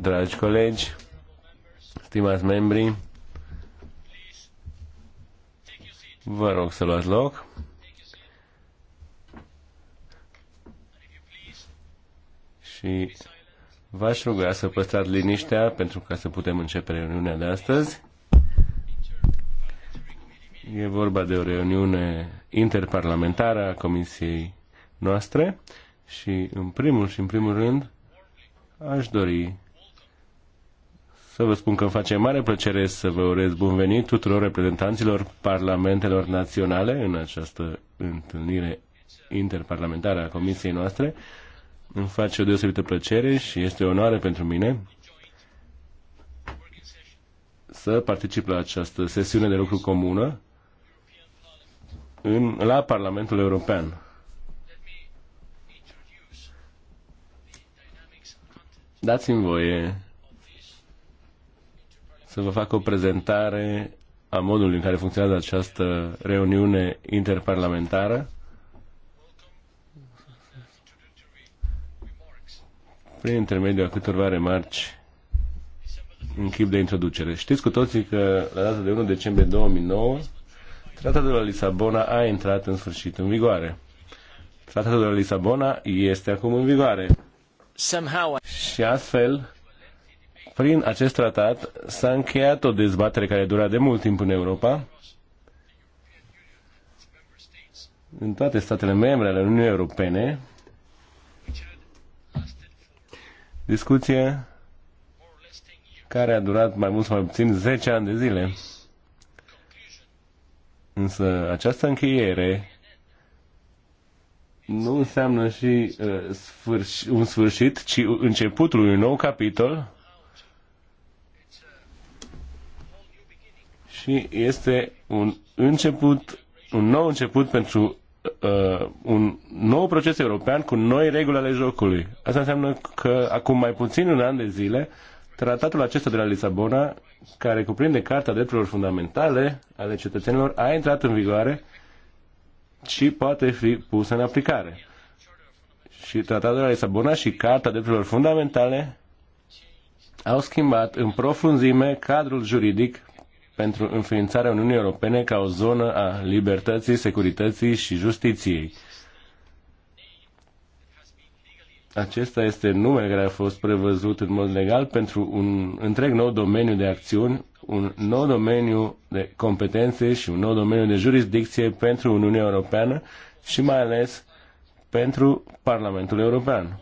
dragi colegi, stimați membri, vă rog să luați loc. Și v-aș ruga să păstrați liniștea pentru ca să putem începe reuniunea de astăzi. E vorba de o reuniune interparlamentară a Comisiei noastre și, în primul și în primul rând, aș dori să vă spun că îmi face mare plăcere să vă urez bun venit tuturor reprezentanților parlamentelor naționale în această întâlnire interparlamentară a comisiei noastre. Îmi face o deosebită plăcere și este o onoare pentru mine să particip la această sesiune de lucru comună în, la Parlamentul European. Dați-mi voie să vă fac o prezentare a modului în care funcționează această reuniune interparlamentară. Prin intermediul a câtorva remarci în chip de introducere. Știți cu toții că la data de 1 decembrie 2009 Tratatul de la Lisabona a intrat în sfârșit în vigoare. Tratatul de la Lisabona este acum în vigoare. Somehow... Și astfel, prin acest tratat s-a încheiat o dezbatere care dura de mult timp în Europa, în toate statele membre ale Uniunii Europene, discuție care a durat mai mult sau mai puțin 10 ani de zile. Însă această încheiere nu înseamnă și uh, sfârș- un sfârșit, ci începutul unui nou capitol și este un început, un nou început pentru uh, un nou proces european cu noi reguli ale jocului. Asta înseamnă că acum mai puțin un an de zile, tratatul acesta de la Lisabona, care cuprinde Carta Drepturilor Fundamentale ale cetățenilor, a intrat în vigoare și poate fi pusă în aplicare. Și tratatul de la Lisabona și Carta Drepturilor Fundamentale au schimbat în profunzime cadrul juridic pentru înființarea Uniunii Europene ca o zonă a libertății, securității și justiției. Acesta este numele care a fost prevăzut în mod legal pentru un întreg nou domeniu de acțiuni, un nou domeniu de competențe și un nou domeniu de jurisdicție pentru Uniunea Europeană și mai ales pentru Parlamentul European.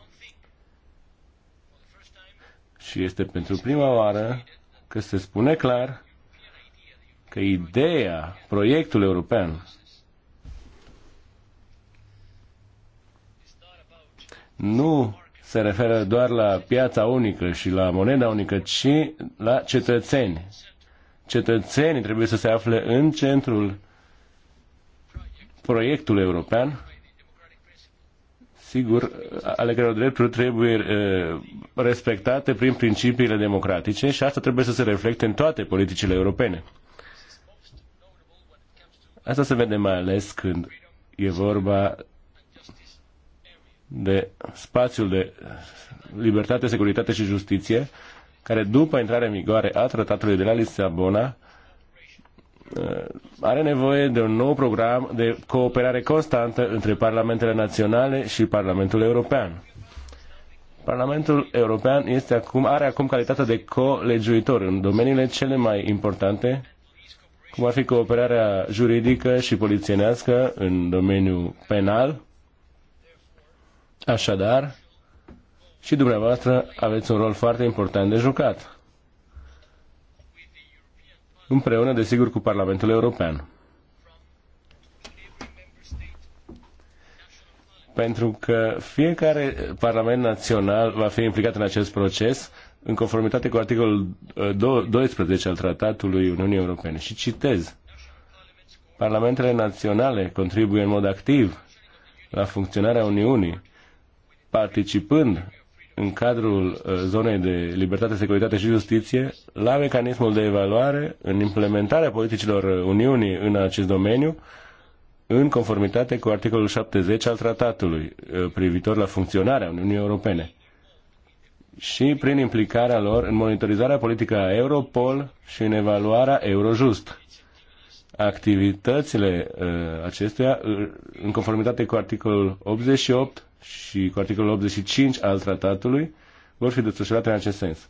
Și este pentru prima oară că se spune clar că ideea, proiectul european nu se referă doar la piața unică și la moneda unică, ci la cetățeni. Cetățenii trebuie să se afle în centrul proiectului european, sigur, ale căror drepturi trebuie uh, respectate prin principiile democratice și asta trebuie să se reflecte în toate politicile europene. Asta se vede mai ales când e vorba de spațiul de libertate, securitate și justiție, care după intrarea în vigoare a tratatului de la Lisabona uh, are nevoie de un nou program de cooperare constantă între parlamentele naționale și Parlamentul European. Parlamentul European este acum, are acum calitatea de colegiuitor în domeniile cele mai importante cum ar fi cooperarea juridică și polițienească în domeniul penal. Așadar, și dumneavoastră aveți un rol foarte important de jucat. Împreună, desigur, cu Parlamentul European. Pentru că fiecare Parlament Național va fi implicat în acest proces, în conformitate cu articolul 12 uh, al Tratatului Uniunii Europene. Și citez. Parlamentele naționale contribuie în mod activ la funcționarea Uniunii, participând în cadrul uh, zonei de libertate, securitate și justiție la mecanismul de evaluare în implementarea politicilor Uniunii în acest domeniu, în conformitate cu articolul 70 al tratatului uh, privitor la funcționarea Uniunii Europene și prin implicarea lor în monitorizarea politică a Europol și în evaluarea Eurojust. Activitățile uh, acestuia, uh, în conformitate cu articolul 88 și cu articolul 85 al tratatului, vor fi desfășurate în acest sens.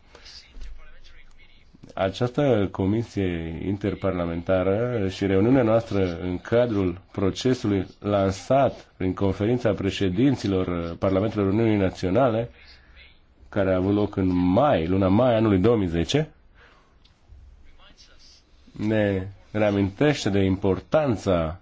Această comisie interparlamentară și reuniunea noastră în cadrul procesului lansat prin conferința președinților uh, Parlamentelor Uniunii Naționale care a avut loc în mai, luna mai anului 2010, ne reamintește de importanța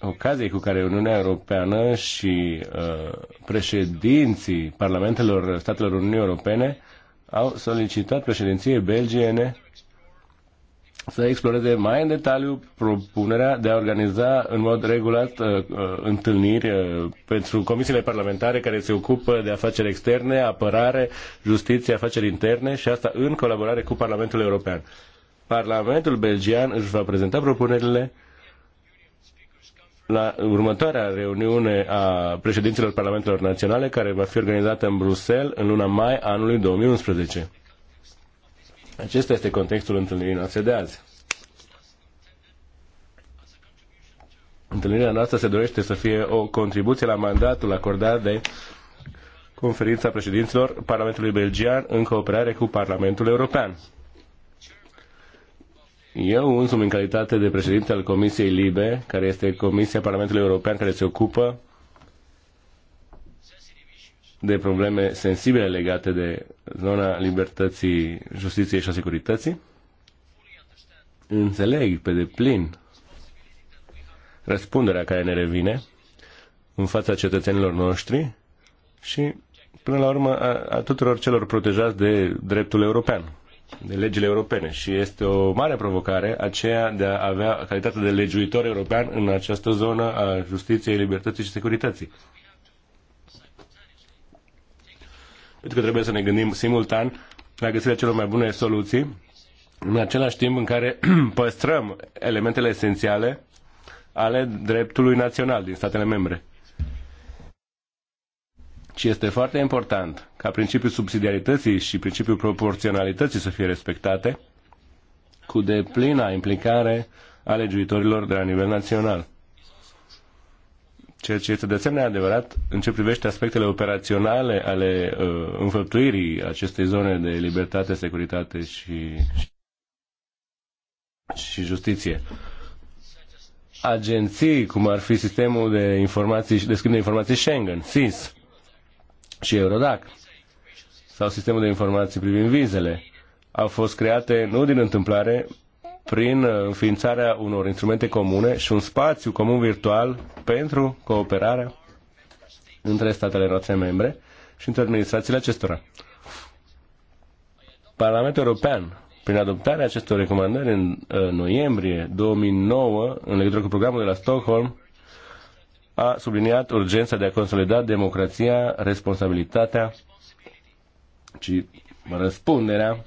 ocaziei cu care Uniunea Europeană și uh, președinții parlamentelor statelor Uniunii Europene au solicitat președinției belgiene să exploreze mai în detaliu propunerea de a organiza în mod regulat uh, uh, întâlniri uh, pentru comisiile parlamentare care se ocupă de afaceri externe, apărare, justiție, afaceri interne și asta în colaborare cu Parlamentul European. Parlamentul belgian își va prezenta propunerile la următoarea reuniune a președinților Parlamentelor Naționale, care va fi organizată în Bruxelles în luna mai anului 2011. Acesta este contextul întâlnirii noastre de azi. Întâlnirea noastră se dorește să fie o contribuție la mandatul acordat de Conferința Președinților Parlamentului Belgian în cooperare cu Parlamentul European. Eu însumi, în calitate de președinte al Comisiei LIBE, care este Comisia Parlamentului European care se ocupă de probleme sensibile legate de zona libertății, justiției și a securității. Înțeleg pe deplin răspunderea care ne revine în fața cetățenilor noștri și, până la urmă, a, a tuturor celor protejați de dreptul european, de legile europene. Și este o mare provocare aceea de a avea calitatea de legiuitor european în această zonă a justiției, libertății și securității. pentru că trebuie să ne gândim simultan la găsirea celor mai bune soluții, în același timp în care păstrăm elementele esențiale ale dreptului național din statele membre. Și este foarte important ca principiul subsidiarității și principiul proporționalității să fie respectate cu deplina implicare a legiuitorilor de la nivel național ceea ce este de asemenea adevărat în ce privește aspectele operaționale ale uh, înfăptuirii acestei zone de libertate, securitate și, și justiție. Agenții, cum ar fi sistemul de informații de schimb de informații Schengen, SIS și Eurodac, sau sistemul de informații privind vizele, au fost create nu din întâmplare, prin uh, înființarea unor instrumente comune și un spațiu comun virtual pentru cooperarea între statele noastre membre și între administrațiile acestora. Parlamentul European, prin adoptarea acestor recomandări în uh, noiembrie 2009, în legătură cu programul de la Stockholm, a subliniat urgența de a consolida democrația, responsabilitatea și răspunderea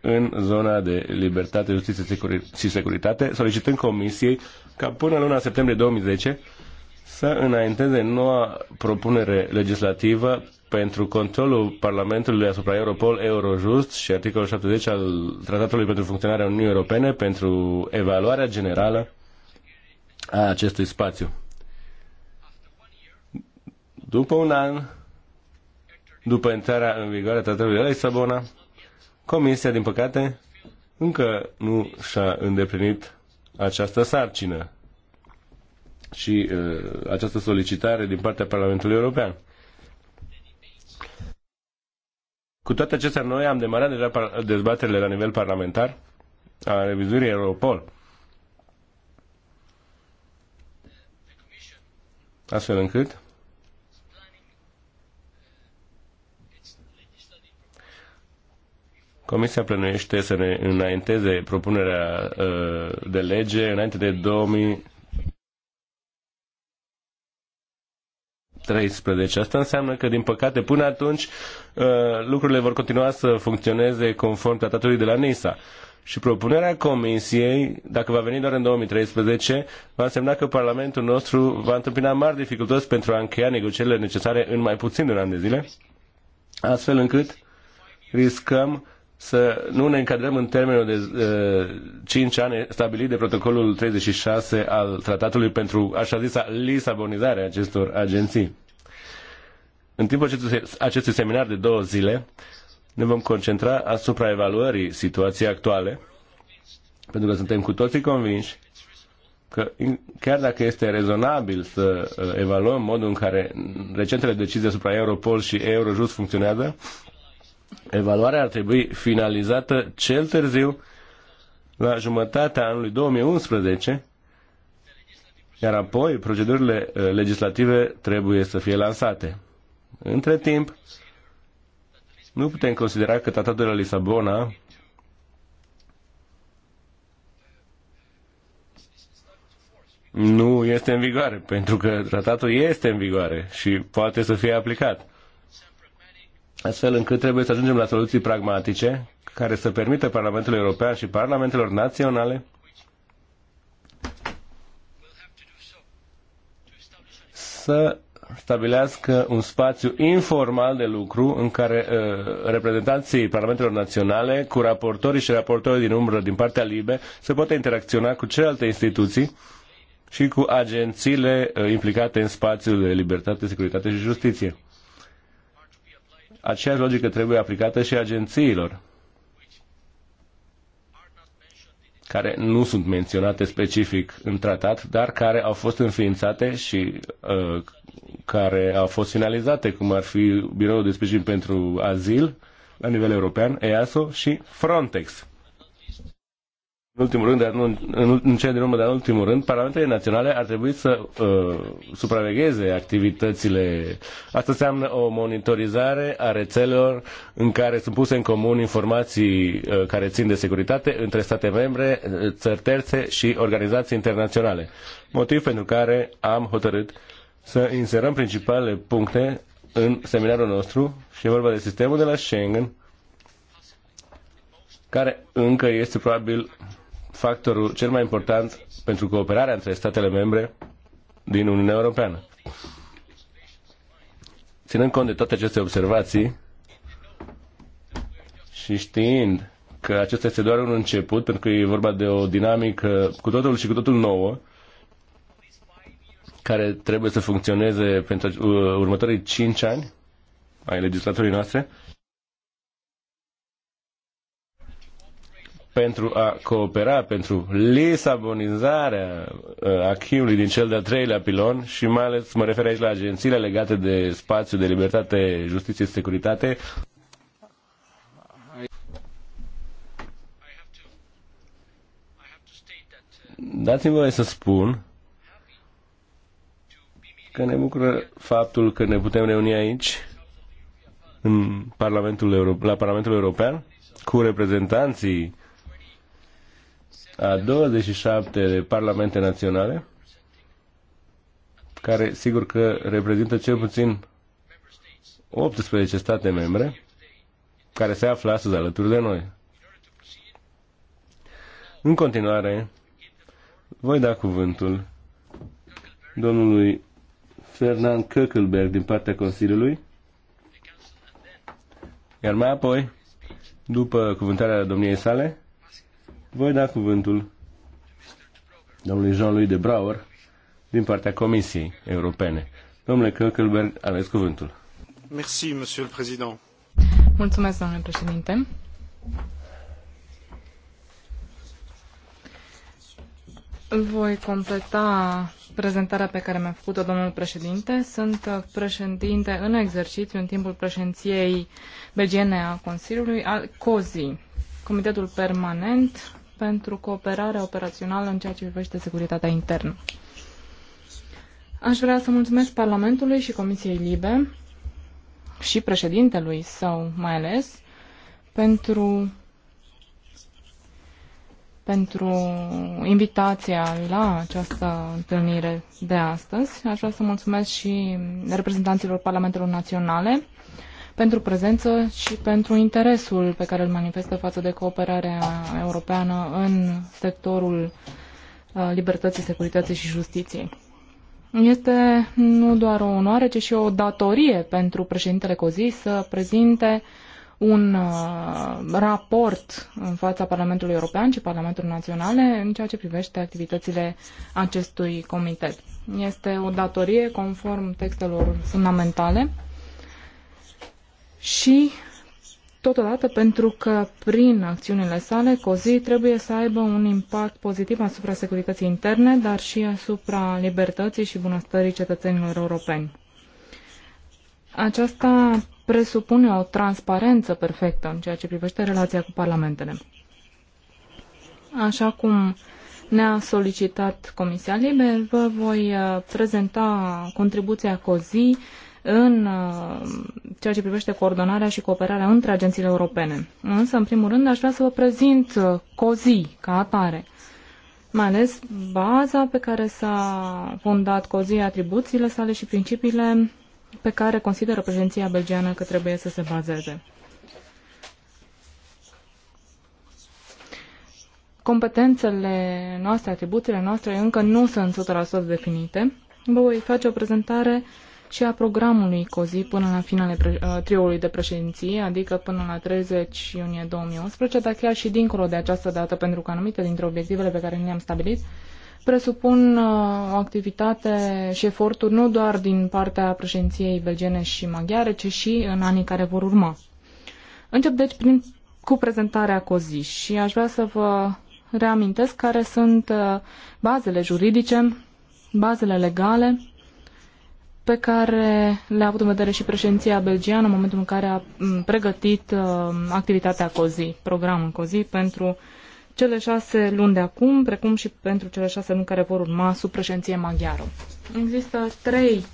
în zona de libertate, justiție și securitate, solicitând Comisiei ca până luna septembrie 2010 să înainteze noua propunere legislativă pentru controlul Parlamentului asupra Europol, Eurojust și articolul 70 al Tratatului pentru funcționarea Uniunii Europene pentru evaluarea generală a acestui spațiu. După un an, după intrarea în vigoare a Tratatului de la Lisabona, Comisia, din păcate, încă nu și-a îndeplinit această sarcină și uh, această solicitare din partea Parlamentului European. Cu toate acestea, noi am demarat deja dezbaterile la nivel parlamentar a revizuirii Europol. Astfel încât Comisia plănuiește să ne înainteze propunerea uh, de lege înainte de 2013. Asta înseamnă că, din păcate, până atunci uh, lucrurile vor continua să funcționeze conform tratatului de la Nisa. Și propunerea Comisiei, dacă va veni doar în 2013, va însemna că Parlamentul nostru va întâmpina mari dificultăți pentru a încheia negocierile necesare în mai puțin de un an de zile, astfel încât riscăm să nu ne încadrăm în termenul de uh, eh, 5 ani stabilit de protocolul 36 al tratatului pentru așa zisa lisabonizare a acestor agenții. În timpul acestui, acestui seminar de două zile ne vom concentra asupra evaluării situației actuale, pentru că suntem cu toții convinși că chiar dacă este rezonabil să eh, evaluăm modul în care recentele decizii asupra Europol și Eurojust funcționează, Evaluarea ar trebui finalizată cel târziu la jumătatea anului 2011, iar apoi procedurile uh, legislative trebuie să fie lansate. Între timp, nu putem considera că tratatul de la Lisabona nu este în vigoare, pentru că tratatul este în vigoare și poate să fie aplicat astfel încât trebuie să ajungem la soluții pragmatice care să permită Parlamentului European și Parlamentelor naționale să stabilească un spațiu informal de lucru în care uh, reprezentanții Parlamentelor Naționale cu raportorii și raportorii din umbră din partea LIBE să poată interacționa cu celelalte instituții și cu agențiile uh, implicate în spațiul de libertate, securitate și justiție aceeași logică trebuie aplicată și agențiilor, care nu sunt menționate specific în tratat, dar care au fost înființate și uh, care au fost finalizate, cum ar fi Biroul de Sprijin pentru Azil la nivel european, EASO și Frontex în ultimul rând, dar nu, în, în cele din urmă, dar în ultimul rând, parlamentele naționale ar trebui să uh, supravegheze activitățile. Asta înseamnă o monitorizare a rețelelor în care sunt puse în comun informații uh, care țin de securitate între state membre, uh, țări terțe și organizații internaționale. Motiv pentru care am hotărât să inserăm principalele puncte în seminarul nostru și e vorba de sistemul de la Schengen, care încă este probabil factorul cel mai important pentru cooperarea între statele membre din Uniunea Europeană. Ținând cont de toate aceste observații și știind că acesta este doar un început, pentru că e vorba de o dinamică cu totul și cu totul nouă, care trebuie să funcționeze pentru uh, următorii 5 ani ai legislatorii noastre, pentru a coopera, pentru lisabonizarea uh, acquis din cel de-al treilea pilon și mai ales mă refer aici la agențiile legate de spațiu de libertate, justiție și securitate. Dați-mi voie să spun că ne bucură faptul că ne putem reuni aici, în Parlamentul Euro- la Parlamentul European, cu reprezentanții a 27 de parlamente naționale, care sigur că reprezintă cel puțin 18 state membre, care se află astăzi alături de noi. În continuare, voi da cuvântul domnului Fernand Köckelberg din partea Consiliului, iar mai apoi, după cuvântarea domniei sale, voi da cuvântul domnului Jean-Louis de Brauer din partea Comisiei Europene. Domnule Kökelberg, aveți cuvântul. Merci, monsieur le président. Mulțumesc, domnule președinte. Voi completa prezentarea pe care mi-a făcut-o domnul președinte. Sunt președinte în exercițiu în timpul președinției BGN a Consiliului al COZI, Comitetul Permanent pentru cooperarea operațională în ceea ce privește securitatea internă. Aș vrea să mulțumesc Parlamentului și Comisiei Libe și președintelui sau mai ales pentru pentru invitația la această întâlnire de astăzi. Aș vrea să mulțumesc și reprezentanților Parlamentelor Naționale pentru prezență și pentru interesul pe care îl manifestă față de cooperarea europeană în sectorul uh, libertății, securității și justiției. Este nu doar o onoare, ci și o datorie pentru președintele Cozi să prezinte un uh, raport în fața Parlamentului European și Parlamentul Național în ceea ce privește activitățile acestui comitet. Este o datorie conform textelor fundamentale și Totodată pentru că prin acțiunile sale COZI trebuie să aibă un impact pozitiv asupra securității interne, dar și asupra libertății și bunăstării cetățenilor europeni. Aceasta presupune o transparență perfectă în ceea ce privește relația cu parlamentele. Așa cum ne-a solicitat Comisia Liber, vă voi uh, prezenta contribuția COZI în uh, ceea ce privește coordonarea și cooperarea între agențiile europene. Însă, în primul rând, aș vrea să vă prezint uh, COZI ca atare, mai ales baza pe care s-a fondat COZI, atribuțiile sale și principiile pe care consideră președinția belgiană că trebuie să se bazeze. competențele noastre, atribuțiile noastre încă nu sunt 100% definite. Vă voi face o prezentare și a programului COZI până la finele uh, triului de președinție, adică până la 30 iunie 2011, dar chiar și dincolo de această dată, pentru că anumite dintre obiectivele pe care le-am stabilit presupun uh, o activitate și eforturi nu doar din partea președinției belgene și maghiare, ci și în anii care vor urma. Încep deci prin, cu prezentarea COZI și aș vrea să vă reamintesc care sunt uh, bazele juridice, bazele legale pe care le-a avut în vedere și președinția belgiană în momentul în care a pregătit uh, activitatea COZI, programul COZI pentru cele șase luni de acum, precum și pentru cele șase luni care vor urma sub președinție maghiară. Există trei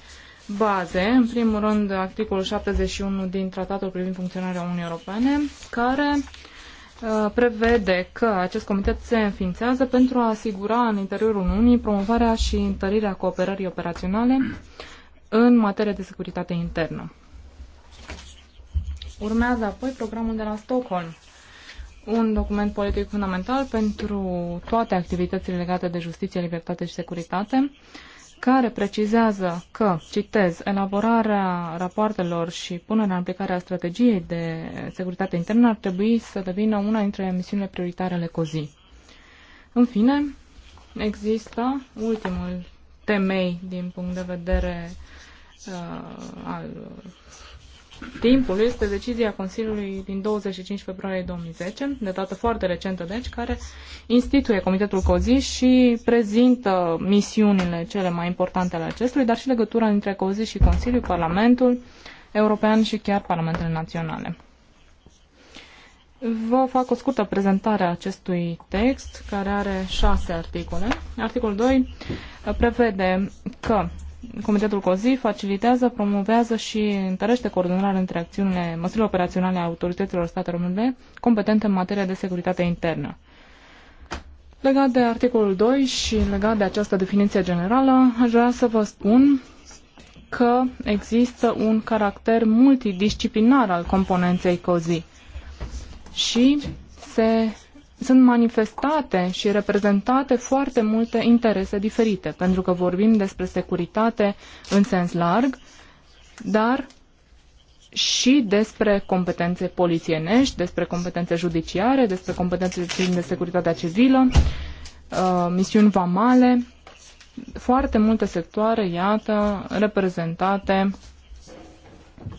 baze, în primul rând articolul 71 din Tratatul privind funcționarea Uniunii Europene, care uh, prevede că acest comitet se înființează pentru a asigura în interiorul Uniunii promovarea și întărirea cooperării operaționale în materie de securitate internă. Urmează apoi programul de la Stockholm, un document politic fundamental pentru toate activitățile legate de justiție, libertate și securitate, care precizează că, citez, elaborarea rapoartelor și punerea în aplicare a strategiei de securitate internă ar trebui să devină una dintre misiunile prioritare ale COZI. În fine, există ultimul temei din punct de vedere uh, Uh, al timpul este decizia Consiliului din 25 februarie 2010, de dată foarte recentă deci, care instituie Comitetul COZI și prezintă misiunile cele mai importante ale acestui, dar și legătura dintre COZI și Consiliul, Parlamentul European și chiar Parlamentele Naționale. Vă fac o scurtă prezentare a acestui text, care are șase articole. Articolul 2 prevede că Comitetul COZI facilitează, promovează și întărește coordonarea între acțiunile, măsurile operaționale a autorităților statelor membre competente în materie de securitate internă. Legat de articolul 2 și legat de această definiție generală, aș vrea să vă spun că există un caracter multidisciplinar al componenței COZI și se sunt manifestate și reprezentate foarte multe interese diferite, pentru că vorbim despre securitate în sens larg, dar și despre competențe polițienești, despre competențe judiciare, despre competențe de securitatea civilă, uh, misiuni vamale, foarte multe sectoare, iată, reprezentate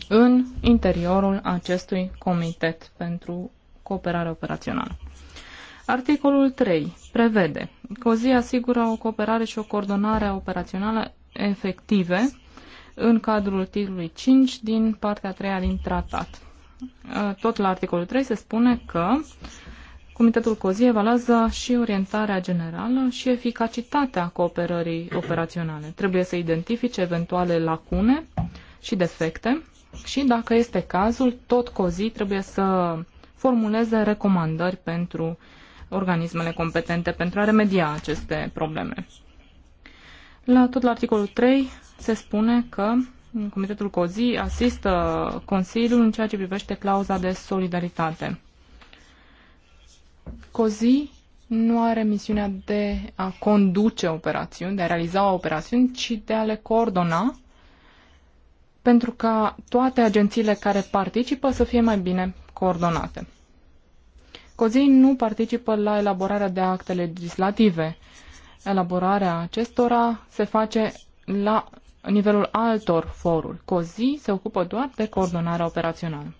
în interiorul acestui comitet pentru cooperare operațională. Articolul 3 prevede că o zi asigură o cooperare și o coordonare operațională efective în cadrul titlului 5 din partea 3 din tratat. Uh, tot la articolul 3 se spune că Comitetul COZI evaluează și orientarea generală și eficacitatea cooperării operaționale. Trebuie să identifice eventuale lacune și defecte și, dacă este cazul, tot COZI trebuie să formuleze recomandări pentru organismele competente pentru a remedia aceste probleme. La tot la articolul 3 se spune că Comitetul COZI asistă Consiliul în ceea ce privește clauza de solidaritate. COZI nu are misiunea de a conduce operațiuni, de a realiza operațiuni, ci de a le coordona pentru ca toate agențiile care participă să fie mai bine coordonate. COZIN nu participă la elaborarea de acte legislative. Elaborarea acestora se face la nivelul altor foruri. COZI se ocupă doar de coordonarea operațională.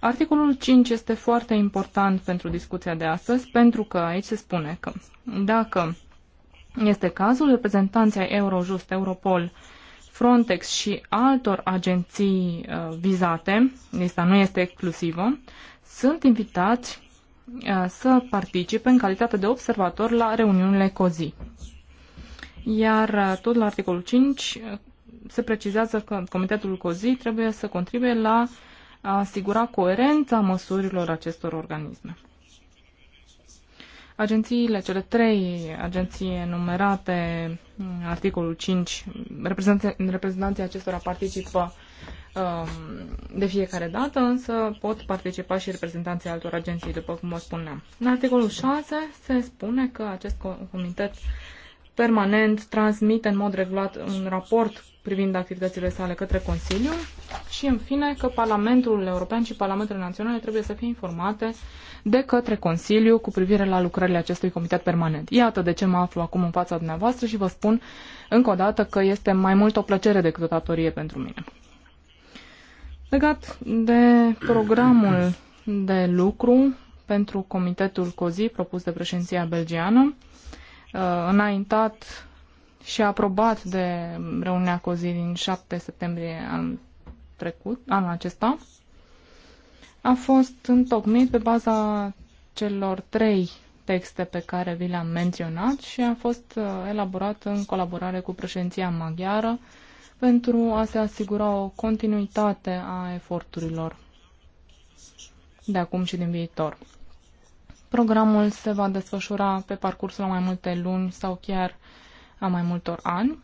Articolul 5 este foarte important pentru discuția de astăzi, pentru că aici se spune că dacă este cazul, reprezentanții Eurojust, Europol, Frontex și altor agenții uh, vizate, lista nu este exclusivă, sunt invitați să participe în calitate de observator la reuniunile COZI. Iar tot la articolul 5 se precizează că Comitetul COZI trebuie să contribuie la a asigura coerența măsurilor acestor organisme. Agențiile, cele trei agenții enumerate, articolul 5, reprezentanții acestora participă Um, de fiecare dată, însă pot participa și reprezentanții altor agenții, după cum o spuneam. În articolul 6 se spune că acest comitet permanent transmite în mod regulat un raport privind activitățile sale către Consiliu și, în fine, că Parlamentul European și Parlamentele Naționale trebuie să fie informate de către Consiliu cu privire la lucrările acestui comitet permanent. Iată de ce mă aflu acum în fața dumneavoastră și vă spun încă o dată că este mai mult o plăcere decât o datorie pentru mine. Legat de programul de lucru pentru Comitetul COZI propus de președinția belgiană, uh, înaintat și aprobat de reuniunea COZI din 7 septembrie anul trecut, anul acesta, a fost întocmit pe baza celor trei texte pe care vi le-am menționat și a fost uh, elaborat în colaborare cu președinția maghiară pentru a se asigura o continuitate a eforturilor de acum și din viitor. Programul se va desfășura pe parcursul a mai multe luni sau chiar a mai multor ani,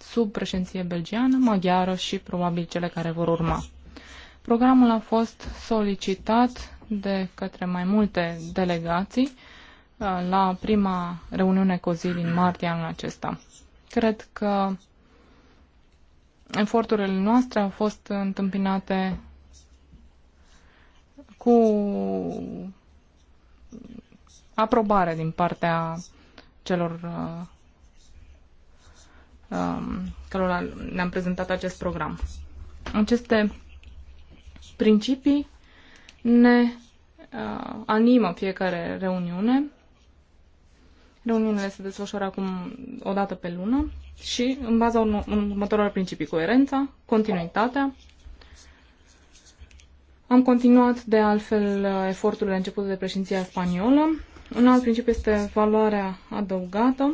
sub președinție belgiană, maghiară și probabil cele care vor urma. Programul a fost solicitat de către mai multe delegații uh, la prima reuniune COZI din martie anul acesta. Cred că eforturile noastre au fost întâmpinate cu aprobare din partea celor uh, um, cărora ne-am prezentat acest program. Aceste principii ne uh, animă fiecare reuniune. Reuniunile se desfășoară acum o dată pe lună și în baza următorilor principii, coerența, continuitatea. Am continuat de altfel eforturile începute de președinția spaniolă. Un alt principiu este valoarea adăugată.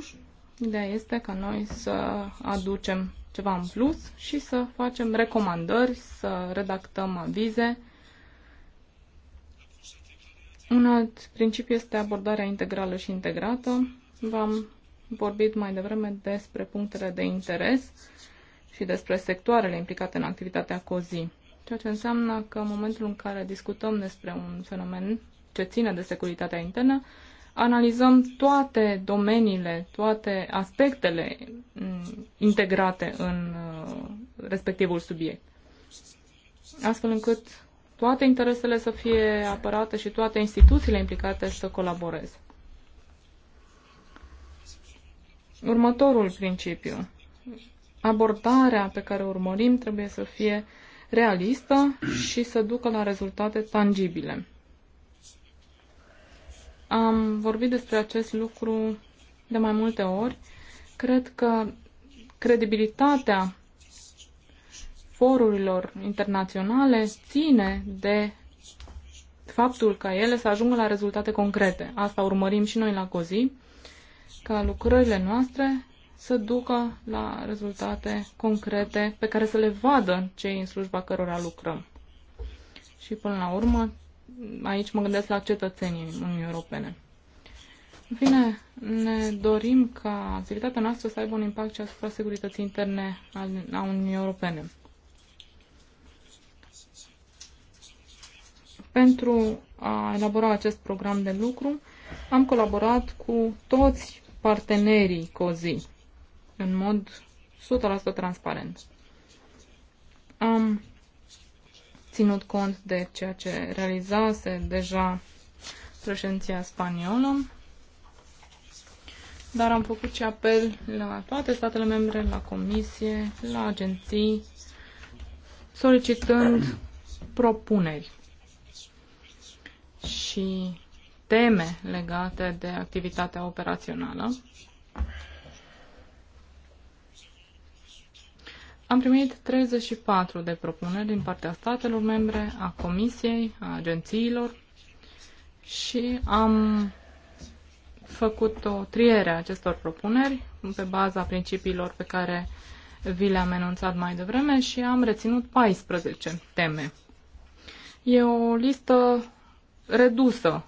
Ideea este ca noi să aducem ceva în plus și să facem recomandări, să redactăm avize. Un alt principiu este abordarea integrală și integrată. V-am vorbit mai devreme despre punctele de interes și despre sectoarele implicate în activitatea COZI. Ceea ce înseamnă că în momentul în care discutăm despre un fenomen ce ține de securitatea internă, analizăm toate domeniile, toate aspectele mm, integrate în uh, respectivul subiect. Astfel încât toate interesele să fie apărate și toate instituțiile implicate să colaboreze. următorul principiu. Abordarea pe care o urmărim trebuie să fie realistă și să ducă la rezultate tangibile. Am vorbit despre acest lucru de mai multe ori. Cred că credibilitatea forurilor internaționale ține de faptul ca ele să ajungă la rezultate concrete. Asta urmărim și noi la COZI ca lucrările noastre să ducă la rezultate concrete pe care să le vadă cei în slujba cărora lucrăm. Și până la urmă, aici mă gândesc la cetățenii Uniunii Europene. În fine, ne dorim ca activitatea noastră să aibă un impact și asupra securității interne a Uniunii Europene. Pentru a elabora acest program de lucru, am colaborat cu toți partenerii COZI în mod 100% transparent. Am ținut cont de ceea ce realizase deja președinția spaniolă, dar am făcut și apel la toate statele membre, la comisie, la agenții, solicitând propuneri. Și teme legate de activitatea operațională. Am primit 34 de propuneri din partea statelor membre, a Comisiei, a agențiilor și am făcut o triere a acestor propuneri pe baza principiilor pe care vi le-am enunțat mai devreme și am reținut 14 teme. E o listă redusă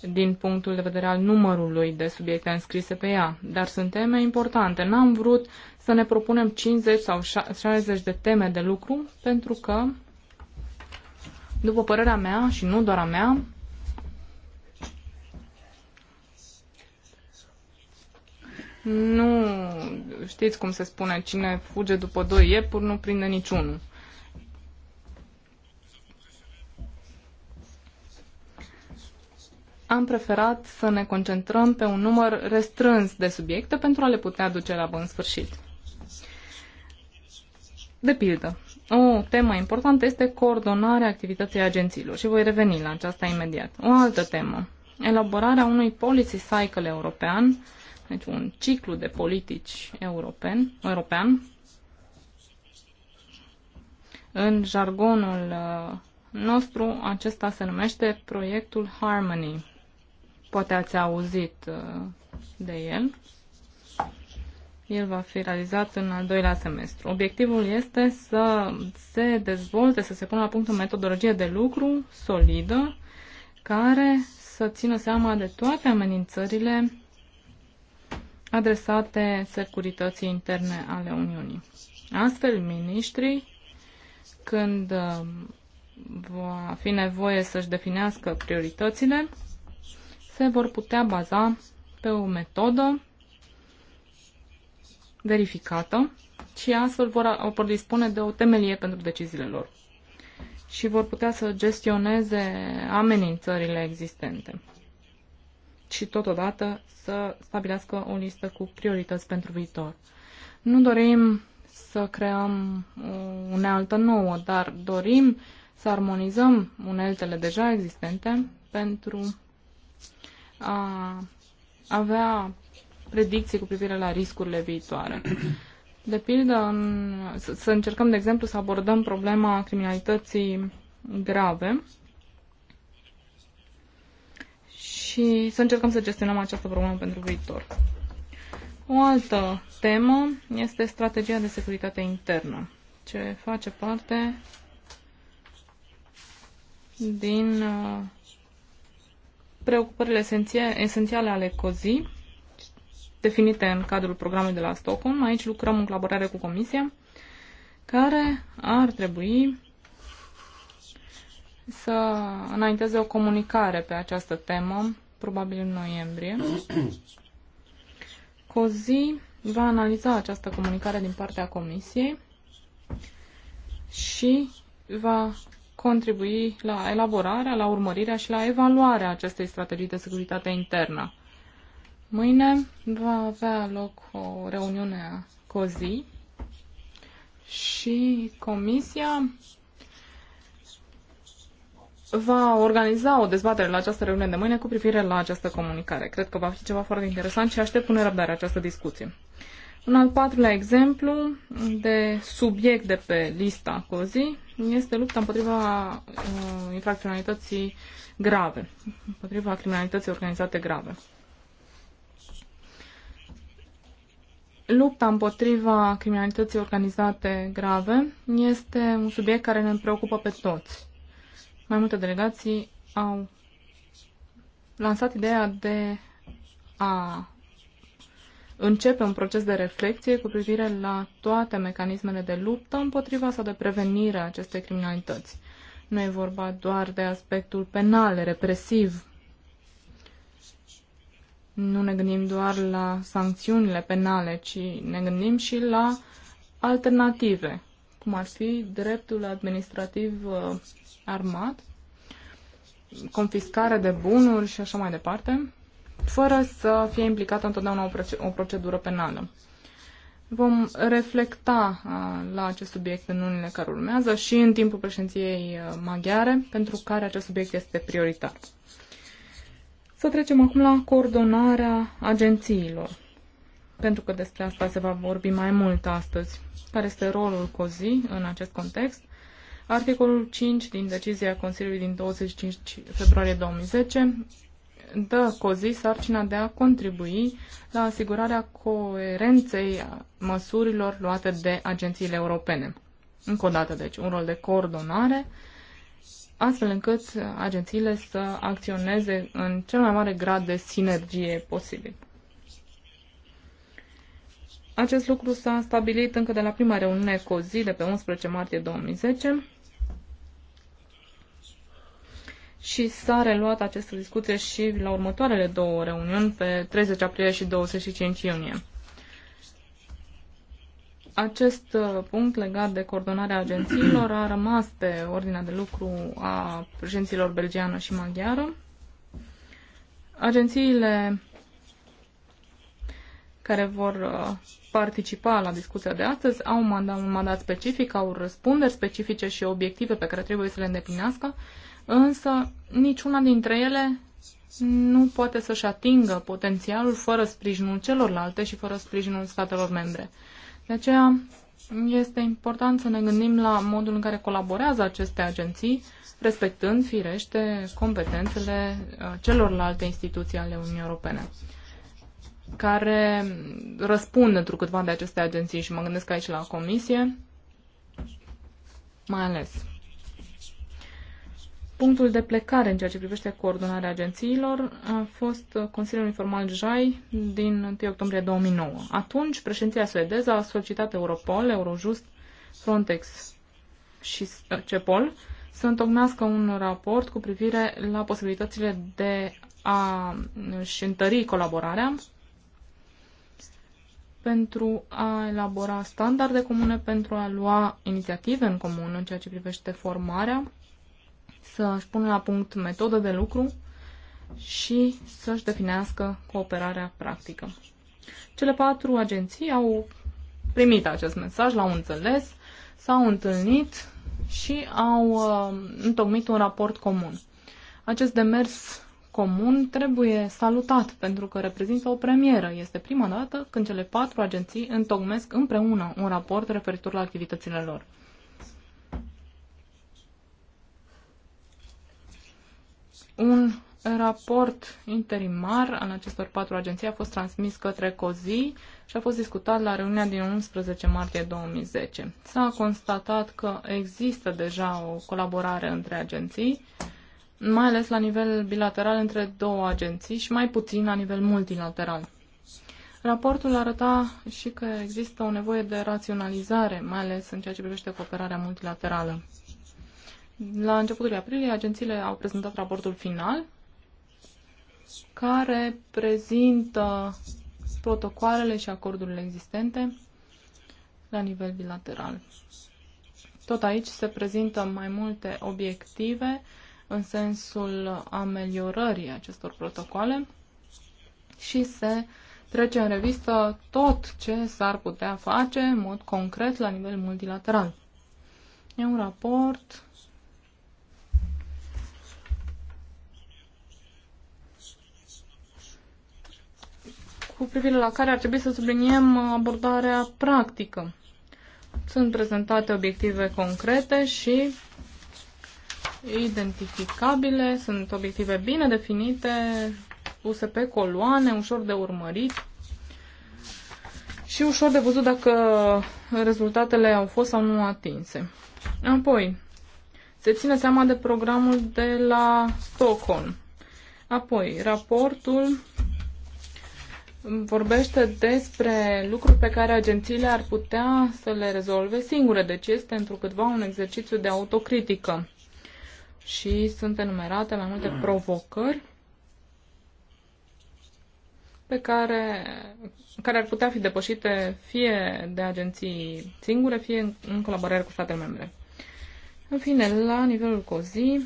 din punctul de vedere al numărului de subiecte înscrise pe ea, dar sunt teme importante. N-am vrut să ne propunem 50 sau 60 de teme de lucru, pentru că, după părerea mea și nu doar a mea, nu știți cum se spune, cine fuge după doi iepuri nu prinde niciunul. am preferat să ne concentrăm pe un număr restrâns de subiecte pentru a le putea duce la bun sfârșit. De pildă, o temă importantă este coordonarea activității agențiilor și voi reveni la aceasta imediat. O altă temă, elaborarea unui policy cycle european, deci un ciclu de politici european, european în jargonul uh, nostru acesta se numește proiectul Harmony. Poate ați auzit uh, de el. El va fi realizat în al doilea semestru. Obiectivul este să se dezvolte, să se pună la punct o metodologie de lucru solidă care să țină seama de toate amenințările adresate securității interne ale Uniunii. Astfel, miniștrii, când uh, va fi nevoie să-și definească prioritățile, se vor putea baza pe o metodă verificată și astfel vor, vor dispune de o temelie pentru deciziile lor și vor putea să gestioneze amenințările existente și totodată să stabilească o listă cu priorități pentru viitor. Nu dorim să creăm o unealtă nouă, dar dorim să armonizăm uneltele deja existente pentru a avea predicții cu privire la riscurile viitoare. De pildă, în, să, să încercăm, de exemplu, să abordăm problema criminalității grave și să încercăm să gestionăm această problemă pentru viitor. O altă temă este strategia de securitate internă, ce face parte din uh, preocupările esențiale ale COZI, definite în cadrul programului de la Stockholm. Aici lucrăm în colaborare cu Comisia, care ar trebui să înainteze o comunicare pe această temă, probabil în noiembrie. COZI va analiza această comunicare din partea Comisiei și va contribui la elaborarea, la urmărirea și la evaluarea acestei strategii de securitate internă. Mâine va avea loc o reuniune a COZI și Comisia va organiza o dezbatere la această reuniune de mâine cu privire la această comunicare. Cred că va fi ceva foarte interesant și aștept cu nerăbdare această discuție. Un al patrulea exemplu de subiect de pe lista COZI este lupta împotriva uh, infracționalității grave, împotriva criminalității organizate grave. Lupta împotriva criminalității organizate grave este un subiect care ne preocupă pe toți. Mai multe delegații au lansat ideea de a începe un proces de reflexie cu privire la toate mecanismele de luptă împotriva sau de prevenire a acestei criminalități. Nu e vorba doar de aspectul penal, represiv. Nu ne gândim doar la sancțiunile penale, ci ne gândim și la alternative, cum ar fi dreptul administrativ uh, armat, confiscare de bunuri și așa mai departe fără să fie implicată întotdeauna o procedură penală. Vom reflecta la acest subiect în lunile care urmează și în timpul președinției maghiare, pentru care acest subiect este prioritar. Să trecem acum la coordonarea agențiilor, pentru că despre asta se va vorbi mai mult astăzi. Care este rolul COZI în acest context? Articolul 5 din decizia Consiliului din 25 februarie 2010 dă COZI sarcina de a contribui la asigurarea coerenței măsurilor luate de agențiile europene. Încă o dată, deci, un rol de coordonare, astfel încât agențiile să acționeze în cel mai mare grad de sinergie posibil. Acest lucru s-a stabilit încă de la prima reuniune COZI de pe 11 martie 2010 și s-a reluat această discuție și la următoarele două reuniuni, pe 30 aprilie și 25 iunie. Acest uh, punct legat de coordonarea agențiilor a rămas pe ordinea de lucru a agențiilor belgiană și maghiară. Agențiile care vor uh, participa la discuția de astăzi au un mandat, un mandat specific, au răspunderi specifice și obiective pe care trebuie să le îndeplinească însă niciuna dintre ele nu poate să-și atingă potențialul fără sprijinul celorlalte și fără sprijinul statelor membre. De aceea este important să ne gândim la modul în care colaborează aceste agenții, respectând, firește, competențele uh, celorlalte instituții ale Uniunii Europene care răspund într câtva de aceste agenții și mă gândesc aici la comisie, mai ales Punctul de plecare în ceea ce privește coordonarea agențiilor a fost Consiliul Informal JAI din 1 octombrie 2009. Atunci, președinția suedeză a solicitat Europol, Eurojust, Frontex și ă, CEPOL să întocmească un raport cu privire la posibilitățile de a și întări colaborarea pentru a elabora standarde comune, pentru a lua inițiative în comun în ceea ce privește formarea să își pună la punct metodă de lucru și să-și definească cooperarea practică. Cele patru agenții au primit acest mesaj, l-au înțeles, s-au întâlnit și au uh, întocmit un raport comun. Acest demers comun trebuie salutat pentru că reprezintă o premieră. Este prima dată când cele patru agenții întocmesc împreună un raport referitor la activitățile lor. Un raport interimar al acestor patru agenții a fost transmis către COZI și a fost discutat la reuniunea din 11 martie 2010. S-a constatat că există deja o colaborare între agenții, mai ales la nivel bilateral între două agenții și mai puțin la nivel multilateral. Raportul arăta și că există o nevoie de raționalizare, mai ales în ceea ce privește cooperarea multilaterală. La începutul aprilie, agențiile au prezentat raportul final, care prezintă protocoalele și acordurile existente la nivel bilateral. Tot aici se prezintă mai multe obiective în sensul ameliorării acestor protocoale și se trece în revistă tot ce s-ar putea face în mod concret la nivel multilateral. E un raport cu privire la care ar trebui să subliniem abordarea practică. Sunt prezentate obiective concrete și identificabile, sunt obiective bine definite, puse pe coloane, ușor de urmărit și ușor de văzut dacă rezultatele au fost sau nu atinse. Apoi, se ține seama de programul de la Stockholm. Apoi, raportul vorbește despre lucruri pe care agențiile ar putea să le rezolve singure, deci este într câtva un exercițiu de autocritică. Și sunt enumerate mai multe provocări pe care, care ar putea fi depășite fie de agenții singure, fie în, în colaborare cu statele membre. În fine, la nivelul COZI,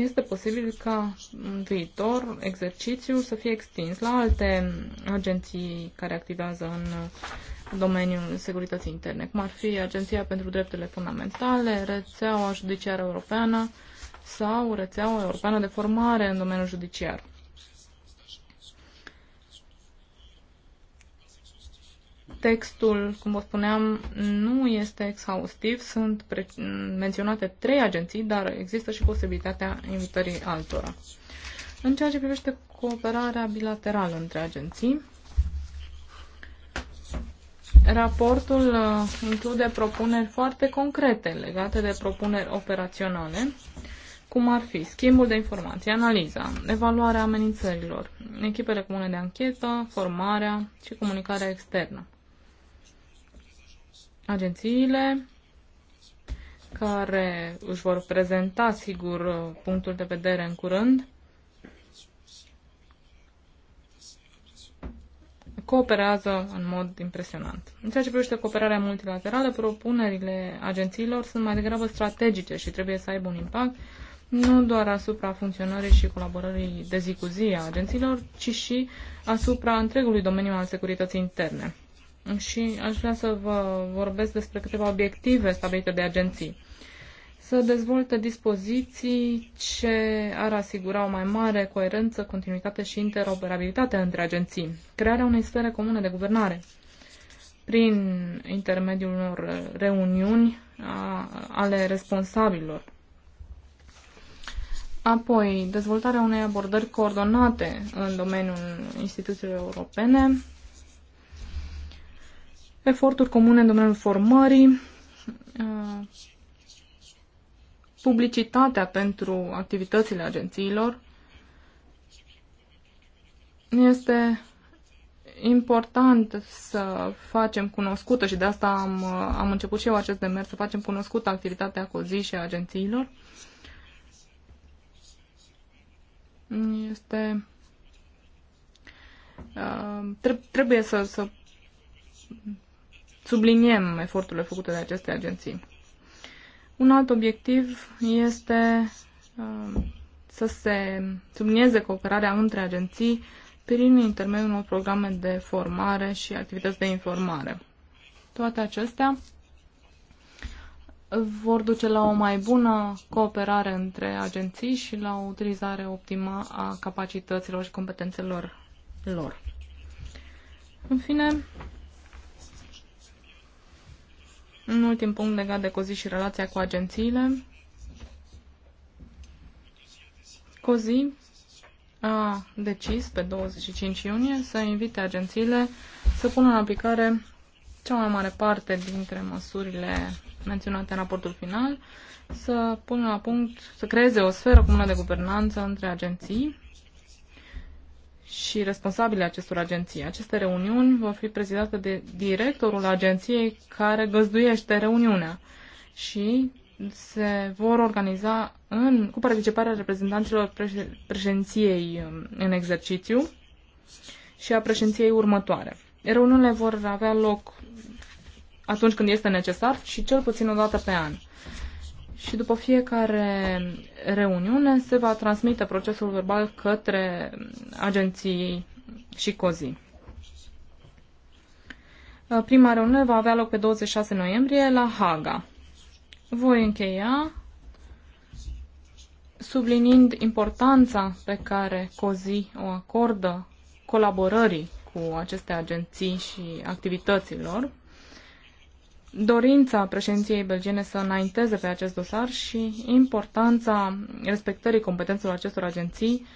este posibil ca în viitor exercițiul să fie extins la alte agenții care activează în domeniul securității interne, cum ar fi Agenția pentru Drepturile Fundamentale, Rețeaua Judiciară Europeană sau Rețeaua Europeană de Formare în domeniul judiciar. Textul, cum vă spuneam, nu este exhaustiv, sunt menționate trei agenții, dar există și posibilitatea invitării altora. În ceea ce privește cooperarea bilaterală între agenții, raportul uh, include propuneri foarte concrete legate de propuneri operaționale, cum ar fi schimbul de informații, analiza, evaluarea amenințărilor, echipele comune de anchetă, formarea și comunicarea externă. Agențiile care își vor prezenta, sigur, punctul de vedere în curând, cooperează în mod impresionant. În ceea ce privește cooperarea multilaterală, propunerile agențiilor sunt mai degrabă strategice și trebuie să aibă un impact nu doar asupra funcționării și colaborării de zi cu zi a agențiilor, ci și asupra întregului domeniu al securității interne și aș vrea să vă vorbesc despre câteva obiective stabilite de agenții. Să dezvolte dispoziții ce ar asigura o mai mare coerență, continuitate și interoperabilitate între agenții. Crearea unei sfere comune de guvernare prin intermediul unor reuniuni a, ale responsabililor. Apoi, dezvoltarea unei abordări coordonate în domeniul instituțiilor europene, eforturi comune în domeniul formării, uh, publicitatea pentru activitățile agențiilor este important să facem cunoscută și de asta am, uh, am început și eu acest demers, să facem cunoscută activitatea COZI și a agențiilor. Este uh, trebuie să, să subliniem eforturile făcute de aceste agenții. Un alt obiectiv este um, să se sublinieze cooperarea între agenții prin intermediul unor programe de formare și activități de informare. Toate acestea vor duce la o mai bună cooperare între agenții și la o utilizare optimă a capacităților și competențelor lor. În fine, un ultim punct legat de COZI și relația cu agențiile. COZI a decis pe 25 iunie să invite agențiile să pună în aplicare cea mai mare parte dintre măsurile menționate în raportul final, să pună la punct, să creeze o sferă comună de guvernanță între agenții și responsabile acestor agenții. Aceste reuniuni vor fi prezidate de directorul agenției care găzduiește reuniunea și se vor organiza în, cu participarea reprezentanților președinției um, în exercițiu și a președinției următoare. Reuniunile vor avea loc atunci când este necesar și cel puțin o dată pe an și după fiecare reuniune se va transmite procesul verbal către agenții și COZI. Uh, prima reuniune va avea loc pe 26 noiembrie la Haga. Voi încheia sublinind importanța pe care COZI o acordă colaborării cu aceste agenții și activităților dorința președinției belgiene să înainteze pe acest dosar și importanța respectării competențelor acestor agenții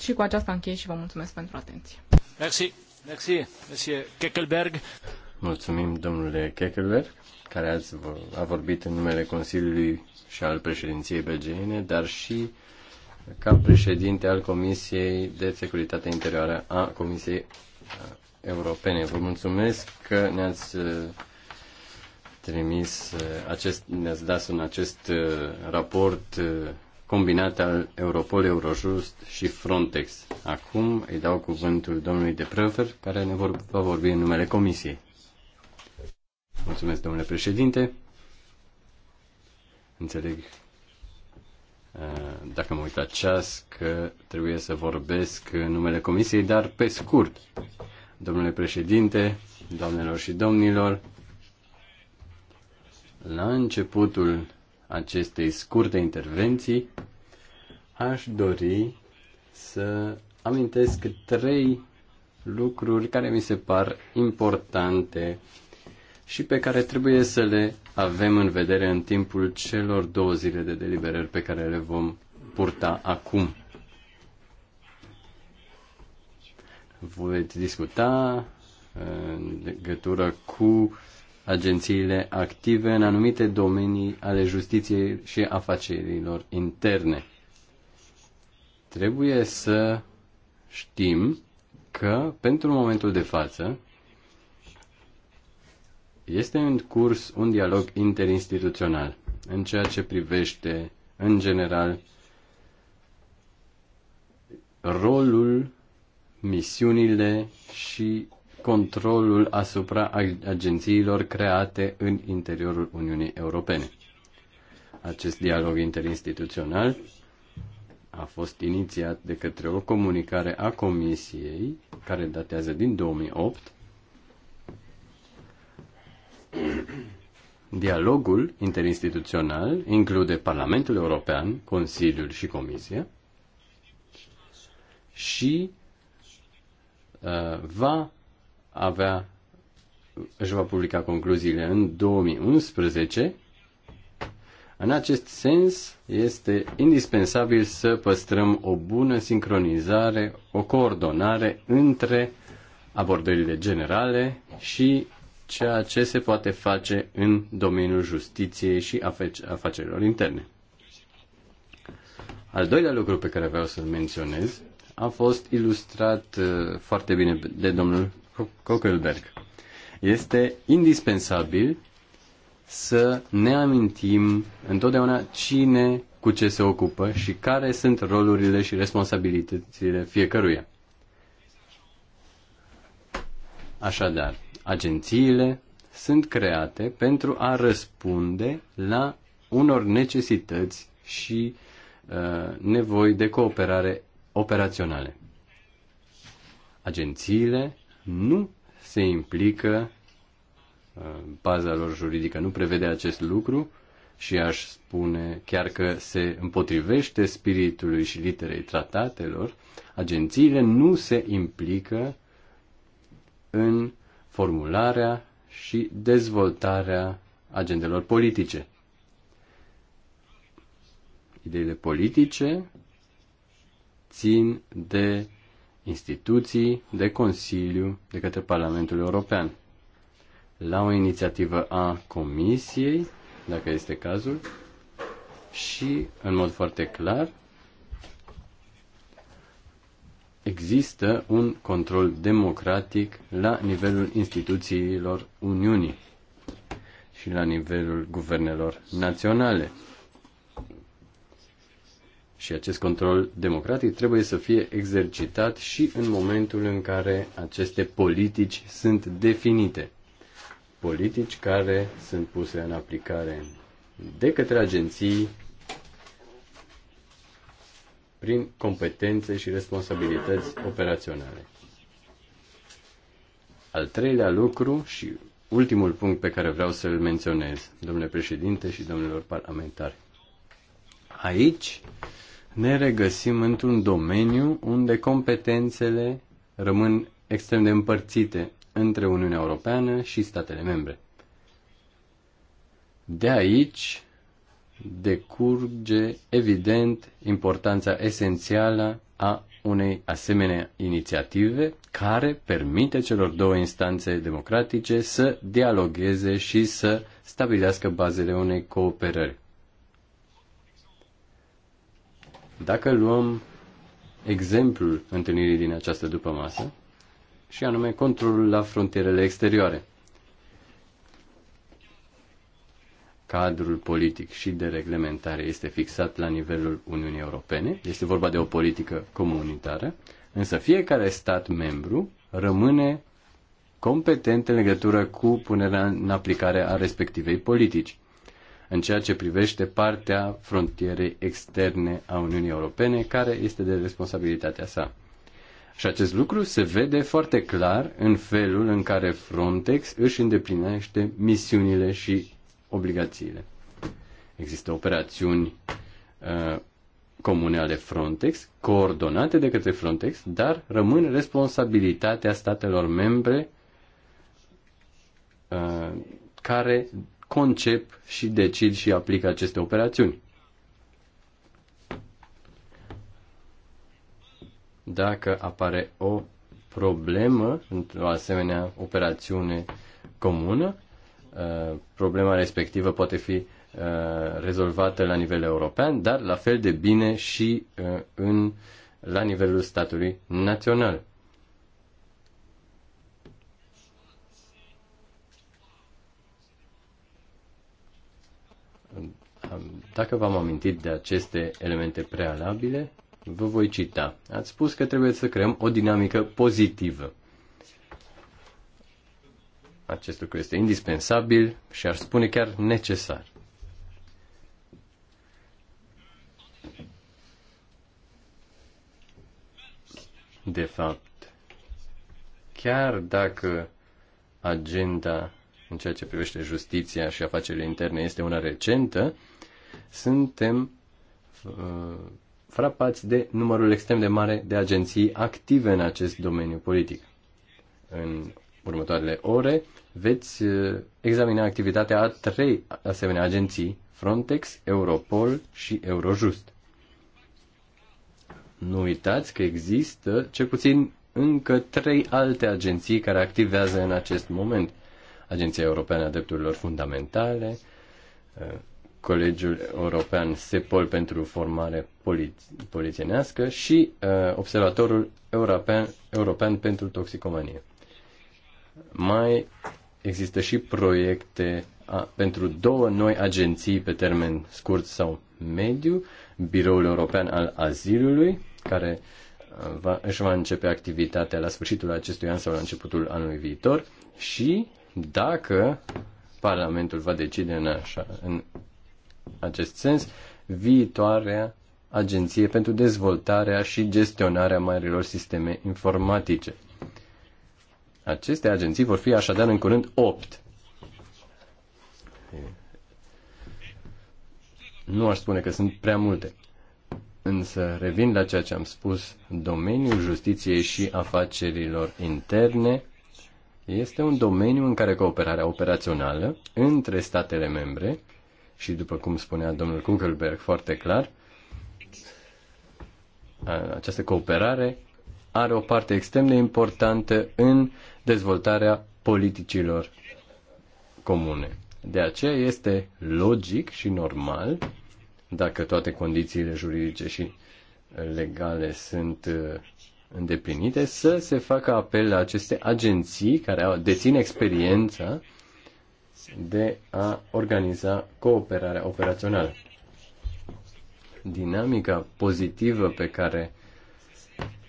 și cu aceasta închei și vă mulțumesc pentru atenție. Merci. Merci, merci Kekelberg. Mulțumim, domnule Kekelberg, care azi a vorbit în numele Consiliului și al președinției belgiene, dar și ca președinte al Comisiei de Securitate Interioară a Comisiei uh, Europene. Vă mulțumesc că ne-ați uh, trimis uh, acest, ne-ați dat în acest uh, raport uh, combinat al Europol, Eurojust și Frontex. Acum îi dau cuvântul domnului De Prefer, care ne vor, va vorbi în numele Comisiei. Mulțumesc, domnule președinte. Înțeleg, dacă mă uit la ceas, că trebuie să vorbesc în numele Comisiei, dar pe scurt. Domnule președinte, doamnelor și domnilor, la începutul acestei scurte intervenții, aș dori să amintesc trei lucruri care mi se par importante și pe care trebuie să le avem în vedere în timpul celor două zile de deliberări pe care le vom purta acum. Voi discuta uh, în legătură cu agențiile active în anumite domenii ale justiției și afacerilor interne. Trebuie să știm că, pentru momentul de față, este în curs un dialog interinstituțional în ceea ce privește, în general, rolul, misiunile și controlul asupra agențiilor create în interiorul Uniunii Europene. Acest dialog interinstituțional a fost inițiat de către o comunicare a Comisiei, care datează din 2008. Dialogul interinstituțional include Parlamentul European, Consiliul și Comisia și uh, va avea, își va publica concluziile în 2011. În acest sens, este indispensabil să păstrăm o bună sincronizare, o coordonare între abordările generale și ceea ce se poate face în domeniul justiției și afacerilor interne. Al doilea lucru pe care vreau să-l menționez a fost ilustrat uh, foarte bine de domnul Kokelberg. Este indispensabil să ne amintim întotdeauna cine cu ce se ocupă și care sunt rolurile și responsabilitățile fiecăruia. Așadar, agențiile sunt create pentru a răspunde la unor necesități și uh, nevoi de cooperare operaționale. Agențiile nu se implică, uh, baza lor juridică nu prevede acest lucru și aș spune chiar că se împotrivește spiritului și literei tratatelor, agențiile nu se implică în formularea și dezvoltarea agendelor politice. Ideile politice țin de instituții, de Consiliu, de către Parlamentul European. La o inițiativă a Comisiei, dacă este cazul, și, în mod foarte clar, există un control democratic la nivelul instituțiilor Uniunii și la nivelul guvernelor naționale. Și acest control democratic trebuie să fie exercitat și în momentul în care aceste politici sunt definite. Politici care sunt puse în aplicare de către agenții prin competențe și responsabilități operaționale. Al treilea lucru și ultimul punct pe care vreau să-l menționez, domnule președinte și domnilor parlamentari. Aici ne regăsim într-un domeniu unde competențele rămân extrem de împărțite între Uniunea Europeană și statele membre. De aici decurge evident importanța esențială a unei asemenea inițiative care permite celor două instanțe democratice să dialogueze și să stabilească bazele unei cooperări. Dacă luăm exemplul întâlnirii din această dupămasă, și anume controlul la frontierele exterioare, cadrul politic și de reglementare este fixat la nivelul Uniunii Europene, este vorba de o politică comunitară, însă fiecare stat membru rămâne competent în legătură cu punerea în aplicare a respectivei politici în ceea ce privește partea frontierei externe a Uniunii Europene, care este de responsabilitatea sa. Și acest lucru se vede foarte clar în felul în care Frontex își îndeplinește misiunile și obligațiile. Există operațiuni uh, comune ale Frontex, coordonate de către Frontex, dar rămân responsabilitatea statelor membre uh, care concep și decid și aplic aceste operațiuni. Dacă apare o problemă într-o asemenea operațiune comună, uh, problema respectivă poate fi uh, rezolvată la nivel european, dar la fel de bine și uh, în, la nivelul statului național. Dacă v-am amintit de aceste elemente prealabile, vă voi cita. Ați spus că trebuie să creăm o dinamică pozitivă. Acest lucru este indispensabil și ar spune chiar necesar. De fapt, chiar dacă agenda în ceea ce privește justiția și afacerile interne este una recentă, suntem uh, frapați de numărul extrem de mare de agenții active în acest domeniu politic. În următoarele ore veți uh, examina activitatea a trei asemenea agenții, Frontex, Europol și Eurojust. Nu uitați că există cel puțin încă trei alte agenții care activează în acest moment. Agenția Europeană a Drepturilor Fundamentale, uh, Colegiul European SEPOL pentru formare poli- polițienească și uh, Observatorul European, European pentru toxicomanie. Mai există și proiecte a, pentru două noi agenții pe termen scurt sau mediu, Biroul European al Azilului, care uh, va, își va începe activitatea la sfârșitul acestui an sau la începutul anului viitor și dacă Parlamentul va decide în, așa, în acest sens viitoarea Agenție pentru Dezvoltarea și Gestionarea Marilor Sisteme Informatice. Aceste agenții vor fi așadar în curând 8. Nu aș spune că sunt prea multe. Însă revin la ceea ce am spus, domeniul justiției și afacerilor interne este un domeniu în care cooperarea operațională între statele membre și după cum spunea domnul Kugelberg foarte clar, această cooperare are o parte extrem de importantă în dezvoltarea politicilor comune. De aceea este logic și normal, dacă toate condițiile juridice și legale sunt uh, îndeplinite, să se facă apel la aceste agenții care au, dețin experiența de a organiza cooperarea operațională. Dinamica pozitivă pe care,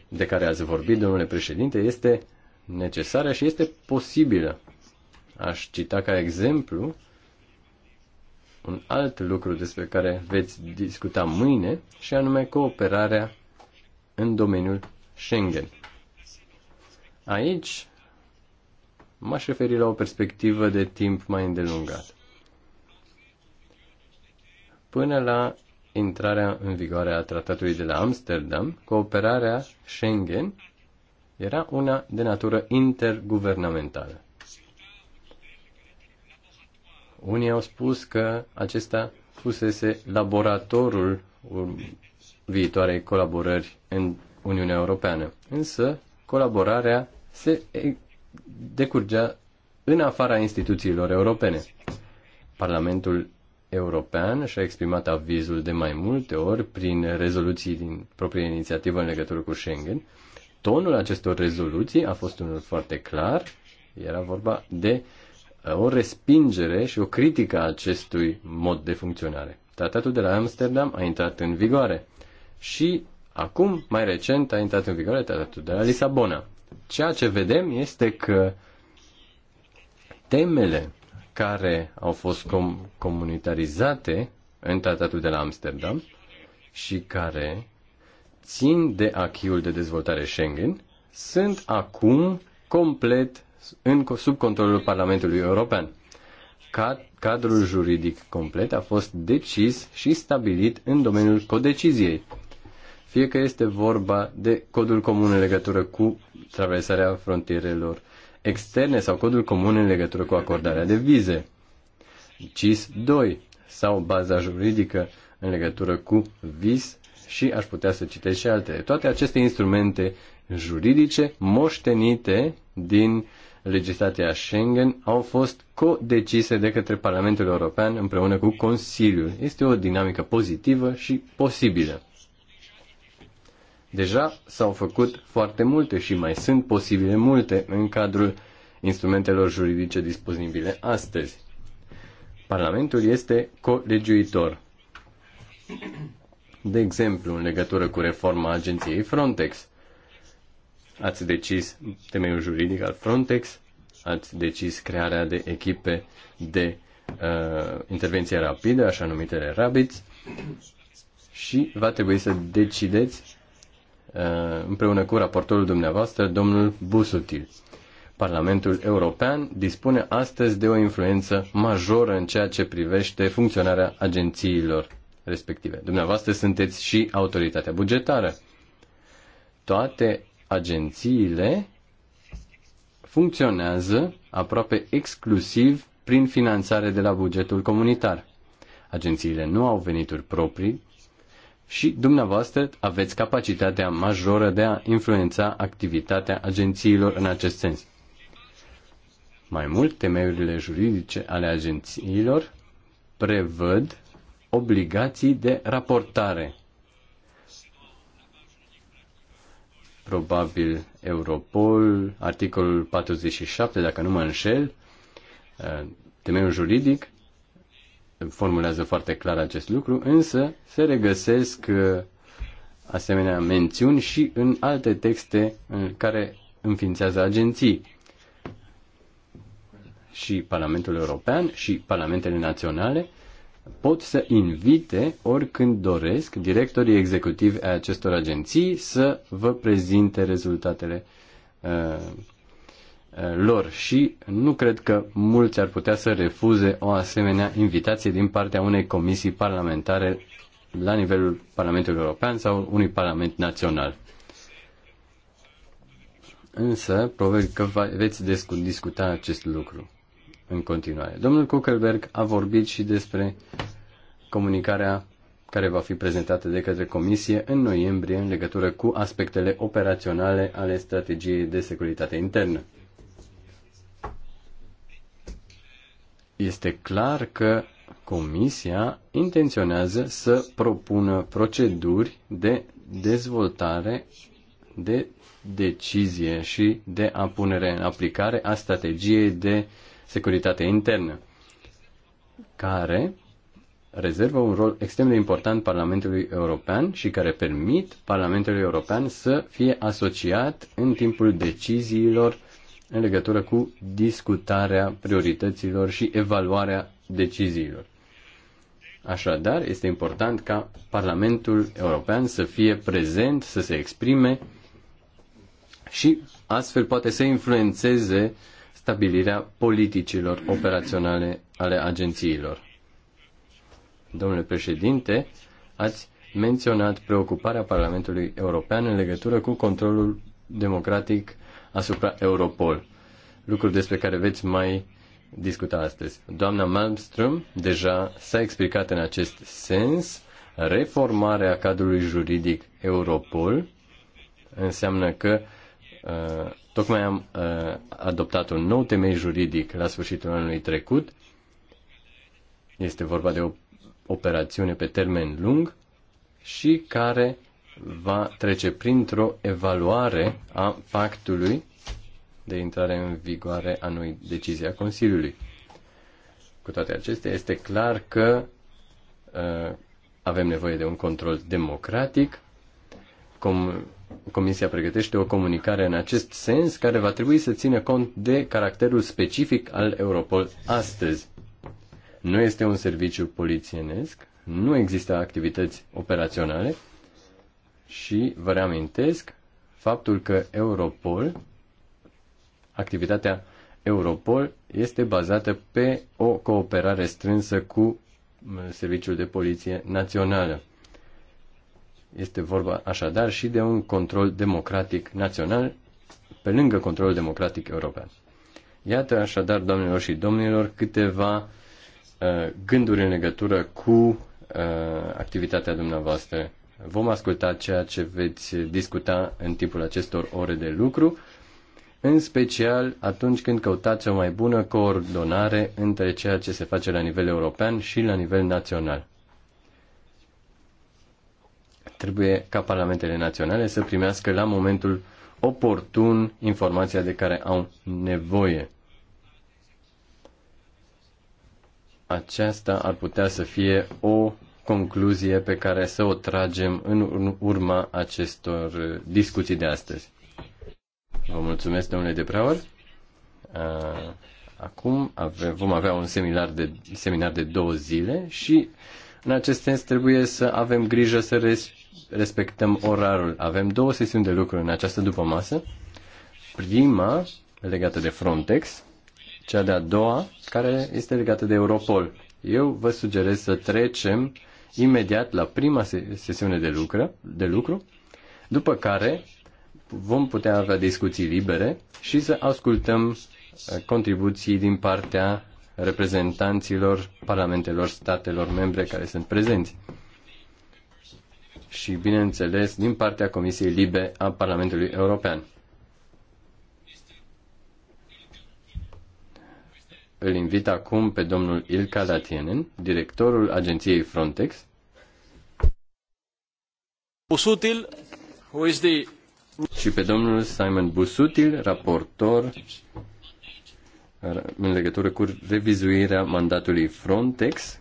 de care ați vorbit, domnule președinte, este necesară și este posibilă. Aș cita ca exemplu un alt lucru despre care veți discuta mâine, și anume cooperarea în domeniul Schengen. Aici m-aș referi la o perspectivă de timp mai îndelungat. Până la intrarea în vigoare a tratatului de la Amsterdam, cooperarea Schengen era una de natură interguvernamentală. Unii au spus că acesta fusese laboratorul viitoarei colaborări în Uniunea Europeană. Însă, colaborarea se decurgea în afara instituțiilor europene. Parlamentul European și-a exprimat avizul de mai multe ori prin rezoluții din proprie inițiativă în legătură cu Schengen. Tonul acestor rezoluții a fost unul foarte clar. Era vorba de uh, o respingere și o critică a acestui mod de funcționare. Tratatul de la Amsterdam a intrat în vigoare și acum, mai recent, a intrat în vigoare tratatul de la Lisabona ceea ce vedem este că temele care au fost com- comunitarizate în tratatul de la Amsterdam și care țin de achiul de dezvoltare Schengen sunt acum complet în, sub controlul Parlamentului European. Cadrul juridic complet a fost decis și stabilit în domeniul codeciziei. Fie că este vorba de codul comun în legătură cu traversarea frontierelor externe sau codul comun în legătură cu acordarea de vize. CIS 2 sau baza juridică în legătură cu vis și aș putea să citesc și altele. Toate aceste instrumente juridice moștenite din legislația Schengen au fost co-decise de către Parlamentul European împreună cu Consiliul. Este o dinamică pozitivă și posibilă. Deja s-au făcut foarte multe și mai sunt posibile multe în cadrul instrumentelor juridice disponibile astăzi. Parlamentul este colegiuitor. De exemplu, în legătură cu reforma agenției Frontex, ați decis temeiul juridic al Frontex, ați decis crearea de echipe de uh, intervenție rapidă, așa numitele RABITS, și va trebui să decideți Uh, împreună cu raportorul dumneavoastră, domnul Busutil. Parlamentul European dispune astăzi de o influență majoră în ceea ce privește funcționarea agențiilor respective. Dumneavoastră sunteți și autoritatea bugetară. Toate agențiile funcționează aproape exclusiv prin finanțare de la bugetul comunitar. Agențiile nu au venituri proprii, și dumneavoastră aveți capacitatea majoră de a influența activitatea agențiilor în acest sens. Mai mult, temeiurile juridice ale agențiilor prevăd obligații de raportare. Probabil Europol, articolul 47, dacă nu mă înșel, uh, temeiul juridic formulează foarte clar acest lucru, însă se regăsesc uh, asemenea mențiuni și în alte texte în uh, care înființează agenții. Și Parlamentul European și Parlamentele Naționale pot să invite, oricând doresc, directorii executivi ai acestor agenții să vă prezinte rezultatele uh, lor și nu cred că mulți ar putea să refuze o asemenea invitație din partea unei comisii parlamentare la nivelul Parlamentului European sau unui Parlament național. Însă, probabil că veți discuta acest lucru în continuare. Domnul Kuckelberg a vorbit și despre comunicarea care va fi prezentată de către Comisie în noiembrie în legătură cu aspectele operaționale ale strategiei de securitate internă. este clar că Comisia intenționează să propună proceduri de dezvoltare, de decizie și de a punere în aplicare a strategiei de securitate internă, care rezervă un rol extrem de important Parlamentului European și care permit Parlamentului European să fie asociat în timpul deciziilor în legătură cu discutarea priorităților și evaluarea deciziilor. Așadar, este important ca Parlamentul European să fie prezent, să se exprime și astfel poate să influențeze stabilirea politicilor operaționale ale agențiilor. Domnule președinte, ați menționat preocuparea Parlamentului European în legătură cu controlul democratic asupra Europol, Lucru despre care veți mai discuta astăzi. Doamna Malmström deja s-a explicat în acest sens. Reformarea cadrului juridic Europol înseamnă că uh, tocmai am uh, adoptat un nou temei juridic la sfârșitul anului trecut. Este vorba de o operațiune pe termen lung și care va trece printr-o evaluare a pactului de intrare în vigoare a noi decizia Consiliului. Cu toate acestea, este clar că uh, avem nevoie de un control democratic. Com- Comisia pregătește o comunicare în acest sens care va trebui să țină cont de caracterul specific al Europol astăzi. Nu este un serviciu polițienesc, nu există activități operaționale, și vă reamintesc faptul că Europol, activitatea Europol este bazată pe o cooperare strânsă cu mm, Serviciul de Poliție Națională. Este vorba așadar și de un control democratic național pe lângă controlul democratic european. Iată așadar, doamnelor și domnilor, câteva uh, gânduri în legătură cu uh, activitatea dumneavoastră Vom asculta ceea ce veți discuta în timpul acestor ore de lucru, în special atunci când căutați o mai bună coordonare între ceea ce se face la nivel european și la nivel național. Trebuie ca parlamentele naționale să primească la momentul oportun informația de care au nevoie. Aceasta ar putea să fie o concluzie pe care să o tragem în urma acestor uh, discuții de astăzi. Vă mulțumesc, domnule de Preaur. Uh, acum ave, vom avea un seminar de, seminar de două zile și în acest sens trebuie să avem grijă să res, respectăm orarul. Avem două sesiuni de lucru în această dupămasă. Prima legată de Frontex, cea de-a doua care este legată de Europol. Eu vă sugerez să trecem imediat la prima sesiune de, lucră, de lucru, după care vom putea avea discuții libere și să ascultăm uh, contribuții din partea reprezentanților parlamentelor statelor membre care sunt prezenți. Și, bineînțeles, din partea Comisiei Libe a Parlamentului European. Îl invit acum pe domnul Ilka Latienen, directorul agenției Frontex. Busutil, who is the... Și pe domnul Simon Busutil, raportor în legătură cu revizuirea mandatului Frontex.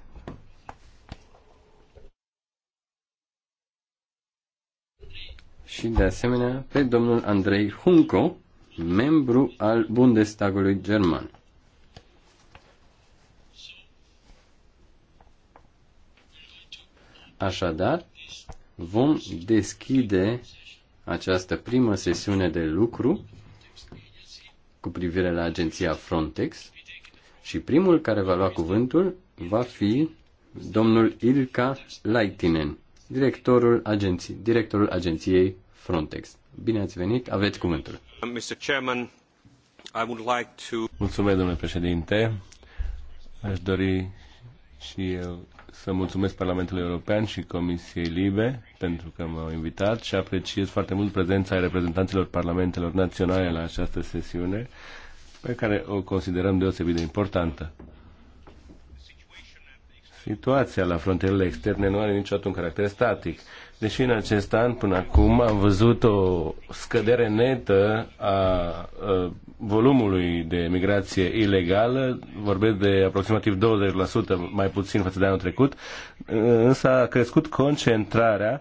Și de asemenea pe domnul Andrei Hunco, membru al Bundestagului German. Așadar, vom deschide această primă sesiune de lucru cu privire la agenția Frontex și primul care va lua cuvântul va fi domnul Ilka Laitinen, directorul, agenții, directorul agenției Frontex. Bine ați venit, aveți cuvântul. Mr. Chairman, I would like to... Mulțumesc, domnule președinte. Aș dori și eu să mulțumesc Parlamentului European și Comisiei Libe pentru că m-au invitat și apreciez foarte mult prezența reprezentanților parlamentelor naționale la această sesiune pe care o considerăm deosebit de importantă. Situația la frontierele externe nu are niciodată un caracter static Deși în acest an, până acum, am văzut o scădere netă a, a volumului de migrație ilegală, vorbesc de aproximativ 20% mai puțin față de anul trecut, însă a crescut concentrarea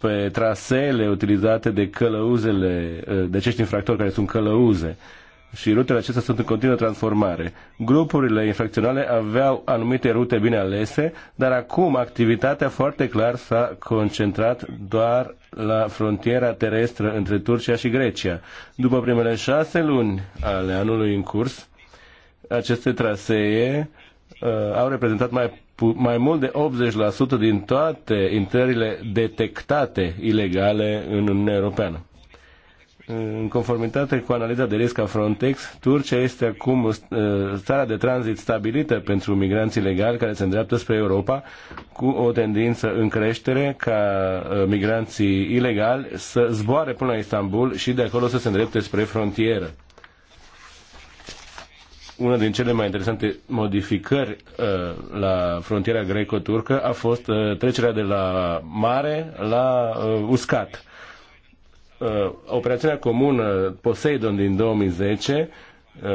pe traseele utilizate de călăuzele, de acești infractori care sunt călăuze și rutele acestea sunt în continuă transformare. Grupurile infracționale aveau anumite rute bine alese, dar acum activitatea foarte clar s-a concentrat doar la frontiera terestră între Turcia și Grecia. După primele șase luni ale anului în curs, aceste trasee uh, au reprezentat mai, mai mult de 80% din toate intrările detectate ilegale în Uniunea Europeană. În conformitate cu analiza de risc a Frontex, Turcia este acum țara uh, de tranzit stabilită pentru migranți legali care se îndreaptă spre Europa, cu o tendință în creștere ca uh, migranții ilegali să zboare până la Istanbul și de acolo să se îndrepte spre frontieră una din cele mai interesante modificări uh, la frontiera greco-turcă a fost uh, trecerea de la mare la uh, uscat. Uh, operațiunea comună Poseidon din 2010 uh,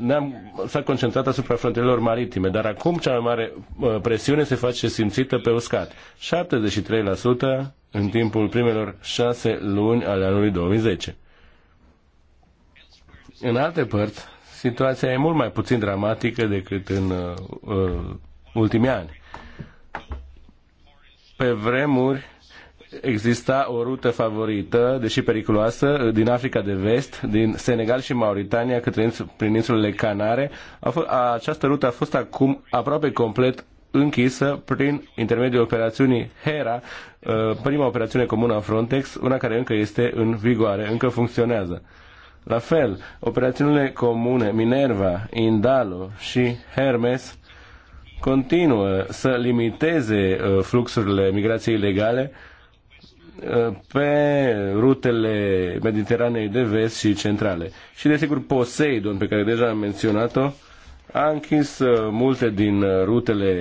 ne-am, s-a concentrat asupra frontierelor maritime, dar acum cea mai mare uh, presiune se face simțită pe uscat. 73% în timpul primelor șase luni ale anului 2010. În alte părți, situația e mult mai puțin dramatică decât în uh, ultimii ani. Pe vremuri, exista o rută favorită, deși periculoasă, din Africa de Vest, din Senegal și Mauritania către prin insulele Canare. A fost, a, această rută a fost acum aproape complet închisă prin intermediul operațiunii HERA, uh, prima operațiune comună a Frontex, una care încă este în vigoare, încă funcționează. La fel, operațiunile comune Minerva, Indalo și Hermes continuă să limiteze uh, fluxurile migrației ilegale Uh, pe rutele Mediteranei de vest și centrale. Și desigur Poseidon, pe care deja am menționat-o, a închis uh, multe din rutele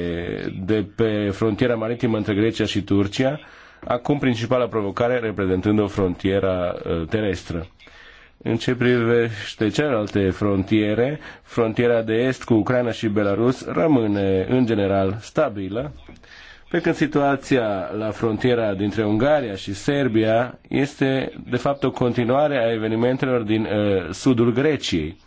de pe frontiera maritimă între Grecia și Turcia, acum principala provocare reprezentând o frontiera uh, terestră. În ce privește celelalte frontiere, frontiera de est cu Ucraina și Belarus rămâne în general stabilă pe când situația la frontiera dintre Ungaria și Serbia este, de fapt, o continuare a evenimentelor din uh, sudul Greciei.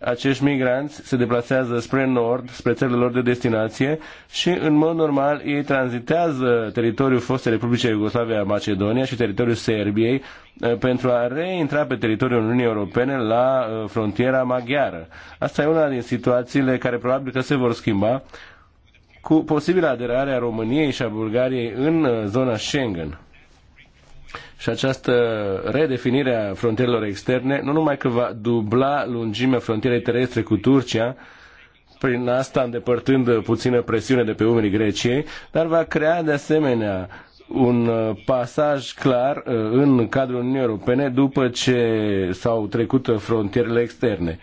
Acești migranți se deplasează spre nord, spre țările lor de destinație și, în mod normal, ei tranzitează teritoriul fostei Republicii Iugoslavia Macedonia și teritoriul Serbiei uh, pentru a reintra pe teritoriul Uniunii Europene la uh, frontiera maghiară. Asta e una din situațiile care probabil că se vor schimba cu posibilă aderare a României și a Bulgariei în uh, zona Schengen. Și această redefinire a frontierelor externe nu numai că va dubla lungimea frontierei terestre cu Turcia, prin asta îndepărtând puțină presiune de pe umerii Greciei, dar va crea de asemenea un uh, pasaj clar uh, în cadrul Uniunii Europene după ce s-au trecut frontierele externe.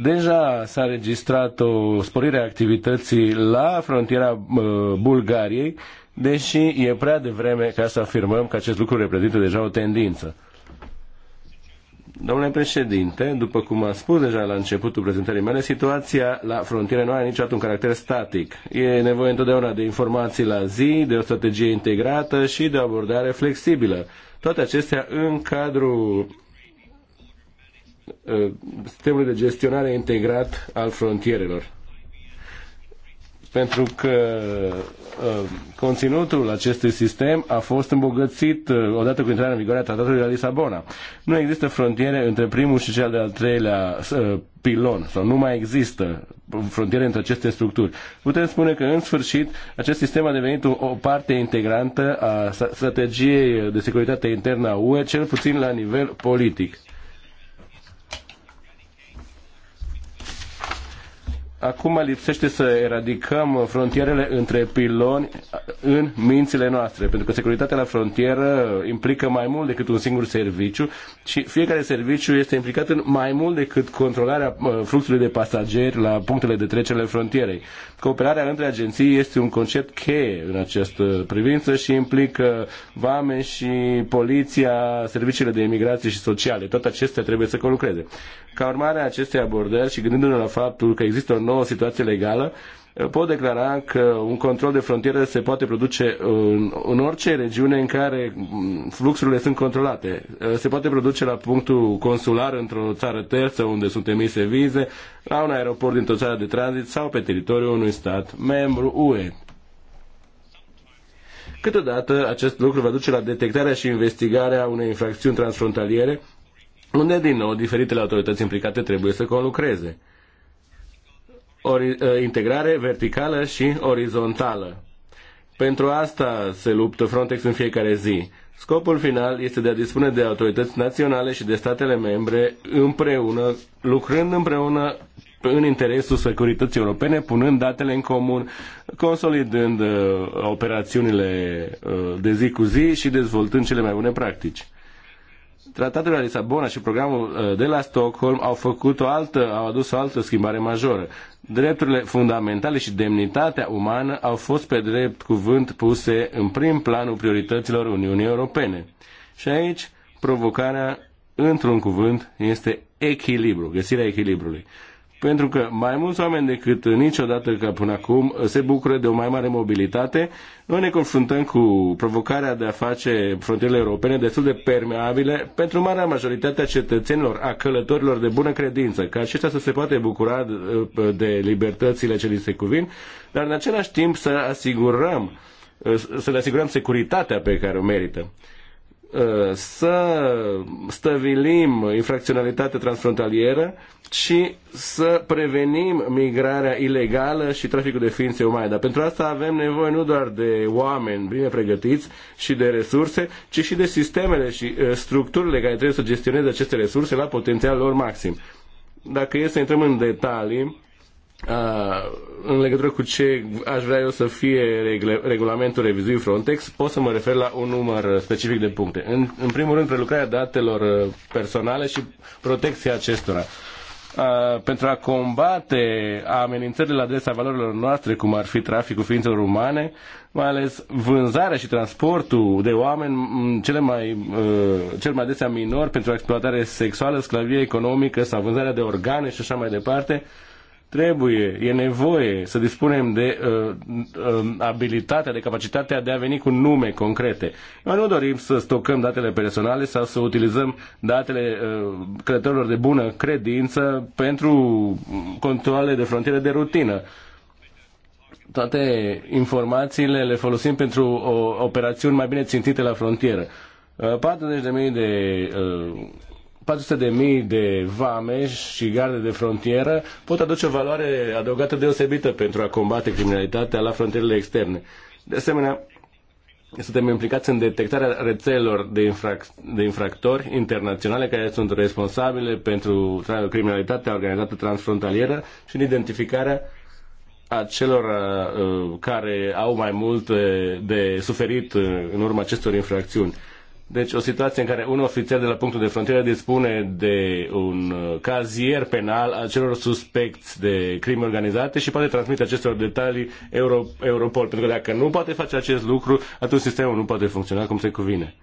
Deja s-a registrat o sporire a activității la frontiera uh, Bulgariei, deși e prea devreme ca să afirmăm că acest lucru reprezintă deja o tendință. Domnule președinte, după cum am spus deja la începutul prezentării mele, situația la frontiere nu are niciodată un caracter static. E nevoie întotdeauna de informații la zi, de o strategie integrată și de o abordare flexibilă. Toate acestea în cadrul Uh, sistemului de gestionare integrat al frontierelor. Pentru că uh, conținutul acestui sistem a fost îmbogățit uh, odată cu intrarea în vigoare a tratatului de la Lisabona. Nu există frontiere între primul și cel de-al treilea pilon, sau nu mai există frontiere între aceste structuri. Putem spune că, în sfârșit, acest sistem a devenit o, o parte integrantă a strategiei de securitate internă a UE, cel puțin la nivel politic. acum lipsește să eradicăm frontierele între piloni în mințile noastre, pentru că securitatea la frontieră implică mai mult decât un singur serviciu și fiecare serviciu este implicat în mai mult decât controlarea fluxului de pasageri la punctele de trecere ale frontierei. Cooperarea între agenții este un concept cheie în această privință și implică vame și poliția, serviciile de imigrație și sociale. Toate acestea trebuie să colucreze. Ca urmare a acestei abordări și gândindu-ne la faptul că există o nouă situație legală, pot declara că un control de frontieră se poate produce în, în orice regiune în care fluxurile sunt controlate. Se poate produce la punctul consular într-o țară terță unde sunt emise vize, la un aeroport dintr-o țară de tranzit sau pe teritoriul unui stat membru UE. Câteodată acest lucru va duce la detectarea și investigarea unei infracțiuni transfrontaliere, unde din nou diferitele autorități implicate trebuie să conlucreze ori, ă, integrare verticală și orizontală. Pentru asta se luptă Frontex în fiecare zi. Scopul final este de a dispune de autorități naționale și de statele membre împreună, lucrând împreună în interesul securității europene, punând datele în comun, consolidând uh, operațiunile uh, de zi cu zi și dezvoltând cele mai bune practici. Tratatul de la Lisabona și programul de la Stockholm au făcut o altă, au adus o altă schimbare majoră drepturile fundamentale și demnitatea umană au fost pe drept cuvânt puse în prim planul priorităților Uniunii Europene. Și aici provocarea, într-un cuvânt, este echilibru, găsirea echilibrului pentru că mai mulți oameni decât niciodată ca până acum se bucură de o mai mare mobilitate. Noi ne confruntăm cu provocarea de a face frontierele europene destul de permeabile pentru marea majoritate a cetățenilor, a călătorilor de bună credință, ca aceștia să se poate bucura uh, de libertățile ce li se cuvin, dar în același timp să asigurăm uh, să le asigurăm securitatea pe care o merită. Uh, să stăvilim infracționalitatea transfrontalieră și să prevenim migrarea ilegală și traficul de ființe umane. Dar pentru asta avem nevoie nu doar de oameni bine pregătiți și de resurse, ci și de sistemele și uh, structurile care trebuie să gestioneze aceste resurse la potențialul lor maxim. Dacă e să intrăm în detalii, în legătură cu ce aș vrea eu să fie regle, regulamentul revizuit Frontex, pot să mă refer la un număr specific de puncte. În, în primul rând, prelucrarea datelor uh, personale și protecția acestora. Uh, pentru a combate amenințările la adresa valorilor noastre, cum ar fi traficul ființelor umane, mai ales vânzarea și transportul de oameni, cele mai, uh, cel mai adesea minori, pentru exploatare sexuală, sclavie economică sau vânzarea de organe și așa mai departe, uh, trebuie, e nevoie să dispunem de uh, uh, abilitatea, de capacitatea de a veni cu nume concrete. Noi nu dorim să stocăm datele personale sau să utilizăm datele uh, creditorilor de bună credință pentru controle de frontiere de rutină. Toate informațiile le folosim pentru o, operațiuni mai bine țintite la frontieră. Uh, 40.000 de uh, 400.000 de mii de vame și garde de frontieră pot aduce o valoare adăugată deosebită pentru a combate criminalitatea la frontierele externe. De asemenea, suntem implicați în detectarea rețelelor de, infrac- de infractori internaționale care sunt responsabile pentru criminalitatea organizată transfrontalieră și în identificarea acelor uh, care au mai mult de, de suferit uh, în urma acestor infracțiuni. Deci o situație în care un ofițer de la punctul de frontieră dispune de un uh, cazier penal a celor suspecți de crime organizate și poate transmite acestor detalii Euro, Europol. Pentru că dacă nu poate face acest lucru, atunci sistemul nu poate funcționa cum se cuvine.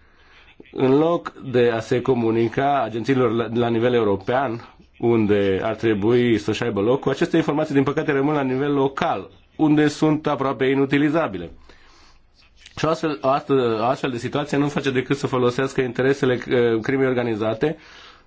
În loc de a se comunica agențiilor la, la nivel european, unde ar trebui să-și aibă locul, aceste informații, din păcate, rămân la nivel local, unde sunt aproape inutilizabile. Și o astfel, astfel, astfel de situație nu face decât să folosească interesele eh, crimei organizate,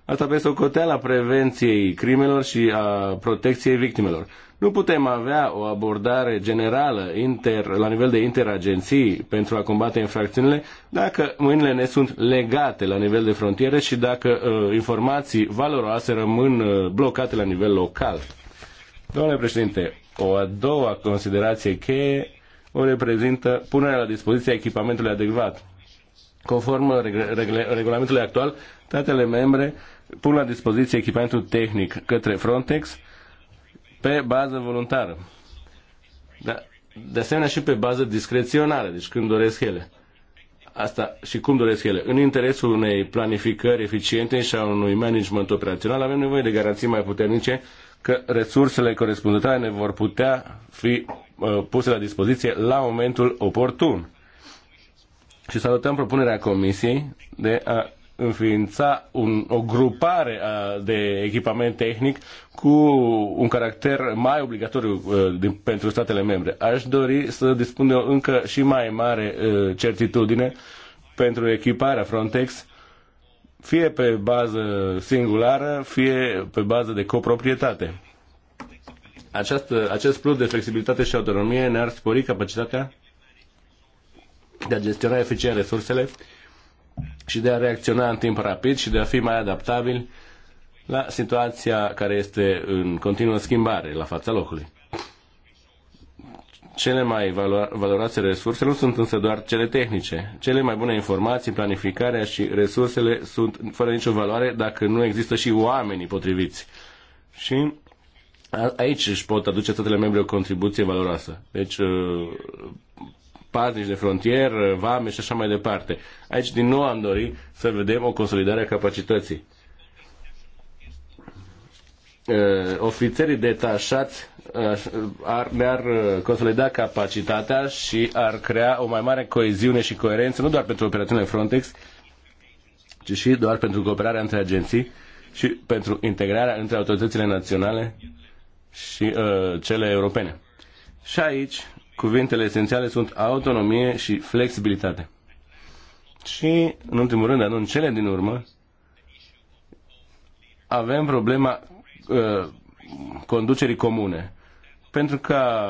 asta pe socoteala prevenției crimelor și a protecției victimelor. Nu putem avea o abordare generală inter, la nivel de interagenții pentru a combate infracțiunile dacă mâinile ne sunt legate la nivel de frontiere și dacă uh, informații valoroase rămân uh, blocate la nivel local. Domnule președinte, o a doua considerație cheie o reprezintă punerea la dispoziție a echipamentului adecvat. Conform regulamentului actual, statele membre pun la dispoziție echipamentul tehnic către Frontex pe bază voluntară. Dar de asemenea și pe bază discreționară, deci când doresc ele. Asta și cum doresc ele. În interesul unei planificări eficiente și a unui management operațional avem nevoie de garanții mai puternice că resursele corespunzătoare ne vor putea fi uh, puse la dispoziție la momentul oportun. Și salutăm propunerea Comisiei de a înființa un, o grupare a, de echipament tehnic cu un caracter mai obligatoriu a, uh, din, pentru statele membre. Aș dori să dispun de o încă și mai mare a, uh, certitudine pentru echiparea Frontex fie pe bază singulară, fie pe bază de coproprietate. Această, acest plus de flexibilitate și autonomie ne-ar spori capacitatea de a gestiona eficient resursele și de a reacționa în timp rapid și de a fi mai adaptabil la situația care este în continuă schimbare la fața locului. Cele mai valoroase resurse nu sunt însă doar cele tehnice. Cele mai bune informații, planificarea și resursele sunt fără nicio valoare dacă nu există și oamenii potriviți. Și aici își pot aduce statele membre o contribuție valoroasă. Deci uh, paznici de frontier, vame și așa mai departe. Aici din nou am dorit să vedem o consolidare a capacității. Uh, ofițerii detașați uh, ar, ne-ar uh, consolida capacitatea și ar crea o mai mare coeziune și coerență, nu doar pentru operațiunile Frontex, ci și doar pentru cooperarea între agenții și pentru integrarea între autoritățile naționale și uh, cele europene. Și aici, cuvintele esențiale sunt autonomie și flexibilitate. Și, în ultimul rând, dar nu în cele din urmă, avem problema Uh, conducerii comune pentru ca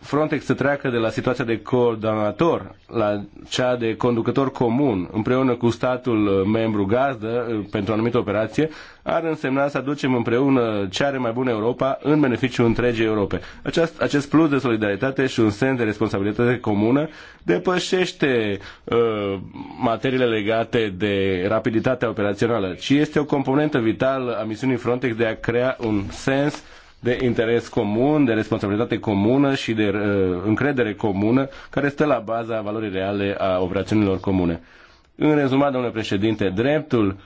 Frontex să treacă de la situația de coordonator la cea de conducător comun împreună cu statul membru gazdă uh, pentru o anumită operație, ar însemna să aducem împreună ce are mai bună Europa în beneficiu întregii Europe. Aceast, acest plus de solidaritate și un sens de responsabilitate comună depășește uh, materiile legate de rapiditatea operațională, ci este o componentă vitală a misiunii Frontex de a crea un sens uh, de interes comun, de responsabilitate comună și de uh, încredere comună care stă la baza valorii reale a operațiunilor comune. În rezumat, domnule președinte, dreptul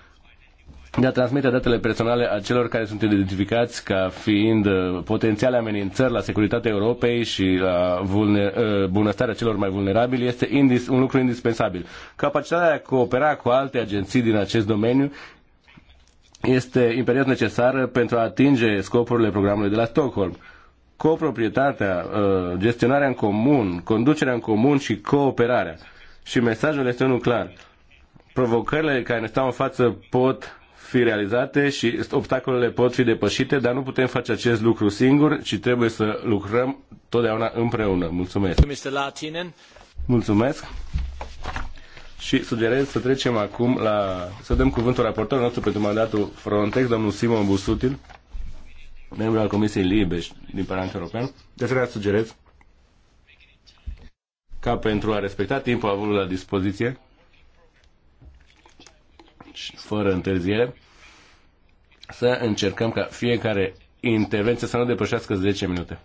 de a transmite datele personale a celor care sunt identificați ca fiind uh, potențiale amenințări la securitatea Europei și la vulner, uh, bunăstarea celor mai vulnerabili este un lucru indispensabil. Capacitatea de a coopera cu alte agenții din acest domeniu este imperios necesară pentru a atinge scopurile programului de la Stockholm. Coproprietatea, uh, gestionarea în comun, conducerea în comun și cooperarea. Și mesajul este unul clar. Provocările care ne stau în față pot fi realizate și obstacolele pot fi depășite, dar nu putem face acest lucru singur, ci trebuie să lucrăm totdeauna împreună. Mulțumesc! Mulțumesc! Și sugerez să trecem acum la... să dăm cuvântul raportorului nostru pentru mandatul Frontex, domnul Simon Busutil, membru al Comisiei Libes din Parlamentul European. De asemenea, sugerez ca pentru a respecta timpul avut la dispoziție și fără întârziere, să încercăm ca fiecare intervenție să nu depășească 10 minute.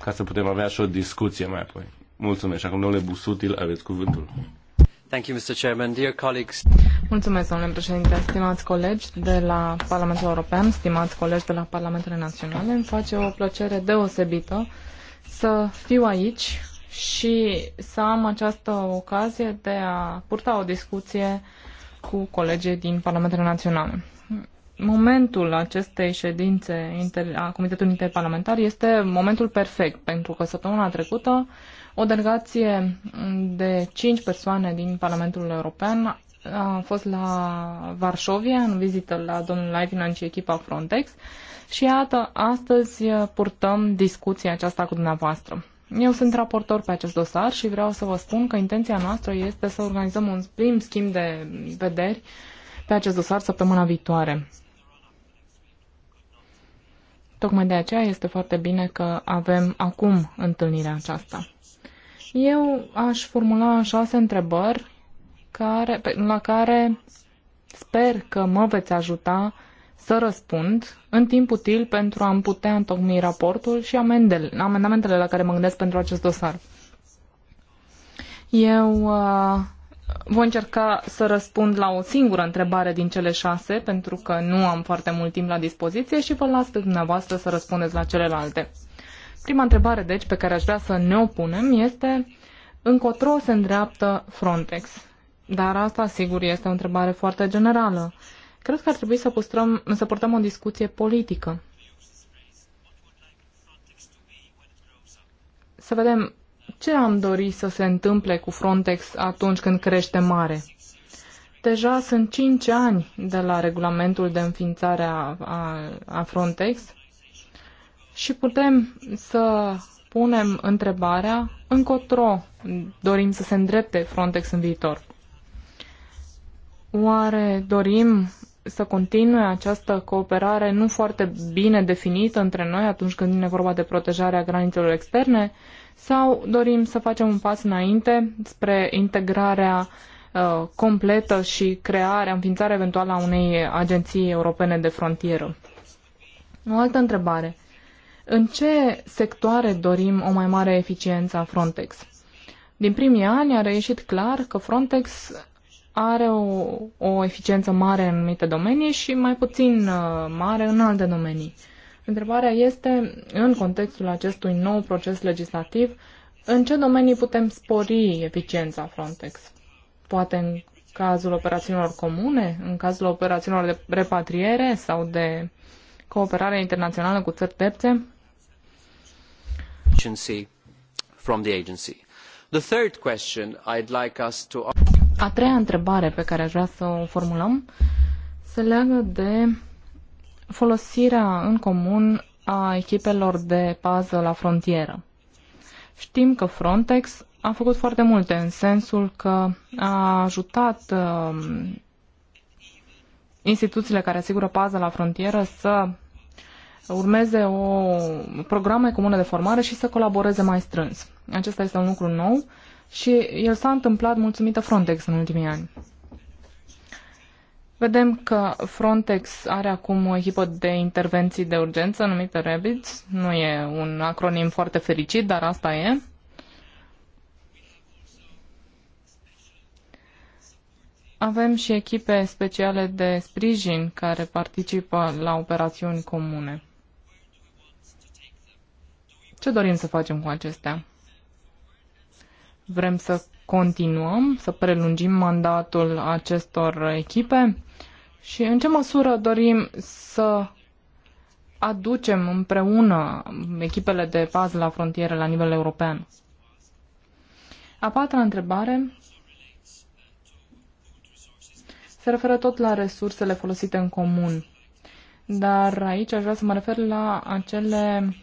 Ca să putem avea și o discuție mai apoi. Mulțumesc. Și acum, domnule Busutil, aveți cuvântul. Mulțumesc, domnule președinte, colegi de la Parlamentul European, stimați colegi de la Parlamentele Naționale. Îmi face o plăcere deosebită să fiu aici și să am această ocazie de a purta o discuție cu colegii din Parlamentele Naționale. Momentul acestei ședințe a Comitetului Interparlamentar este momentul perfect, pentru că săptămâna trecută o delegație de cinci persoane din Parlamentul European a fost la Varșovia în vizită la domnul Leitinan și echipa Frontex și iată, astăzi purtăm discuția aceasta cu dumneavoastră. Eu sunt raportor pe acest dosar și vreau să vă spun că intenția noastră este să organizăm un prim schimb de vederi pe acest dosar săptămâna viitoare. Tocmai de aceea este foarte bine că avem acum întâlnirea aceasta. Eu aș formula șase întrebări care, la care sper că mă veți ajuta să răspund în timp util pentru a-mi putea întocmi raportul și amendele, amendamentele la care mă gândesc pentru acest dosar. Eu uh, voi încerca să răspund la o singură întrebare din cele șase, pentru că nu am foarte mult timp la dispoziție și vă las pe dumneavoastră să răspundeți la celelalte. Prima întrebare, deci, pe care aș vrea să ne opunem este încotro se îndreaptă Frontex? Dar asta, sigur, este o întrebare foarte generală. Cred că ar trebui să, păstrăm, să purtăm o discuție politică. Să vedem ce am dori să se întâmple cu Frontex atunci când crește mare. Deja sunt 5 ani de la regulamentul de înființare a, a, a Frontex și putem să punem întrebarea încotro dorim să se îndrepte Frontex în viitor. Oare dorim să continue această cooperare nu foarte bine definită între noi atunci când vine vorba de protejarea granițelor externe sau dorim să facem un pas înainte spre integrarea uh, completă și crearea, înființarea eventuală a unei agenții europene de frontieră? O altă întrebare. În ce sectoare dorim o mai mare eficiență a Frontex? Din primii ani a reieșit clar că Frontex are o, o eficiență mare în anumite domenii și mai puțin uh, mare în alte domenii. Întrebarea este, în contextul acestui nou proces legislativ, în ce domenii putem spori eficiența Frontex? Poate în cazul operațiunilor comune, în cazul operațiunilor de repatriere sau de cooperare internațională cu țări terțe? efficiency from the agency. The third question I'd like us to... A treia întrebare pe care aș vrea să o formulăm se leagă de folosirea în comun a echipelor de pază la frontieră. Știm că Frontex a făcut foarte multe în sensul că a ajutat uh, instituțiile care asigură pază la frontieră să urmeze o programe comune de formare și să colaboreze mai strâns. Acesta este un lucru nou și el s-a întâmplat mulțumită Frontex în ultimii ani. Vedem că Frontex are acum o echipă de intervenții de urgență numită RABIDS. Nu e un acronim foarte fericit, dar asta e. Avem și echipe speciale de sprijin care participă la operațiuni comune. Ce dorim să facem cu acestea? Vrem să continuăm, să prelungim mandatul acestor echipe și în ce măsură dorim să aducem împreună echipele de pază la frontieră la nivel european? A patra întrebare se referă tot la resursele folosite în comun, dar aici aș vrea să mă refer la acele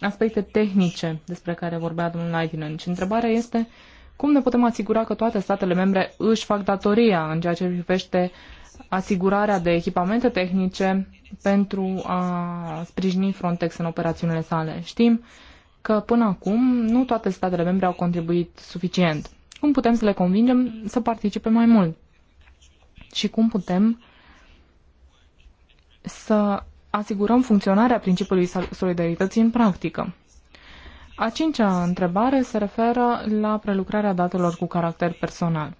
aspecte tehnice despre care vorbea domnul Naitinen. Și întrebarea este cum ne putem asigura că toate statele membre își fac datoria în ceea ce privește asigurarea de echipamente tehnice pentru a sprijini Frontex în operațiunile sale. Știm că până acum nu toate statele membre au contribuit suficient. Cum putem să le convingem să participe mai mult? Și cum putem să asigurăm funcționarea principiului solidarității în practică. A cincea întrebare se referă la prelucrarea datelor cu caracter personal.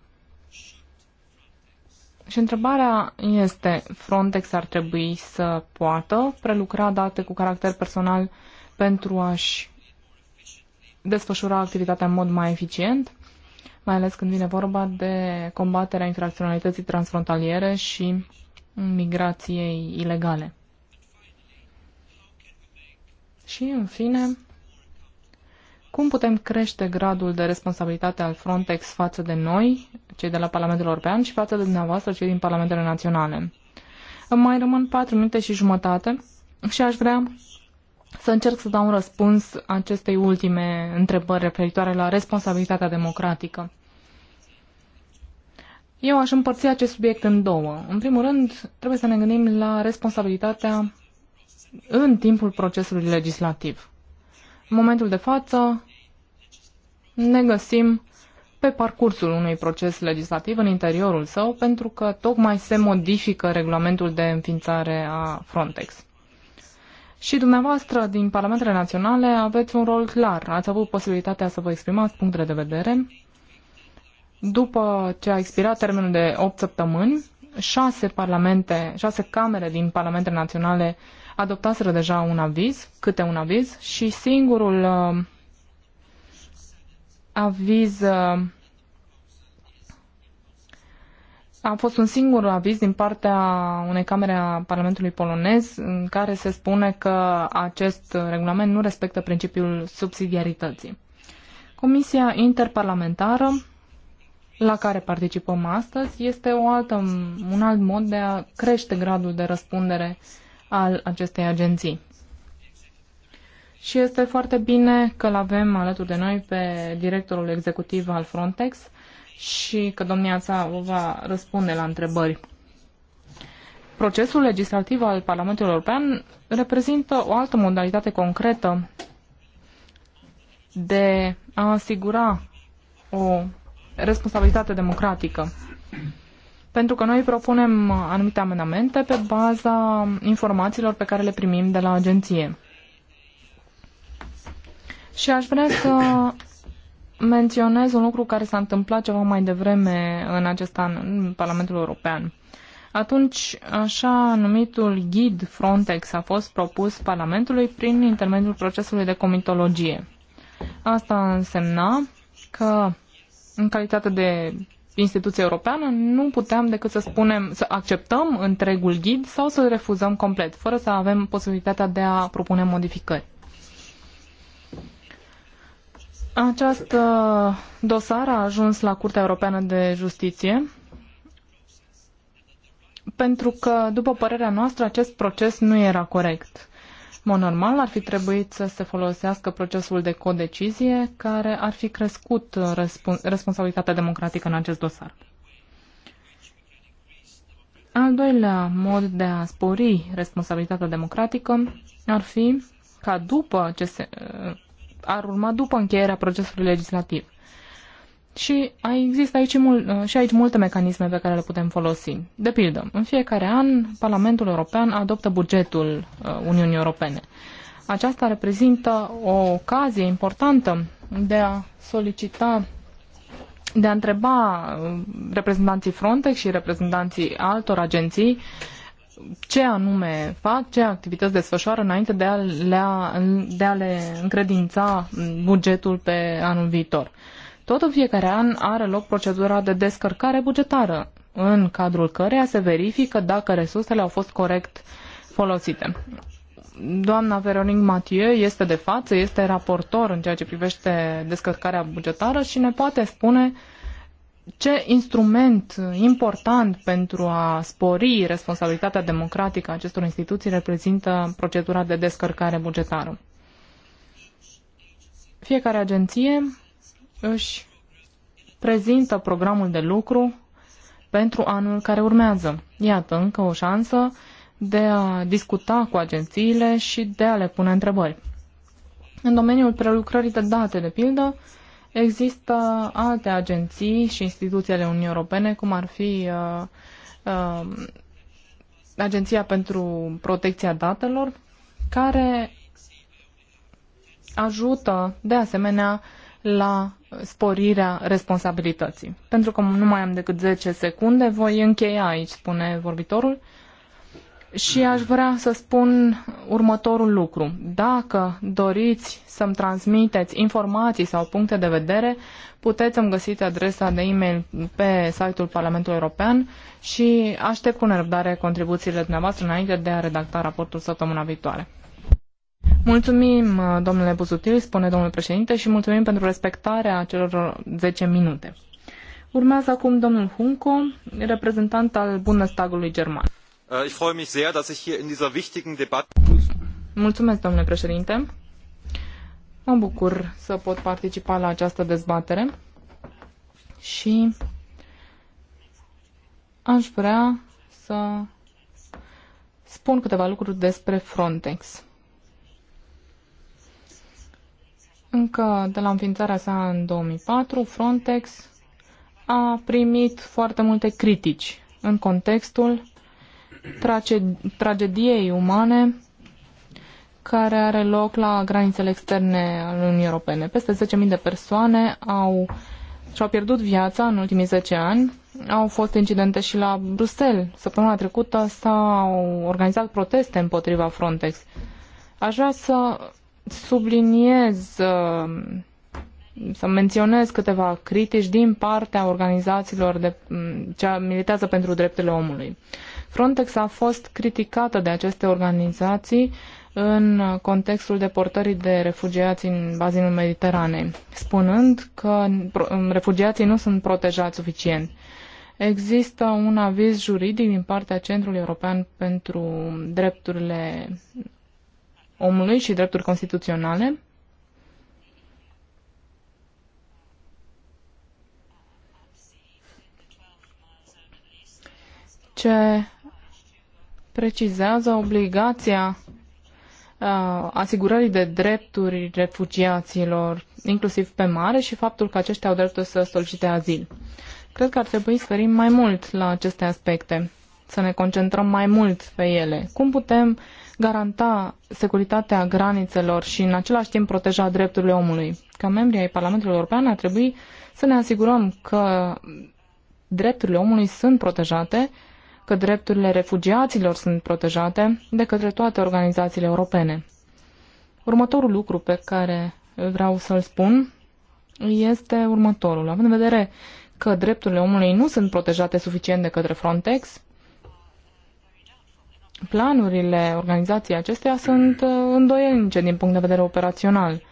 Și întrebarea este, Frontex ar trebui să poată prelucra date cu caracter personal pentru a-și desfășura activitatea în mod mai eficient, mai ales când vine vorba de combaterea infracționalității transfrontaliere și migrației ilegale. Și, în fine, cum putem crește gradul de responsabilitate al Frontex față de noi, cei de la Parlamentul European, și față de dumneavoastră, cei din Parlamentele Naționale? Îmi mai rămân 4 minute și jumătate și aș vrea să încerc să dau un răspuns acestei ultime întrebări referitoare la responsabilitatea democratică. Eu aș împărți acest subiect în două. În primul rând, trebuie să ne gândim la responsabilitatea în timpul procesului legislativ. În momentul de față ne găsim pe parcursul unui proces legislativ în interiorul său, pentru că tocmai se modifică regulamentul de înființare a Frontex. Și dumneavoastră, din Parlamentele Naționale, aveți un rol clar. Ați avut posibilitatea să vă exprimați punctele de vedere. După ce a expirat termenul de 8 săptămâni, șase parlamente, șase camere din Parlamentele Naționale uh, adoptaseră deja un aviz, câte un aviz, și singurul uh, aviz uh, a fost un singur aviz din partea unei camere a Parlamentului polonez în care se spune că acest regulament nu respectă principiul subsidiarității. Comisia interparlamentară la care participăm astăzi este o altă, un alt mod de a crește gradul de răspundere uh, al acestei agenții. Și este foarte bine că îl avem alături de noi pe directorul executiv al Frontex și că domnia sa va răspunde la întrebări. Procesul legislativ al Parlamentului European reprezintă o altă modalitate concretă de a asigura o responsabilitate democratică pentru că noi propunem anumite amendamente pe baza informațiilor pe care le primim de la agenție. Și aș vrea să menționez un lucru care s-a întâmplat ceva mai devreme în acest an în Parlamentul European. Atunci, așa numitul ghid Frontex a fost propus Parlamentului prin intermediul procesului de comitologie. Asta însemna că, în calitate de instituție europeană, nu puteam decât să spunem, să acceptăm întregul ghid sau să-l refuzăm complet, fără să avem posibilitatea de a propune modificări. Această uh, dosar a ajuns la Curtea Europeană de Justiție pentru că, după părerea noastră, acest proces nu era corect mod normal ar fi trebuit să se folosească procesul de codecizie care ar fi crescut responsabilitatea democratică în acest dosar. Al doilea mod de a spori responsabilitatea democratică ar fi ca după ce se, ar urma după încheierea procesului legislativ. Și există aici mul- uh, și aici multe mecanisme pe care le putem folosi. De pildă, în fiecare an, Parlamentul European adoptă bugetul uh, Uniunii Europene. Aceasta reprezintă o ocazie importantă de a solicita, de a întreba uh, reprezentanții Frontex și reprezentanții altor agenții ce anume fac, ce activități desfășoară înainte de a le, de a le încredința bugetul pe anul viitor. Tot în fiecare an are loc procedura de descărcare bugetară, în cadrul căreia se verifică dacă resursele au fost corect folosite. Doamna Veronique Mathieu este de față, este raportor în ceea ce privește descărcarea bugetară și ne poate spune ce instrument important pentru a spori responsabilitatea democratică a acestor instituții reprezintă procedura de descărcare bugetară. Fiecare agenție își prezintă programul de lucru pentru anul care urmează. Iată încă o șansă de a discuta cu agențiile și de a le pune întrebări. În domeniul prelucrării de date, de pildă, există alte agenții și instituții ale Uniunii Europene, cum ar fi uh, uh, Agenția pentru Protecția Datelor, care ajută de asemenea la sporirea responsabilității. Pentru că nu mai am decât 10 secunde, voi încheia aici, spune vorbitorul. Și aș vrea să spun următorul lucru. Dacă doriți să-mi transmiteți informații sau puncte de vedere, puteți îmi găsiți adresa de e-mail pe site-ul Parlamentului European și aștept cu nerăbdare contribuțiile dumneavoastră înainte de a redacta raportul săptămâna viitoare. Mulțumim, uh, domnule Buzutil, spune domnul președinte, și mulțumim pentru respectarea celor 10 minute. Urmează acum domnul Hunco, reprezentant al Bundestagului german. Äh, ich freue mich sehr, dass ich hier in dieser wichtigen Debatte Mulțumesc, domnule președinte. Mă bucur să pot participa la această dezbatere și aș vrea să spun câteva lucruri despre Frontex. Încă de la înființarea sa în 2004, Frontex a primit foarte multe critici în contextul tragediei umane care are loc la granițele externe ale Uniunii Europene. Peste 10.000 de persoane au, și-au pierdut viața în ultimii 10 ani. Au fost incidente și la Bruxelles. Săptămâna trecută s-au organizat proteste împotriva Frontex. Aș vrea să subliniez, uh, să menționez câteva critici din partea organizațiilor de, mm, ce militează pentru drepturile omului. Frontex a fost criticată de aceste organizații în contextul deportării de refugiați în bazinul Mediteranei, spunând că mm, refugiații nu sunt protejați suficient. Există un aviz juridic din partea Centrului European pentru Drepturile omului și drepturi constituționale. Ce precizează obligația uh, asigurării de drepturi refugiaților, inclusiv pe mare, și faptul că aceștia au dreptul să solicite azil. Cred că ar trebui să ferim mai mult la aceste aspecte, să ne concentrăm mai mult pe ele. Cum putem uh, garanta securitatea granițelor și în același timp proteja drepturile omului. Ca membri ai Parlamentului European ar trebui să ne asigurăm că drepturile omului sunt protejate, că drepturile refugiaților sunt protejate de către toate organizațiile europene. Următorul lucru pe care vreau să-l spun este următorul. Având în vedere că drepturile omului nu sunt protejate suficient de către Frontex, planurile organizației acesteia sunt uh, îndoielnice din punct de vedere operațional,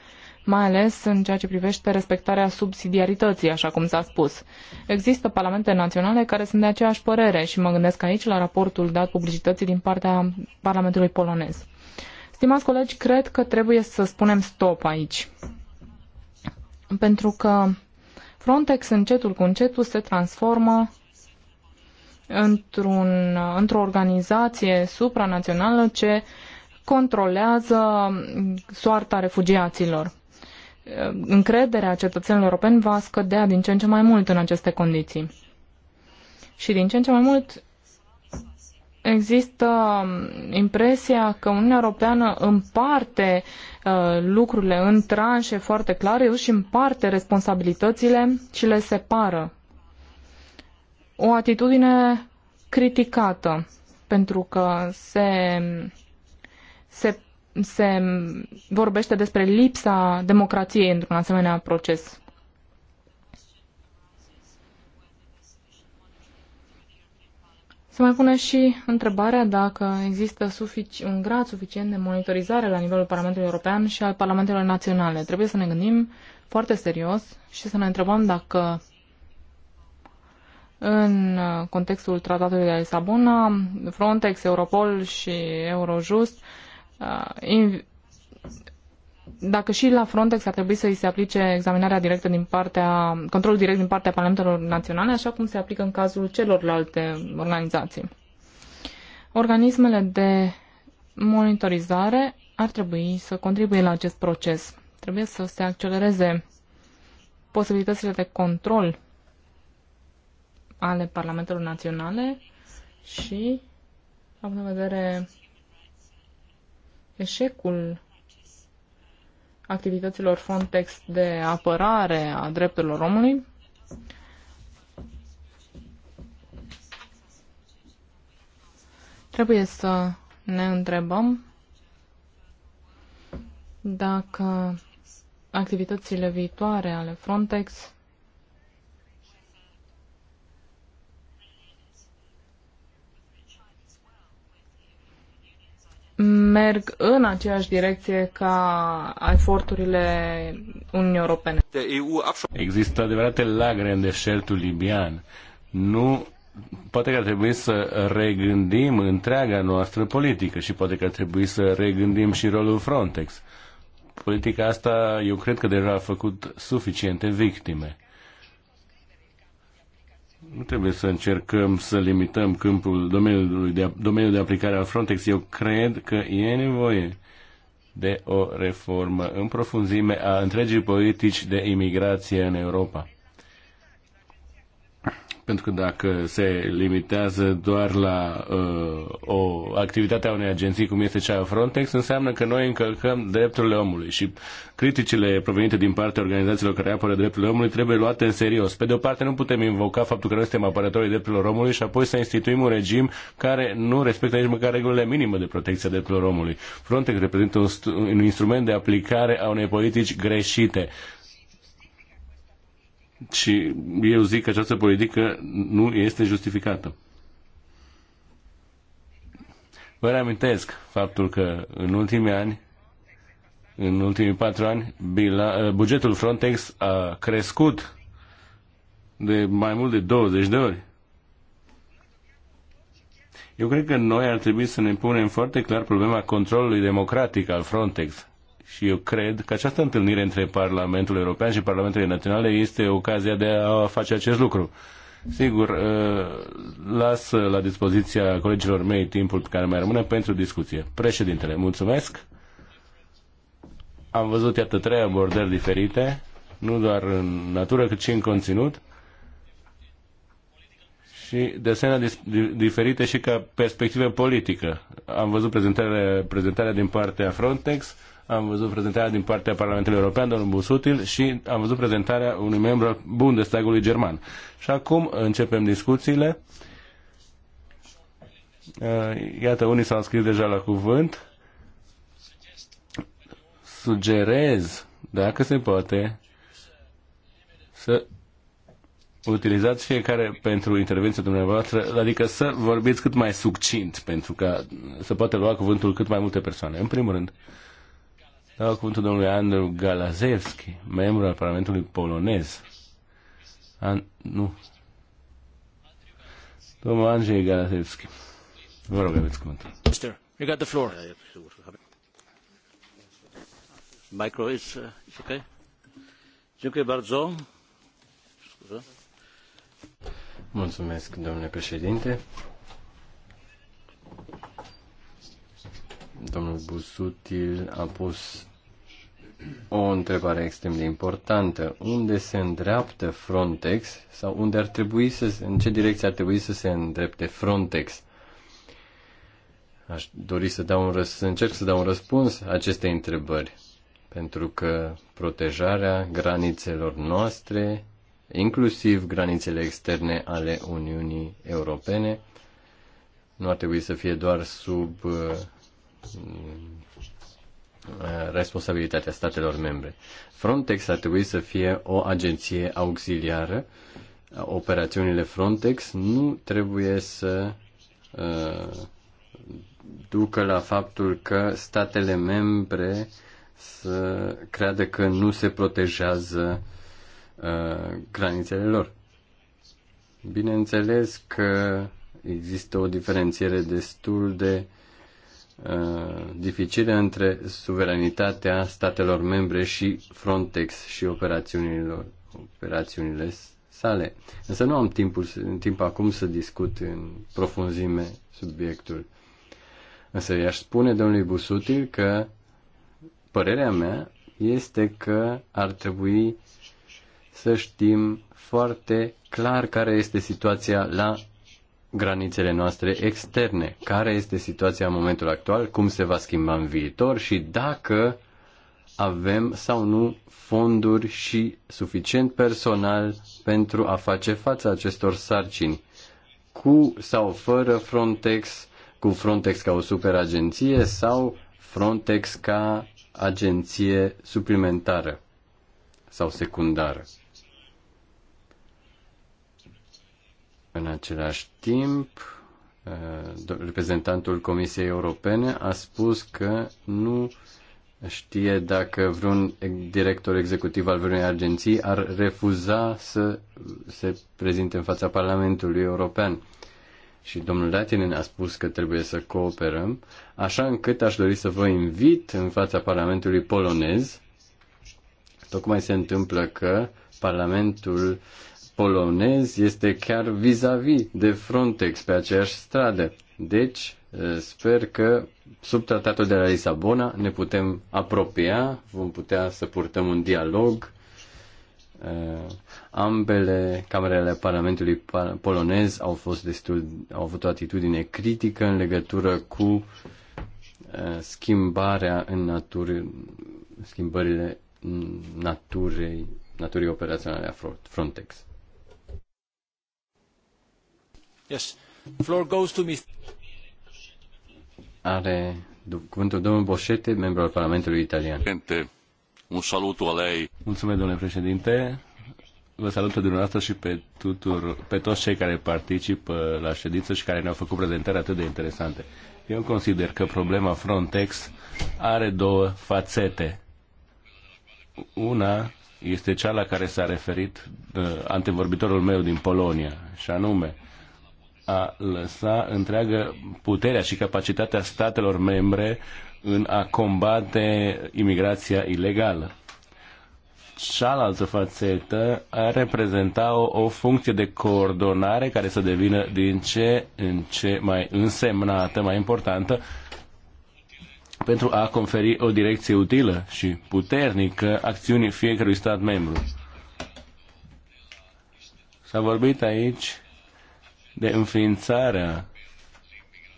mai ales în ceea ce privește respectarea subsidiarității, așa cum s-a spus. Există parlamente naționale care sunt de aceeași părere și mă gândesc aici la raportul dat publicității din partea Parlamentului polonez. Stimați colegi, cred că trebuie să spunem stop aici. Pentru că Frontex încetul cu încetul se transformă într-un, într-o organizație supranațională ce controlează soarta refugiaților. Încrederea cetățenilor europeni va scădea din ce în ce mai mult în aceste condiții. Și din ce în ce mai mult există impresia că Uniunea Europeană împarte uh, lucrurile în tranșe foarte clare și împarte responsabilitățile și le separă o atitudine criticată, pentru că se, se, se vorbește despre lipsa democrației într-un asemenea proces. Se mai pune și întrebarea dacă există sufici, un grad suficient de monitorizare la nivelul Parlamentului European și al Parlamentelor Naționale. Trebuie să ne gândim foarte serios și să ne întrebăm dacă în contextul tratatului de Lisabona, Frontex, Europol și Eurojust uh, dacă și la Frontex ar trebui să îi se aplice examinarea directă din partea, controlul direct din partea parlamentelor naționale, așa cum se aplică în cazul celorlalte organizații. Organismele de monitorizare ar trebui să contribuie la acest proces. Trebuie să se accelereze posibilitățile de control ale Parlamentelor Naționale și, având în vedere eșecul activităților Frontex de apărare a drepturilor omului, trebuie să ne întrebăm dacă activitățile viitoare ale Frontex merg în aceeași direcție ca eforturile Uniunii Europene. Există adevărate lagre în deșertul libian. Nu poate că ar trebui să regândim întreaga noastră politică și poate că ar trebui să regândim și rolul Frontex. Politica asta eu cred că deja a făcut suficiente victime nu trebuie să încercăm să limităm câmpul domeniului de, domeniul de aplicare al Frontex. Eu cred că e nevoie de o reformă în profunzime a întregii politici de imigrație în Europa. Pentru că dacă se limitează doar la uh, o activitate a unei agenții cum este cea a Frontex, înseamnă că noi încălcăm drepturile omului și criticile provenite din partea organizațiilor care apără drepturile omului trebuie luate în serios. Pe de o parte nu putem invoca faptul că noi suntem apărătorii drepturilor omului și apoi să instituim un regim care nu respectă nici măcar regulile minime de protecție a drepturilor omului. Frontex reprezintă un, un instrument de aplicare a unei politici greșite și eu zic că această politică nu este justificată. Vă reamintesc faptul că în ultimii ani, în ultimii patru ani, uh, bugetul Frontex a crescut de mai mult de 20 de ori. Eu cred că noi ar trebui să ne punem foarte clar problema controlului democratic al Frontex și eu cred că această întâlnire între Parlamentul European și Parlamentele Naționale este ocazia de a face acest lucru. Sigur, ă, las la dispoziția colegilor mei timpul pe care mai rămâne pentru discuție. Președintele, mulțumesc. Am văzut, iată, trei abordări diferite, nu doar în natură, cât și în conținut și de asemenea diferite și ca perspectivă politică. Am văzut prezentarea, prezentarea din partea Frontex, am văzut prezentarea din partea Parlamentului European, domnul Busutil, și am văzut prezentarea unui membru al Bundestagului german. Și acum începem discuțiile. Uh, iată, unii s-au scris deja la cuvânt. Sugerez, dacă se poate, să utilizați fiecare pentru intervenția dumneavoastră, adică să vorbiți cât mai succint pentru ca să poate lua cuvântul cât mai multe persoane. În primul rând, uh, Dau cuvântul domnului Andrew Galazewski, membru al Parlamentului polonez. An... Nu. Domnul Andrzej Galazewski. Vă rog, aveți cuvântul. Mister, you got the floor. Micro is, uh, is okay? Dziękuję bardzo. Mulțumesc, domnule președinte. Domnul Busutil a pus o întrebare extrem de importantă. Unde se îndreaptă Frontex sau unde ar trebui să, în ce direcție ar trebui să se îndrepte Frontex? Aș dori să dau un răs, să încerc să dau un răspuns acestei întrebări, pentru că protejarea granițelor noastre, inclusiv granițele externe ale Uniunii Europene, nu ar trebui să fie doar sub uh, responsabilitatea statelor membre. Frontex ar trebui să fie o agenție auxiliară. Operațiunile Frontex nu trebuie să uh, ducă la faptul că statele membre să creadă că nu se protejează uh, granițele lor. Bineînțeles că există o diferențiere destul de uh, Uh, dificile între suveranitatea statelor membre și Frontex și operațiunilor, operațiunile sale. Însă nu am timpul, timp acum să discut în profunzime subiectul. Însă i-aș spune domnului Busutil că părerea mea este că ar trebui să știm foarte clar care este situația la granițele noastre externe, care este situația în momentul actual, cum se va schimba în viitor și dacă avem sau nu fonduri și suficient personal pentru a face față acestor sarcini, cu sau fără Frontex, cu Frontex ca o superagenție sau Frontex ca agenție suplimentară sau secundară. În același timp, eh, reprezentantul Comisiei Europene a spus că nu știe dacă vreun director executiv al vreunei agenții ar refuza să se prezinte în fața Parlamentului European. Și domnul Latinen a spus că trebuie să cooperăm, așa încât aș dori să vă invit în fața Parlamentului polonez. Tocmai se întâmplă că Parlamentul polonez este chiar vis-a-vis -vis de Frontex pe aceeași stradă. Deci, eh, sper că sub tratatul de la Lisabona ne putem apropia, vom putea să purtăm un dialog. Eh, ambele camerele Parlamentului polonez au fost destul, au avut o atitudine critică în legătură cu eh, schimbarea în natură, schimbările naturei, naturii operaționale a Frontex. Yes. Floor goes to Mr. Are cuvântul domnul Boșete, membru al Parlamentului Italian. Un salut alei. Mulțumesc, domnule președinte. Vă salut pe dumneavoastră și pe, tuturor, pe toți cei care participă la ședință și care ne-au făcut prezentări atât de interesante. Eu consider că problema Frontex are două fațete. Una este cea la care s-a referit uh, antevorbitorul meu din Polonia, și anume a lăsa întreagă puterea și capacitatea statelor membre în a combate imigrația ilegală. Cealaltă fațetă ar reprezenta o, o funcție de coordonare care să devină din ce în ce mai însemnată, mai importantă, pentru a conferi o direcție utilă și puternică acțiunii fiecărui stat membru. S-a vorbit aici de înființarea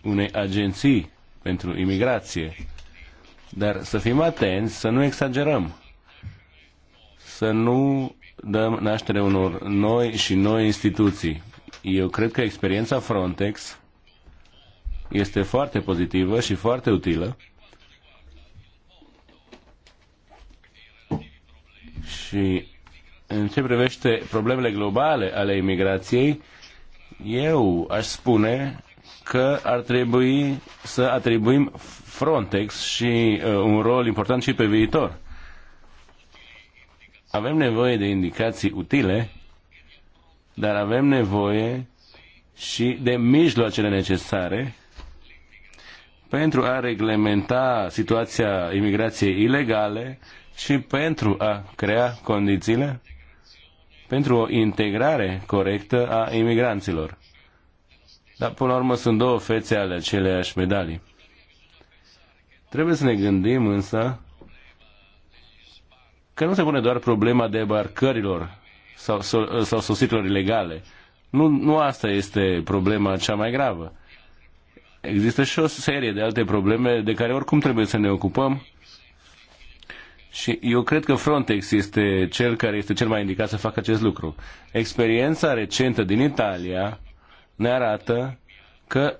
unei agenții pentru imigrație. Dar să fim atenți, să nu exagerăm, să nu dăm naștere unor noi și noi instituții. Eu cred că experiența Frontex este foarte pozitivă și foarte utilă. Și în ce privește problemele globale ale imigrației, eu aș spune că ar trebui să atribuim Frontex și uh, un rol important și pe viitor. Avem nevoie de indicații utile, dar avem nevoie și de mijloacele necesare pentru a reglementa situația imigrației ilegale și pentru a crea condițiile pentru o integrare corectă a imigranților. Dar, până la urmă, sunt două fețe ale aceleiași medalii. Trebuie să ne gândim însă că nu se pune doar problema debarcărilor sau, sau, sau ilegale. Nu, nu asta este problema cea mai gravă. Există și o serie de alte probleme de care oricum trebuie să ne ocupăm și eu cred că Frontex este cel care este cel mai indicat să facă acest lucru. Experiența recentă din Italia ne arată că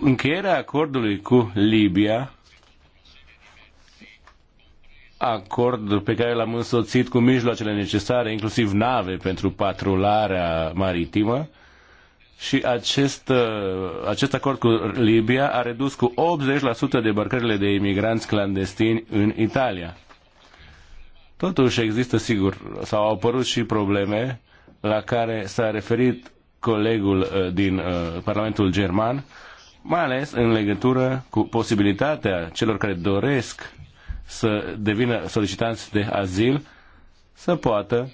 încheierea acordului cu Libia, acord pe care l-am însoțit cu mijloacele necesare, inclusiv nave pentru patrularea maritimă, și acest, uh, acest acord cu Libia a redus cu 80% debarcările de imigranți clandestini în Italia. Totuși există, sigur, sau au apărut și probleme la care s-a referit colegul uh, din uh, Parlamentul German, mai ales în legătură cu posibilitatea celor care doresc să devină solicitanți de azil să poată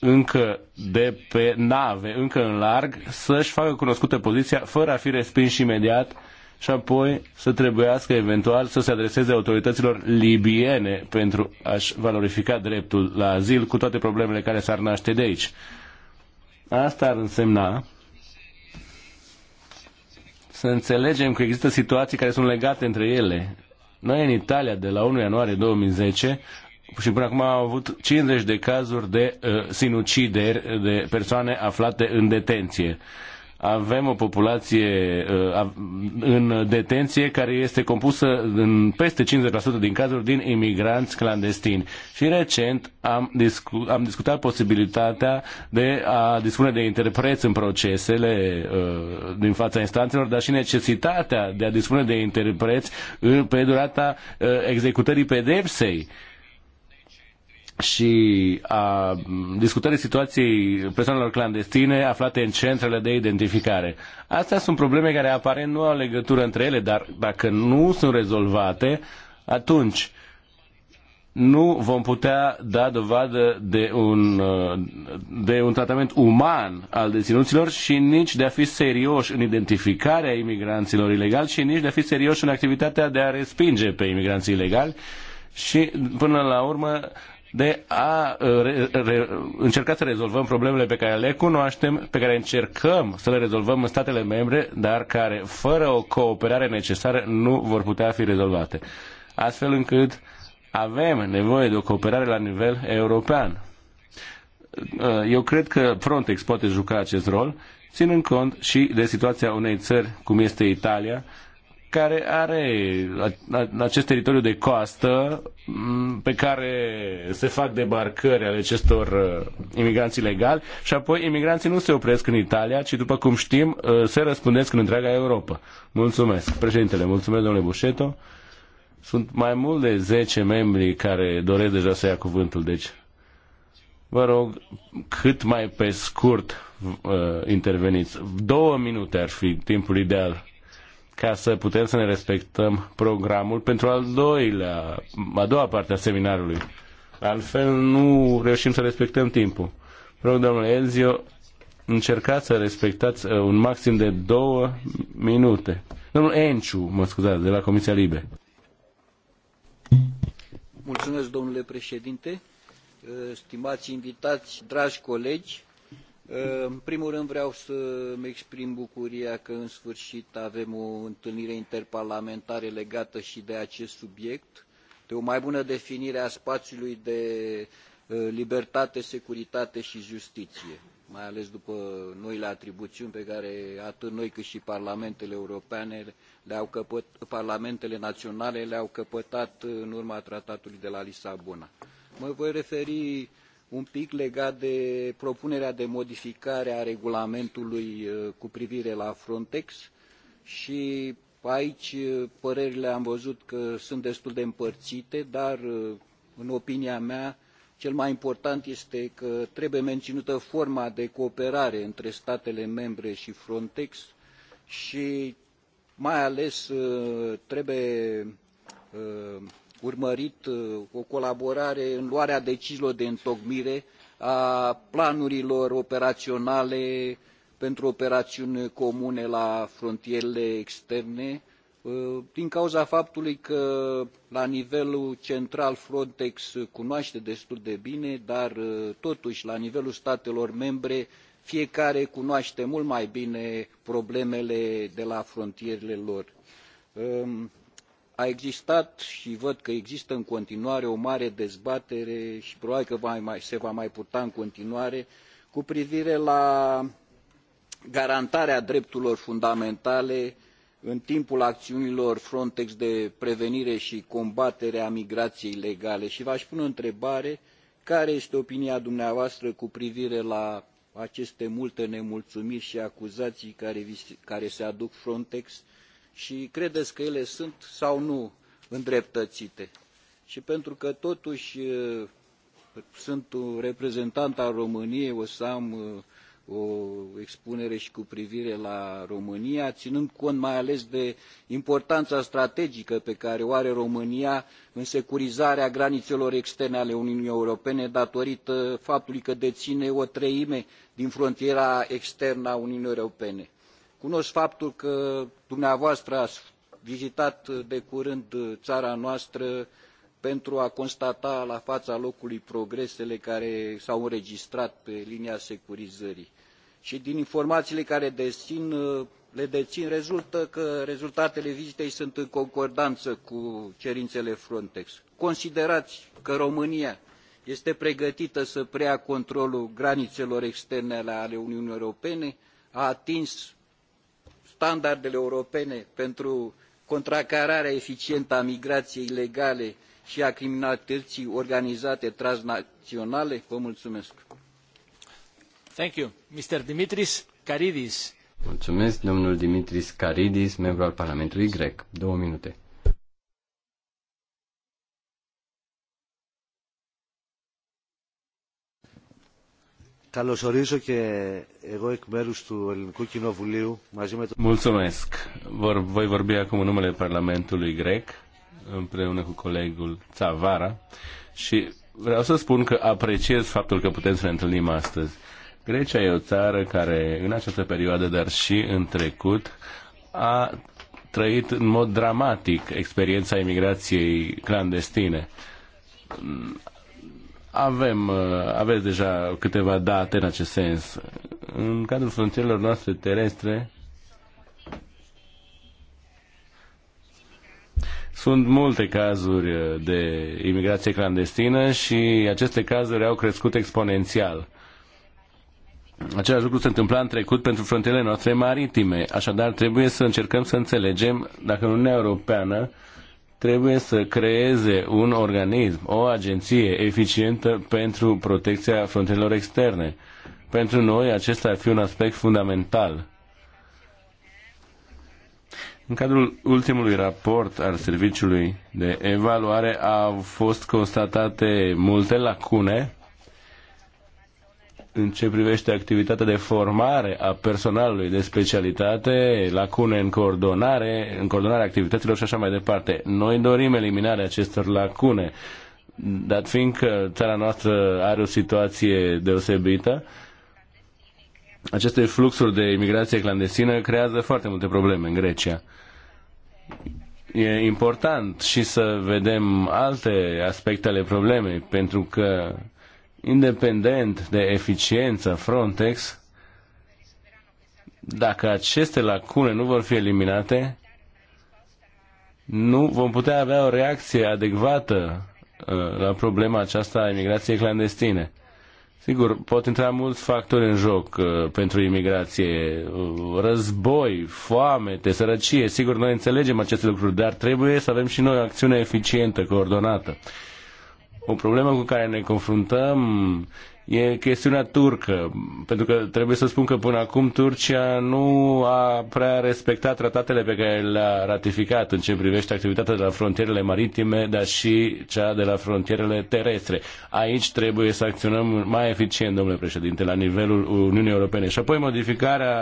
încă de pe nave, încă în larg, să-și facă cunoscută poziția fără a fi respins imediat și apoi să trebuiască eventual să se adreseze autorităților libiene pentru a-și valorifica dreptul la azil cu toate problemele care s-ar naște de aici. Asta ar însemna să înțelegem că există situații care sunt legate între ele. Noi în Italia, de la 1 ianuarie 2010, și până acum au avut 50 de cazuri de uh, sinucideri de persoane aflate în detenție. Uh, avem o populație uh, în detenție care este compusă în peste 50% din cazuri din imigranți clandestini. Și recent am, discu- am discutat posibilitatea de a dispune de interpreți în procesele uh, din fața instanțelor, dar și necesitatea de a dispune de interpreți pe durata uh, executării pedepsei și a discutării situației persoanelor clandestine aflate în centrele de identificare. Astea sunt probleme care aparent nu au legătură între ele, dar dacă nu sunt rezolvate, atunci nu vom putea da dovadă de un, de un tratament uman al deținuților și nici de a fi serioși în identificarea imigranților ilegali și nici de a fi serioși în activitatea de a respinge pe imigranții ilegali și până la urmă de a uh, re, re, încerca să rezolvăm problemele pe care le cunoaștem, pe care încercăm să le rezolvăm în statele membre, dar care, fără o cooperare necesară, nu vor putea fi rezolvate. Astfel încât avem nevoie de o cooperare la nivel european. Uh, eu cred că Frontex poate juca acest rol, ținând cont și de situația unei țări cum este Italia, care are acest teritoriu de coastă pe care se fac debarcări ale acestor uh, imigranți ilegali și apoi imigranții nu se opresc în Italia, ci după cum știm uh, se răspândesc în întreaga Europa. Mulțumesc, președintele, mulțumesc domnule Bușeto. Sunt mai mult de 10 membri care doresc deja să ia cuvântul, deci vă rog cât mai pe scurt uh, interveniți. Două minute ar fi timpul ideal ca să putem să ne respectăm programul pentru al doilea, a doua parte a seminarului. Altfel nu reușim să respectăm timpul. Vreau, domnule Elzio, încercați să respectați uh, un maxim de două minute. Domnul Enciu, mă scuzați, de la Comisia Libe. Mulțumesc, domnule președinte, uh, stimați invitați, dragi colegi, în primul rând vreau să-mi exprim bucuria că în sfârșit avem o întâlnire interparlamentară legată și de acest subiect, de o mai bună definire a spațiului de ă, libertate, securitate și justiție, mai ales după noile atribuțiuni pe care atât noi cât și parlamentele europene le-au căpăt, parlamentele naționale le-au căpătat în urma tratatului de la Lisabona. Mă voi referi un pic legat de propunerea de modificare a regulamentului uh, cu privire la Frontex și aici uh, părerile am văzut că sunt destul de împărțite, dar uh, în opinia mea cel mai important este că trebuie menținută forma de cooperare între statele membre și Frontex și mai ales trebuie urmărit uh, o colaborare în luarea deciziilor de întocmire a planurilor operaționale pentru operațiuni comune la frontierele externe uh, din cauza faptului că la nivelul central Frontex cunoaște destul de bine, dar uh, totuși la nivelul statelor membre fiecare cunoaște mult mai bine problemele de la frontierele lor. Um, a existat și văd că există în continuare o mare dezbatere și probabil că va mai, se va mai purta în continuare cu privire la garantarea drepturilor fundamentale în timpul acțiunilor Frontex de prevenire și combatere a migrației ilegale și v a pune o întrebare care este opinia dumneavoastră cu privire la aceste multe nemulțumiri și acuzații care, care se aduc Frontex și credeți că ele sunt sau nu îndreptățite. Și pentru că totuși sunt un reprezentant al României, o să am o expunere și cu privire la România, ținând cont mai ales de importanța strategică pe care o are România în securizarea granițelor externe ale Uniunii Europene, datorită faptului că deține o treime din frontiera externă a Uniunii Europene Cunosc faptul că dumneavoastră ați vizitat de curând țara noastră pentru a constata la fața locului progresele care s-au înregistrat pe linia securizării. Și din informațiile care dețin, le dețin rezultă că rezultatele vizitei sunt în concordanță cu cerințele Frontex. Considerați că România este pregătită să preia controlul granițelor externe ale Uniunii Europene, a atins standardele europene pentru contracararea eficientă a migrației ilegale și a criminalității organizate transnaționale? Vă mulțumesc. Thank you. Mr. Dimitris Caridis. Mulțumesc, domnul Dimitris Caridis, membru al Parlamentului Grec. Două minute. Καλωσορίζω και εγώ εκ του Ελληνικού Κοινοβουλίου μαζί με το... Mulțumesc. Vor, voi vorbi acum în numele Parlamentului grec împreună cu colegul Țavara și vreau să spun că apreciez faptul că putem să ne întâlnim astăzi. Grecia e o țară care în această perioadă, dar și în trecut, a trăit în mod dramatic experiența imigrației clandestine avem, uh, aveți deja câteva date în acest sens. În cadrul frontierelor noastre terestre sunt multe cazuri de imigrație clandestină și aceste cazuri au crescut exponențial. Același lucru se întâmpla în trecut pentru frontierele noastre maritime. Așadar, trebuie să încercăm să înțelegem dacă în Uniunea Europeană uh, trebuie să creeze un organism, o agenție eficientă pentru protecția frontierelor externe. Pentru noi acesta ar fi un aspect fundamental. În cadrul ultimului raport al Serviciului de Evaluare au fost constatate multe lacune în ce privește activitatea de formare a personalului de specialitate, lacune în coordonare, în coordonarea activităților și așa mai departe. Noi dorim eliminarea acestor lacune, dat fiindcă țara noastră are o situație deosebită, aceste fluxuri de imigrație clandestină creează foarte multe probleme în Grecia. E important și să vedem alte aspecte ale problemei, pentru că independent de eficiența Frontex, dacă aceste lacune nu vor fi eliminate, nu vom putea avea o reacție adecvată uh, la problema aceasta a imigrației clandestine. Sigur, pot intra mulți factori în joc uh, pentru imigrație. Uh, război, foamete, sărăcie. Sigur, noi înțelegem aceste lucruri, dar trebuie să avem și noi o acțiune eficientă, coordonată. O problemă cu care ne confruntăm e chestiunea turcă, pentru că trebuie să spun că până acum Turcia nu a prea respectat tratatele pe care le-a ratificat în ce privește activitatea de la frontierele maritime, dar și cea de la frontierele terestre. Aici trebuie să acționăm mai eficient, domnule președinte, la nivelul Uniunii Europene. Și apoi modificarea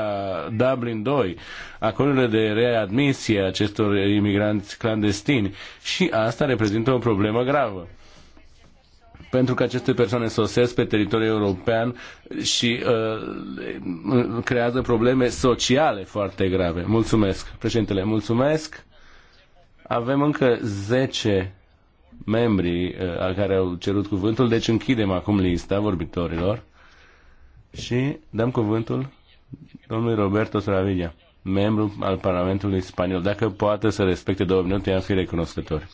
Dublin 2, acordurile de readmisie acestor imigranți clandestini. Și asta reprezintă o problemă gravă pentru că aceste persoane sosesc pe teritoriul european și uh, creează probleme sociale foarte grave. Mulțumesc, președintele, mulțumesc. Avem încă 10 membri uh, care au cerut cuvântul, deci închidem acum lista vorbitorilor și dăm cuvântul domnului Roberto Saravilla, membru al Parlamentului Spaniol. Dacă poate să respecte două minute, i-am fi recunoscători.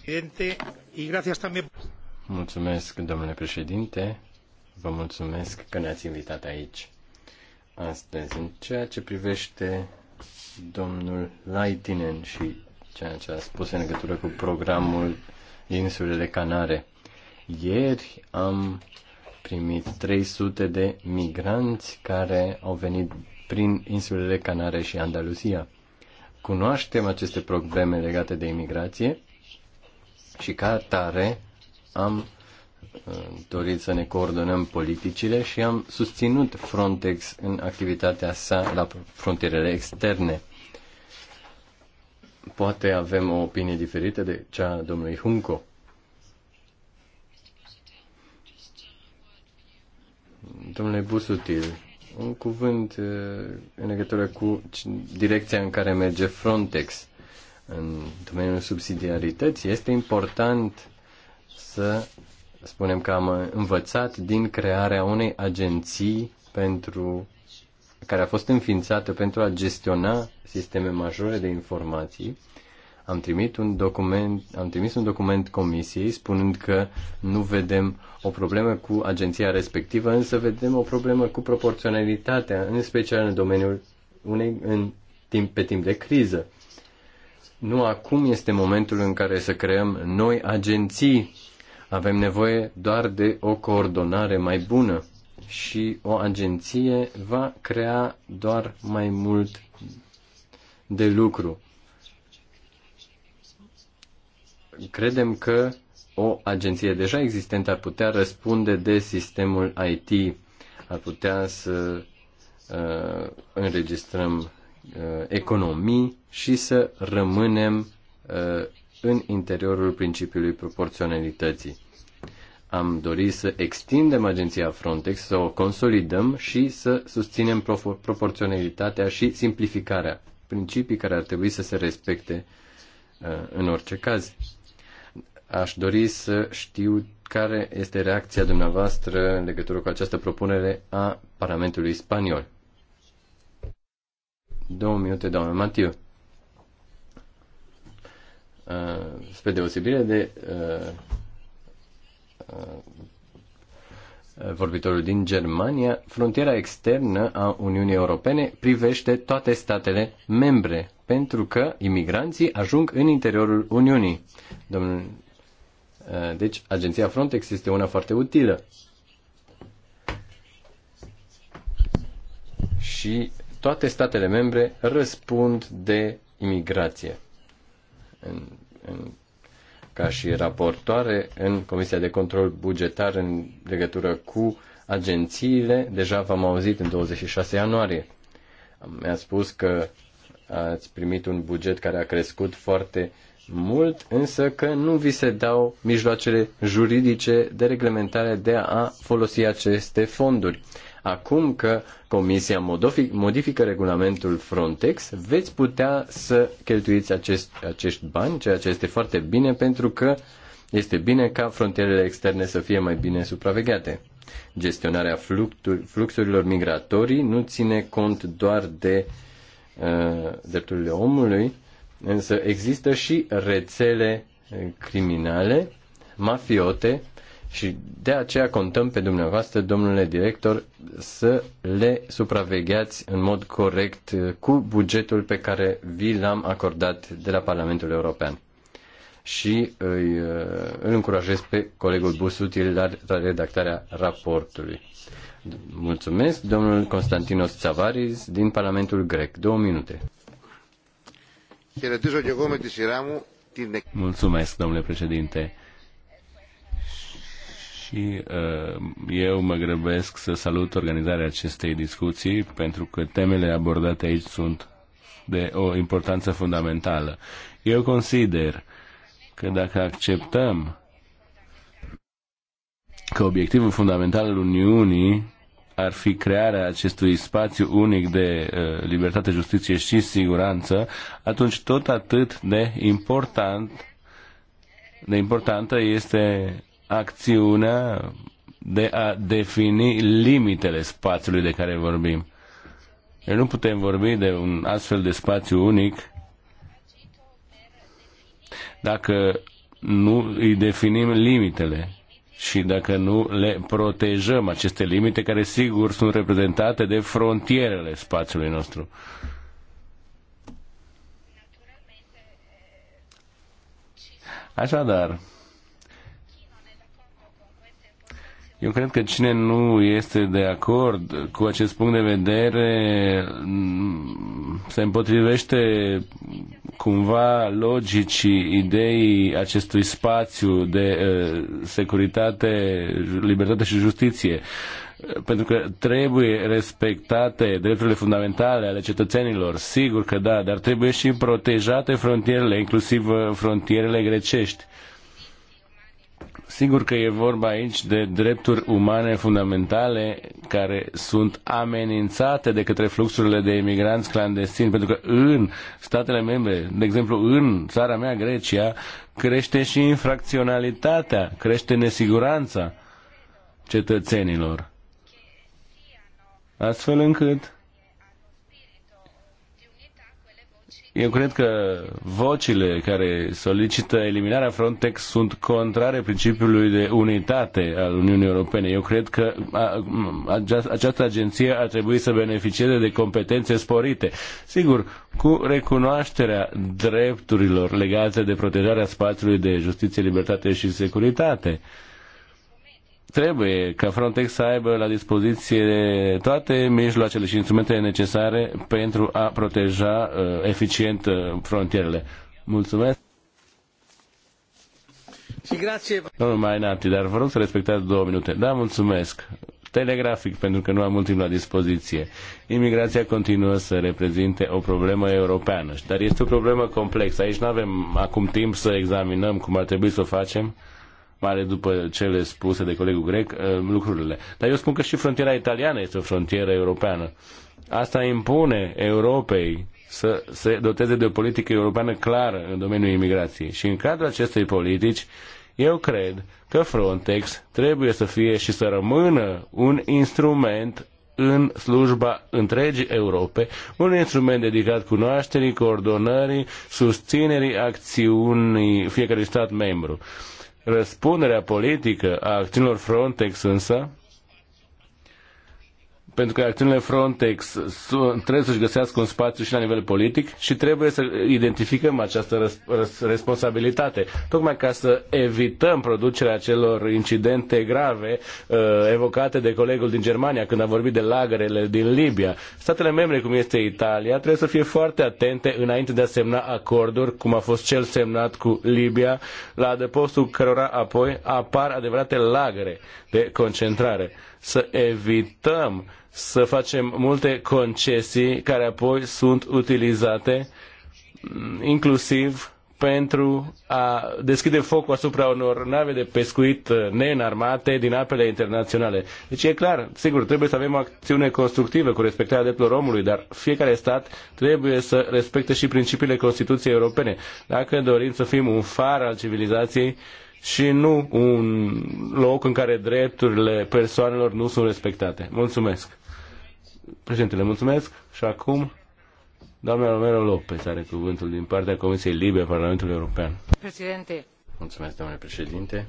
Mulțumesc, domnule președinte. Vă mulțumesc că ne-ați invitat aici astăzi. În ceea ce privește domnul Laitinen și ceea ce a spus în legătură cu programul Insulele Canare. Ieri am primit 300 de migranți care au venit prin insulele Canare și Andalusia. Cunoaștem aceste probleme legate de imigrație și ca tare? am uh, dorit să ne coordonăm politicile și am susținut Frontex în activitatea sa la frontierele externe. Poate avem o opinie diferită de cea a domnului Hunco. Domnule Busutil, un cuvânt uh, în legătură cu direcția în care merge Frontex în domeniul subsidiarității. Este important să spunem că am învățat din crearea unei agenții pentru care a fost înființată pentru a gestiona sisteme majore de informații. Am trimis un document, am trimis un document comisiei spunând că nu vedem o problemă cu agenția respectivă, însă vedem o problemă cu proporționalitatea, în special în domeniul unei în timp, pe timp de criză. Nu acum este momentul în care să creăm noi agenții. Avem nevoie doar de o coordonare mai bună și o agenție va crea doar mai mult de lucru. Credem că o agenție deja existentă ar putea răspunde de sistemul IT, ar putea să uh, înregistrăm Uh, economii și să rămânem uh, în interiorul principiului proporționalității. Am dorit să extindem agenția Frontex, să o consolidăm și să susținem proporționalitatea și simplificarea, principii care ar trebui să se respecte uh, în orice caz. Aș dori să știu care este reacția dumneavoastră în legătură cu această propunere a Parlamentului Spaniol. Două minute, doamnă Matiu. Spre deosebire de vorbitorul din Germania, frontiera externă a Uniunii Europene privește toate statele membre, pentru că imigranții ajung în interiorul Uniunii. Domnul, deci, agenția Frontex este una foarte utilă. Și toate statele membre răspund de imigrație. În, în, ca și raportoare în Comisia de Control Bugetar în legătură cu agențiile, deja v-am auzit în 26 ianuarie. Mi-a spus că ați primit un buget care a crescut foarte mult, însă că nu vi se dau mijloacele juridice de reglementare de a folosi aceste fonduri acum că Comisia modifică regulamentul Frontex, veți putea să cheltuiți acest, acești bani, ceea ce este foarte bine pentru că este bine ca frontierele externe să fie mai bine supravegheate. Gestionarea fluxurilor migratorii nu ține cont doar de uh, drepturile omului, însă există și rețele criminale, mafiote, și de aceea contăm pe dumneavoastră, domnule director, să le supravegheați în mod corect uh, cu bugetul pe care vi l-am acordat de la Parlamentul European. Și îi, uh, îl încurajez pe colegul Busutil la redactarea raportului. Mulțumesc, domnul Constantinos Tsavaris din Parlamentul Grec. Două minute. Mulțumesc, domnule președinte și uh, eu mă grăbesc să salut organizarea acestei discuții pentru că temele abordate aici sunt de o importanță fundamentală. Eu consider că dacă acceptăm că obiectivul fundamental al Uniunii ar fi crearea acestui spațiu unic de uh, libertate, justiție și siguranță, atunci tot atât de important de importantă este acțiunea de a defini limitele spațiului de care vorbim. Eu deci nu putem vorbi de un astfel de spațiu unic dacă nu îi definim limitele și dacă nu le protejăm aceste limite care sigur sunt reprezentate de frontierele spațiului nostru. Așadar, Eu cred că cine nu este de acord cu acest punct de vedere se împotrivește cumva logicii ideii acestui spațiu de uh, securitate, libertate și justiție pentru că trebuie respectate drepturile fundamentale ale cetățenilor, sigur că da, dar trebuie și protejate frontierele, inclusiv uh, frontierele grecești. Sigur că e vorba aici de drepturi umane fundamentale care sunt amenințate de către fluxurile de imigranți clandestini, pentru că în statele membre, de exemplu în țara mea, Grecia, crește și infracționalitatea, crește nesiguranța cetățenilor. Astfel încât Eu cred că vocile care solicită eliminarea Frontex sunt contrare principiului de unitate al Uniunii Europene. Eu cred că această agenție ar trebui să beneficieze de competențe sporite. Sigur, cu recunoașterea drepturilor legate de protejarea spațiului de justiție, libertate și securitate. Uh, Trebuie ca Frontex să aibă la dispoziție toate mijloacele și instrumentele necesare pentru a proteja uh, eficient uh, frontierele. Mulțumesc! Și grație. mai înapte, dar vă rog să respectați două minute. Da, mulțumesc. Telegrafic, pentru că nu am mult timp la dispoziție. Imigrația continuă să reprezinte o problemă europeană, dar este o problemă complexă. Aici nu avem acum timp să examinăm cum ar trebui să o facem mare după cele spuse de colegul grec, uh, lucrurile. Dar eu spun că și frontiera italiană este o frontieră europeană. Asta impune Europei să se doteze de o politică europeană clară în domeniul imigrației. Și în cadrul acestei politici, eu cred că Frontex trebuie să fie și să rămână un instrument în slujba întregii Europe, un instrument dedicat cunoașterii, coordonării, susținerii acțiunii fiecărui stat membru. Răspunderea politică a acțiunilor Frontex însă pentru că acțiunile Frontex trebuie să-și găsească un spațiu și la nivel politic și trebuie să identificăm această responsabilitate, tocmai ca să evităm producerea acelor incidente grave uh, evocate de colegul din Germania când a vorbit de lagărele din Libia. Statele membre, cum este Italia, trebuie să fie foarte atente înainte de a semna acorduri, cum a fost cel semnat cu Libia, la adăpostul cărora apoi apar adevărate lagăre de concentrare să evităm să facem multe concesii care apoi sunt utilizate mm, inclusiv pentru a deschide focul asupra unor nave de pescuit uh, neînarmate din apele internaționale. Deci e clar, sigur, trebuie să avem o acțiune constructivă cu respectarea drepturilor omului, dar fiecare stat trebuie să respecte și principiile Constituției Europene. Dacă dorim să fim un far al civilizației, și nu un loc în care drepturile persoanelor nu sunt respectate. Mulțumesc. Președintele, mulțumesc. Și acum, doamna Romero Lopez are cuvântul din partea Comisiei Libe a Parlamentului European. Președinte. Mulțumesc, domnule președinte.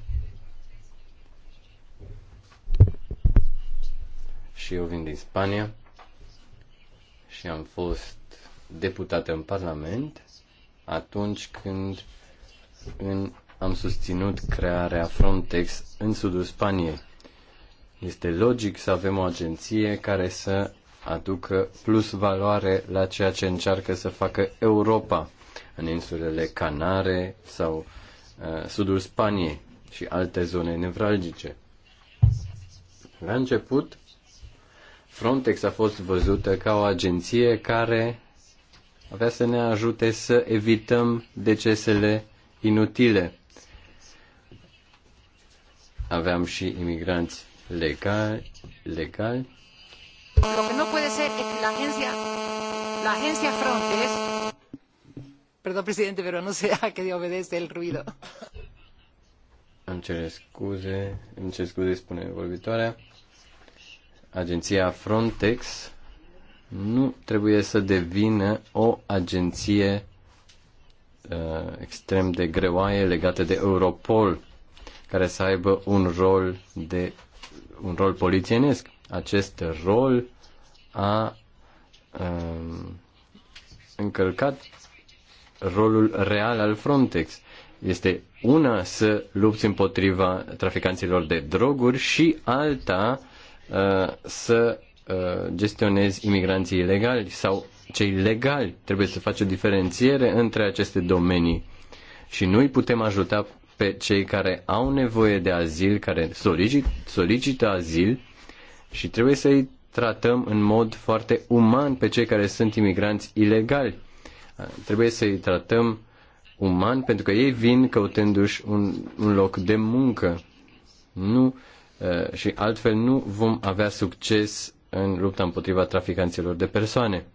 Și eu vin din Spania și am fost deputat în Parlament atunci când în am susținut crearea Frontex în sudul Spaniei. Este logic să avem o agenție care să aducă plus valoare la ceea ce încearcă să facă Europa în insulele Canare sau uh, sudul Spaniei și alte zone nevralgice. La început, Frontex a fost văzută ca o agenție care avea să ne ajute să evităm decesele inutile aveam și imigranți legali, legal. Lo que no puede ser es que la agencia, la agencia Frontex, perdón presidente, pero no sé a qué obedece el ruido. Îmi cer scuze, îmi cer scuze, spune vorbitoarea. Agenția Frontex nu trebuie să devină o agenție uh, extrem de greoaie legată de Europol care să aibă un rol de un rol polițienesc. Acest rol a um, încălcat rolul real al Frontex. Este una să lupți împotriva traficanților de droguri și alta uh, să uh, gestionezi imigranții ilegali sau cei legali. Trebuie să faci o diferențiere între aceste domenii și noi putem ajuta pe cei care au nevoie de azil, care solicit, solicită azil și trebuie să-i tratăm în mod foarte uman pe cei care sunt imigranți ilegali. Trebuie să-i tratăm uman pentru că ei vin căutându-și un, un loc de muncă. Nu, uh, și altfel nu vom avea succes în lupta împotriva traficanților de persoane.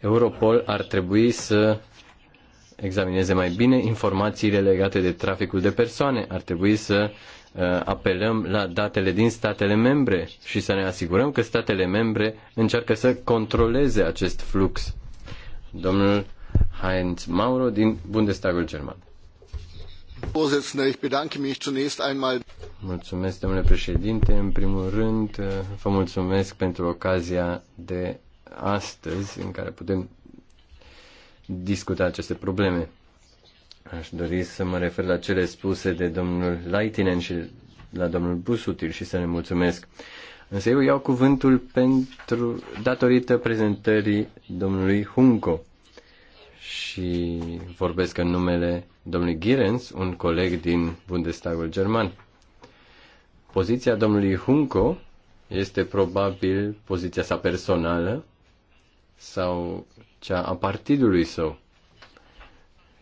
Europol ar trebui să examineze mai bine informațiile legate de traficul de persoane. Ar trebui să uh, apelăm la datele din statele membre și să ne asigurăm că statele membre încearcă să controleze acest flux. Domnul Heinz Mauro din Bundestagul German. Mulțumesc, domnule președinte. În primul rând, uh, vă mulțumesc pentru ocazia de astăzi în care putem discuta aceste probleme. Aș dori să mă refer la cele spuse de domnul Laitinen și la domnul Busutil și să le mulțumesc. Însă eu iau cuvântul pentru, datorită prezentării domnului Hunco și vorbesc în numele domnului Girens, un coleg din Bundestagul german. Poziția domnului Hunco este probabil poziția sa personală sau cea a partidului său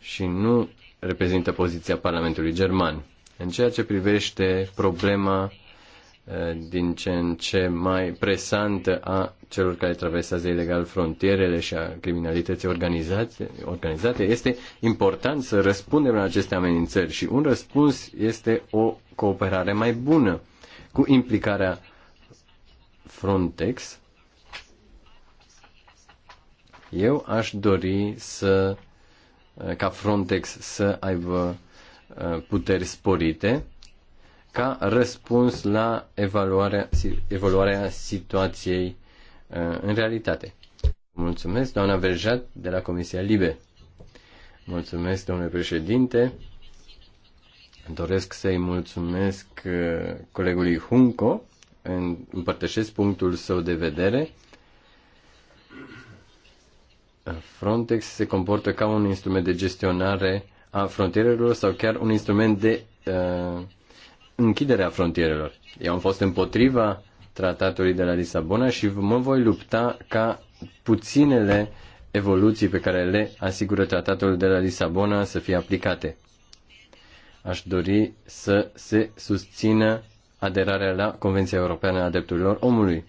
și nu reprezintă poziția Parlamentului German. În ceea ce privește problema eh, din ce în ce mai presantă a celor care traversează ilegal frontierele și a criminalității organizate, organizate, este important să răspundem la aceste amenințări și un răspuns este o cooperare mai bună cu implicarea Frontex eu aș dori să ca Frontex să aibă ă, puteri sporite ca răspuns la evaluarea, evaluarea situației ă, în realitate. Mulțumesc, doamna Verjat, de la Comisia Libe. Mulțumesc, domnule președinte. Doresc să-i mulțumesc ă, colegului Hunco, împărtășesc punctul său de vedere Frontex se comportă ca un instrument de gestionare a frontierelor sau chiar un instrument de uh, închidere a frontierelor. Eu am fost împotriva tratatului de la Lisabona și mă voi lupta ca puținele evoluții pe care le asigură tratatul de la Lisabona să fie aplicate. Aș dori să se susțină aderarea la Convenția Europeană a Drepturilor Omului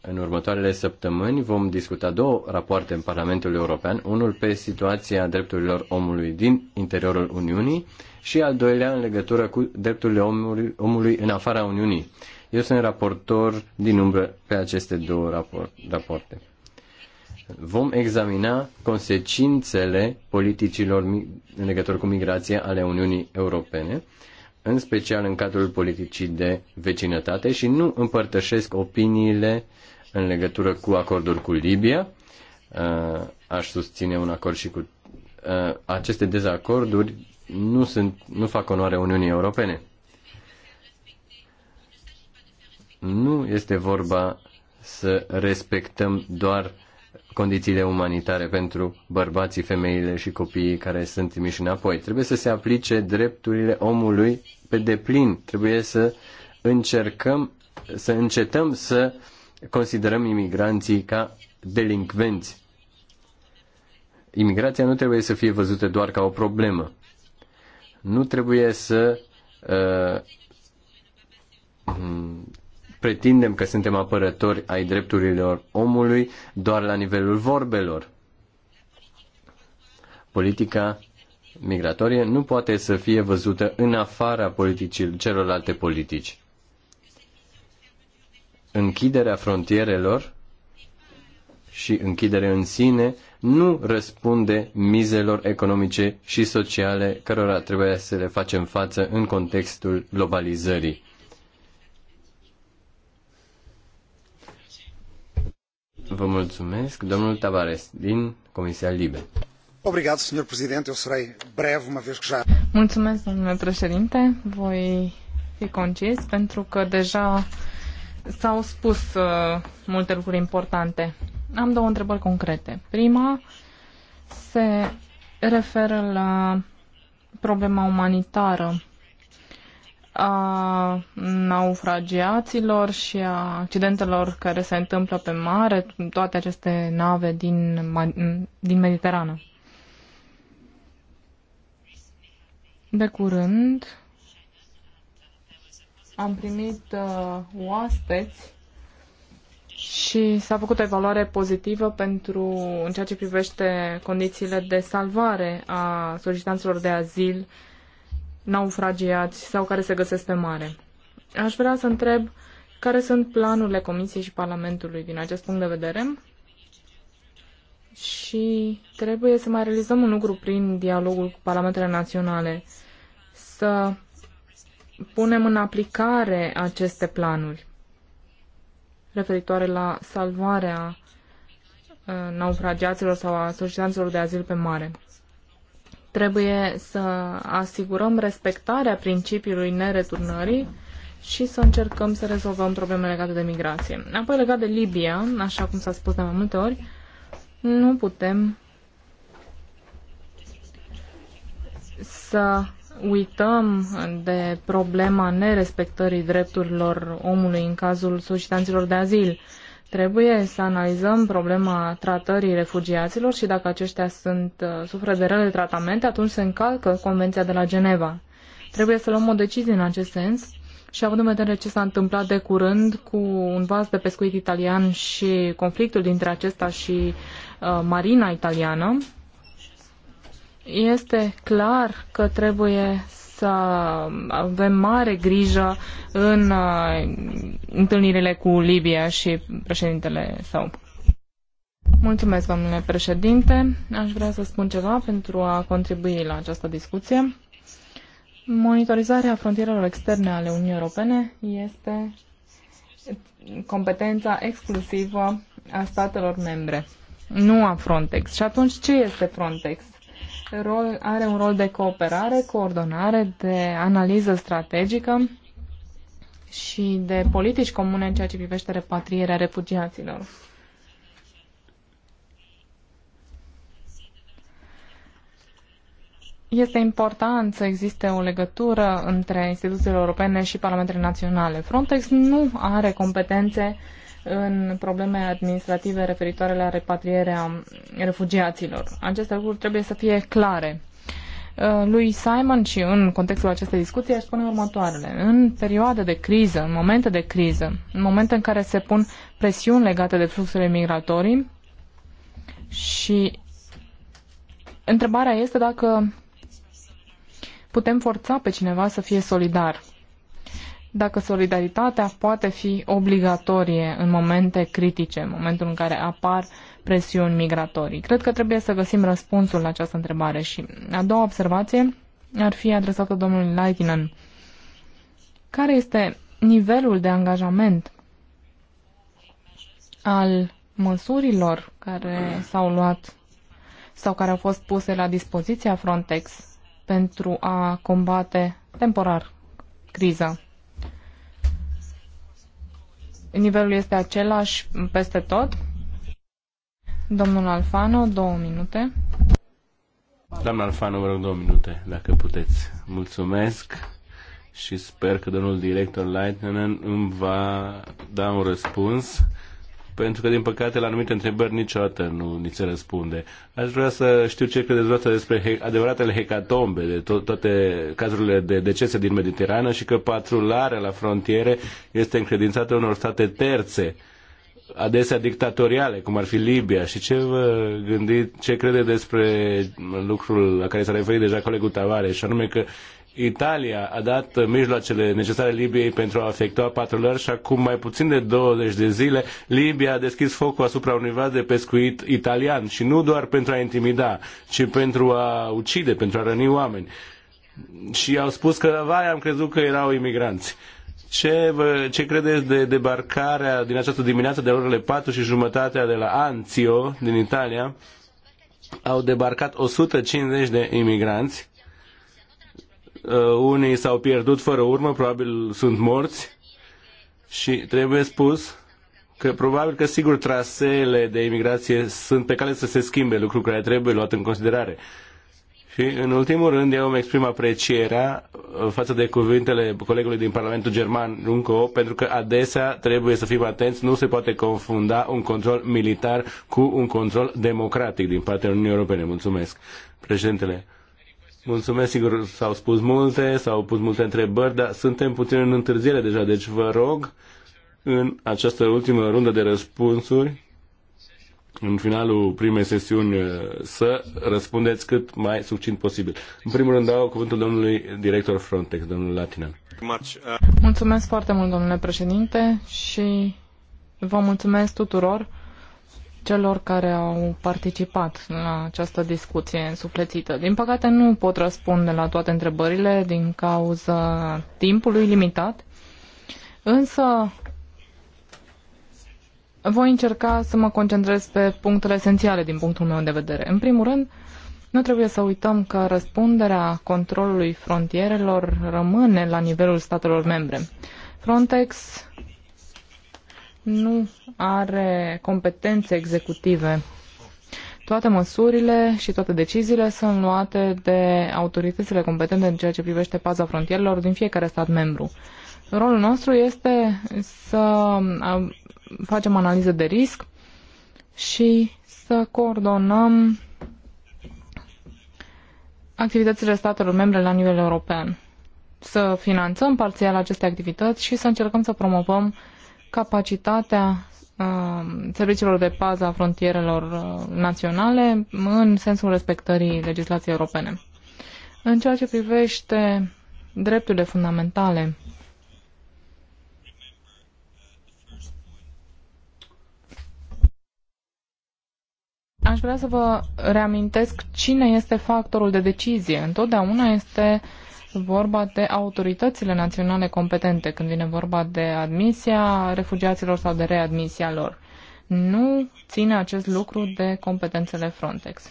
în următoarele săptămâni vom discuta două rapoarte în Parlamentul European, unul pe situația drepturilor omului din interiorul Uniunii și al doilea în legătură cu drepturile omului, omului în afara Uniunii. Eu sunt raportor din umbră pe aceste două rapoarte. Vom examina consecințele politicilor în legătură cu migrația ale Uniunii Europene, în special în cadrul politicii de vecinătate și nu împărtășesc opiniile uh, în legătură cu acordul cu Libia. Uh, aș susține un acord și cu uh, aceste dezacorduri nu, sunt, nu fac onoare Uniunii Europene. Nu este vorba să respectăm doar condițiile umanitare pentru bărbații, femeile și copiii care sunt trimiși înapoi. Trebuie să se aplice drepturile omului pe deplin. Trebuie să încercăm să încetăm să uh, considerăm imigranții ca delincvenți. Imigrația nu trebuie să fie văzută doar ca o problemă. Nu trebuie să uh, pretindem că suntem apărători ai drepturilor omului doar la nivelul vorbelor. Politica migratorie nu poate să fie văzută în afara politicii, celorlalte politici închiderea frontierelor și închidere în sine nu răspunde mizelor economice și sociale cărora trebuie să le facem față în contextul globalizării. Vă mulțumesc, domnul Tavares, din Comisia Libe. Obrigat, domnul președinte, eu serai brev, uma vez que já... Mulțumesc, domnule președinte, voi fi concis pentru că deja S-au spus uh, multe lucruri importante. Am două întrebări concrete. Prima se referă la problema umanitară a naufragiaților și a accidentelor care se întâmplă pe mare, toate aceste nave din, din Mediterană. De curând am primit uh, oaspeți și s-a făcut o evaluare pozitivă pentru în ceea ce privește condițiile de salvare a solicitanților de azil naufragiați sau care se găsesc pe mare. Aș vrea să întreb care sunt planurile Comisiei și Parlamentului din acest punct de vedere și trebuie să mai realizăm un lucru prin dialogul cu Parlamentele Naționale, să punem în aplicare aceste planuri referitoare la salvarea uh, naufragiaților sau a solicitanților de azil pe mare. Trebuie să asigurăm respectarea principiului nereturnării și să încercăm să rezolvăm probleme legate de migrație. Apoi, legat de Libia, așa cum s-a spus de mai multe ori, nu putem să uităm de problema nerespectării drepturilor omului în cazul solicitanților de azil. Trebuie să analizăm problema tratării refugiaților și dacă aceștia sunt, uh, suferă de rele tratamente, atunci se încalcă Convenția de la Geneva. Trebuie să luăm o decizie în acest sens și având în vedere ce s-a întâmplat de curând cu un vas de pescuit italian și conflictul dintre acesta și uh, marina italiană, este clar că trebuie să avem mare grijă în uh, întâlnirile cu Libia și președintele său. Mulțumesc, domnule președinte. Aș vrea să spun ceva pentru a contribui la această discuție. Monitorizarea frontierelor externe ale Uniunii Europene este competența exclusivă a statelor membre, nu a Frontex. Și atunci, ce este Frontex? rol, are un rol de cooperare, coordonare, de analiză strategică și de politici comune în ceea ce privește repatrierea refugiaților. Este important să existe o legătură între instituțiile europene și parlamentele naționale. Frontex nu are competențe uh, în probleme administrative referitoare la repatrierea refugiaților. Aceste lucruri trebuie să fie clare. Uh, lui Simon și în contextul acestei discuții aș spune următoarele. În perioade de criză, în momente de criză, în momente în care se pun presiuni legate de fluxurile migratorii și întrebarea este dacă putem forța pe cineva să fie solidar dacă solidaritatea poate fi obligatorie în momente critice, în momentul în care apar presiuni migratorii. Cred că trebuie să găsim răspunsul la această întrebare și a doua observație ar fi adresată domnului Leitinen. Care este nivelul de angajament al măsurilor care s-au luat sau care au fost puse la dispoziția Frontex pentru a combate temporar criza nivelul este același peste tot? Domnul Alfano, două minute. Doamna Alfano, vă rog două minute, dacă puteți. Mulțumesc și sper că domnul director Leitner îmi va da un răspuns pentru că, din păcate, la anumite întrebări niciodată nu ni se răspunde. Aș vrea să știu ce credeți dumneavoastră despre adevăratele hecatombe, de to- toate cazurile de decese din Mediterană și că patrularea la frontiere este încredințată unor state terțe adesea dictatoriale, cum ar fi Libia și ce vă gândiți, ce credeți despre lucrul la care s-a referit deja colegul Tavare și anume că Italia a dat mijloacele necesare Libiei pentru a efectua patrulări și acum mai puțin de 20 de zile Libia a deschis focul asupra unui vas de pescuit italian și nu doar pentru a intimida, ci pentru a ucide, pentru a răni oameni. Și au spus că, vai, am crezut că erau imigranți. Ce, vă, ce credeți de debarcarea din această dimineață de orele 4 și jumătatea de la Anzio, din Italia? Au debarcat 150 de imigranți Uh, unii s-au pierdut fără urmă, probabil sunt morți și trebuie spus că probabil că sigur traseele de imigrație sunt pe cale să se schimbe, lucru care trebuie luat în considerare. Și în ultimul rând eu îmi exprim aprecierea uh, față de cuvintele colegului din Parlamentul German, Runco, pentru că adesea trebuie să fim atenți, nu se poate confunda un control militar cu un control democratic din partea Uniunii Europene. Mulțumesc. Președintele. Mulțumesc, sigur, s-au spus multe, s-au pus multe întrebări, dar suntem puțin în întârziere deja, deci vă rog, în această ultimă rundă de răspunsuri, în finalul primei sesiuni, uh, să răspundeți cât mai succint posibil. În primul rând dau cuvântul domnului director Frontex, domnul Latina. Mulțumesc foarte mult, domnule președinte, și vă mulțumesc tuturor celor care au participat la această discuție însuflețită. Din păcate nu pot răspunde la toate întrebările din cauza timpului limitat, însă voi încerca să mă concentrez pe punctele esențiale din punctul meu de vedere. În primul rând, nu trebuie să uităm că răspunderea controlului frontierelor rămâne la nivelul statelor membre. Frontex nu are competențe executive. Toate măsurile și toate deciziile sunt luate de autoritățile competente în ceea ce privește paza frontierelor din fiecare stat membru. Rolul nostru este să facem analize de risc și să coordonăm activitățile statelor membre la nivel european. Să finanțăm parțial aceste activități și să încercăm să promovăm uh, capacitatea uh, serviciilor de pază a frontierelor uh, naționale în sensul respectării legislației europene. În ceea ce privește drepturile fundamentale, aș vrea să vă reamintesc cine este factorul de decizie. Întotdeauna este uh, vorba de autoritățile naționale competente când vine vorba de admisia refugiaților sau de readmisia lor. Nu ține acest lucru de competențele Frontex.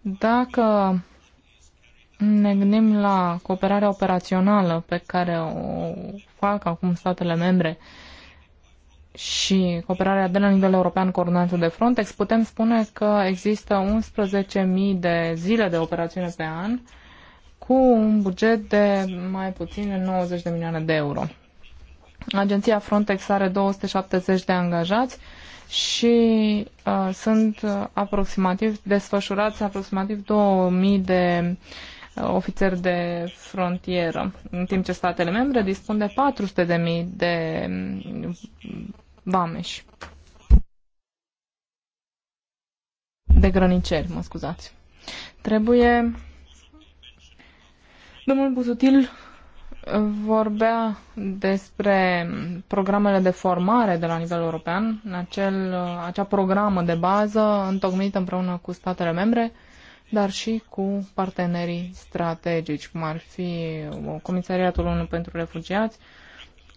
Dacă ne gândim la cooperarea operațională pe care o fac acum statele membre și cooperarea de la nivel european coordonată de Frontex, putem spune că există 11.000 de zile de operațiune pe an cu un buget de mai puțin 90 de milioane de euro. Agenția Frontex are 270 de angajați și uh, sunt uh, aproximativ desfășurați aproximativ 2000 de uh, ofițeri de frontieră, în timp ce statele membre dispun de 400 de mii de mm, vameși. De grăniceri, mă scuzați. Trebuie Domnul Buzutil vorbea despre programele de formare de la nivel european, acel, acea programă de bază întocmită împreună cu statele membre, dar și cu partenerii strategici, cum ar fi uh, Comisariatul 1 pentru Refugiați,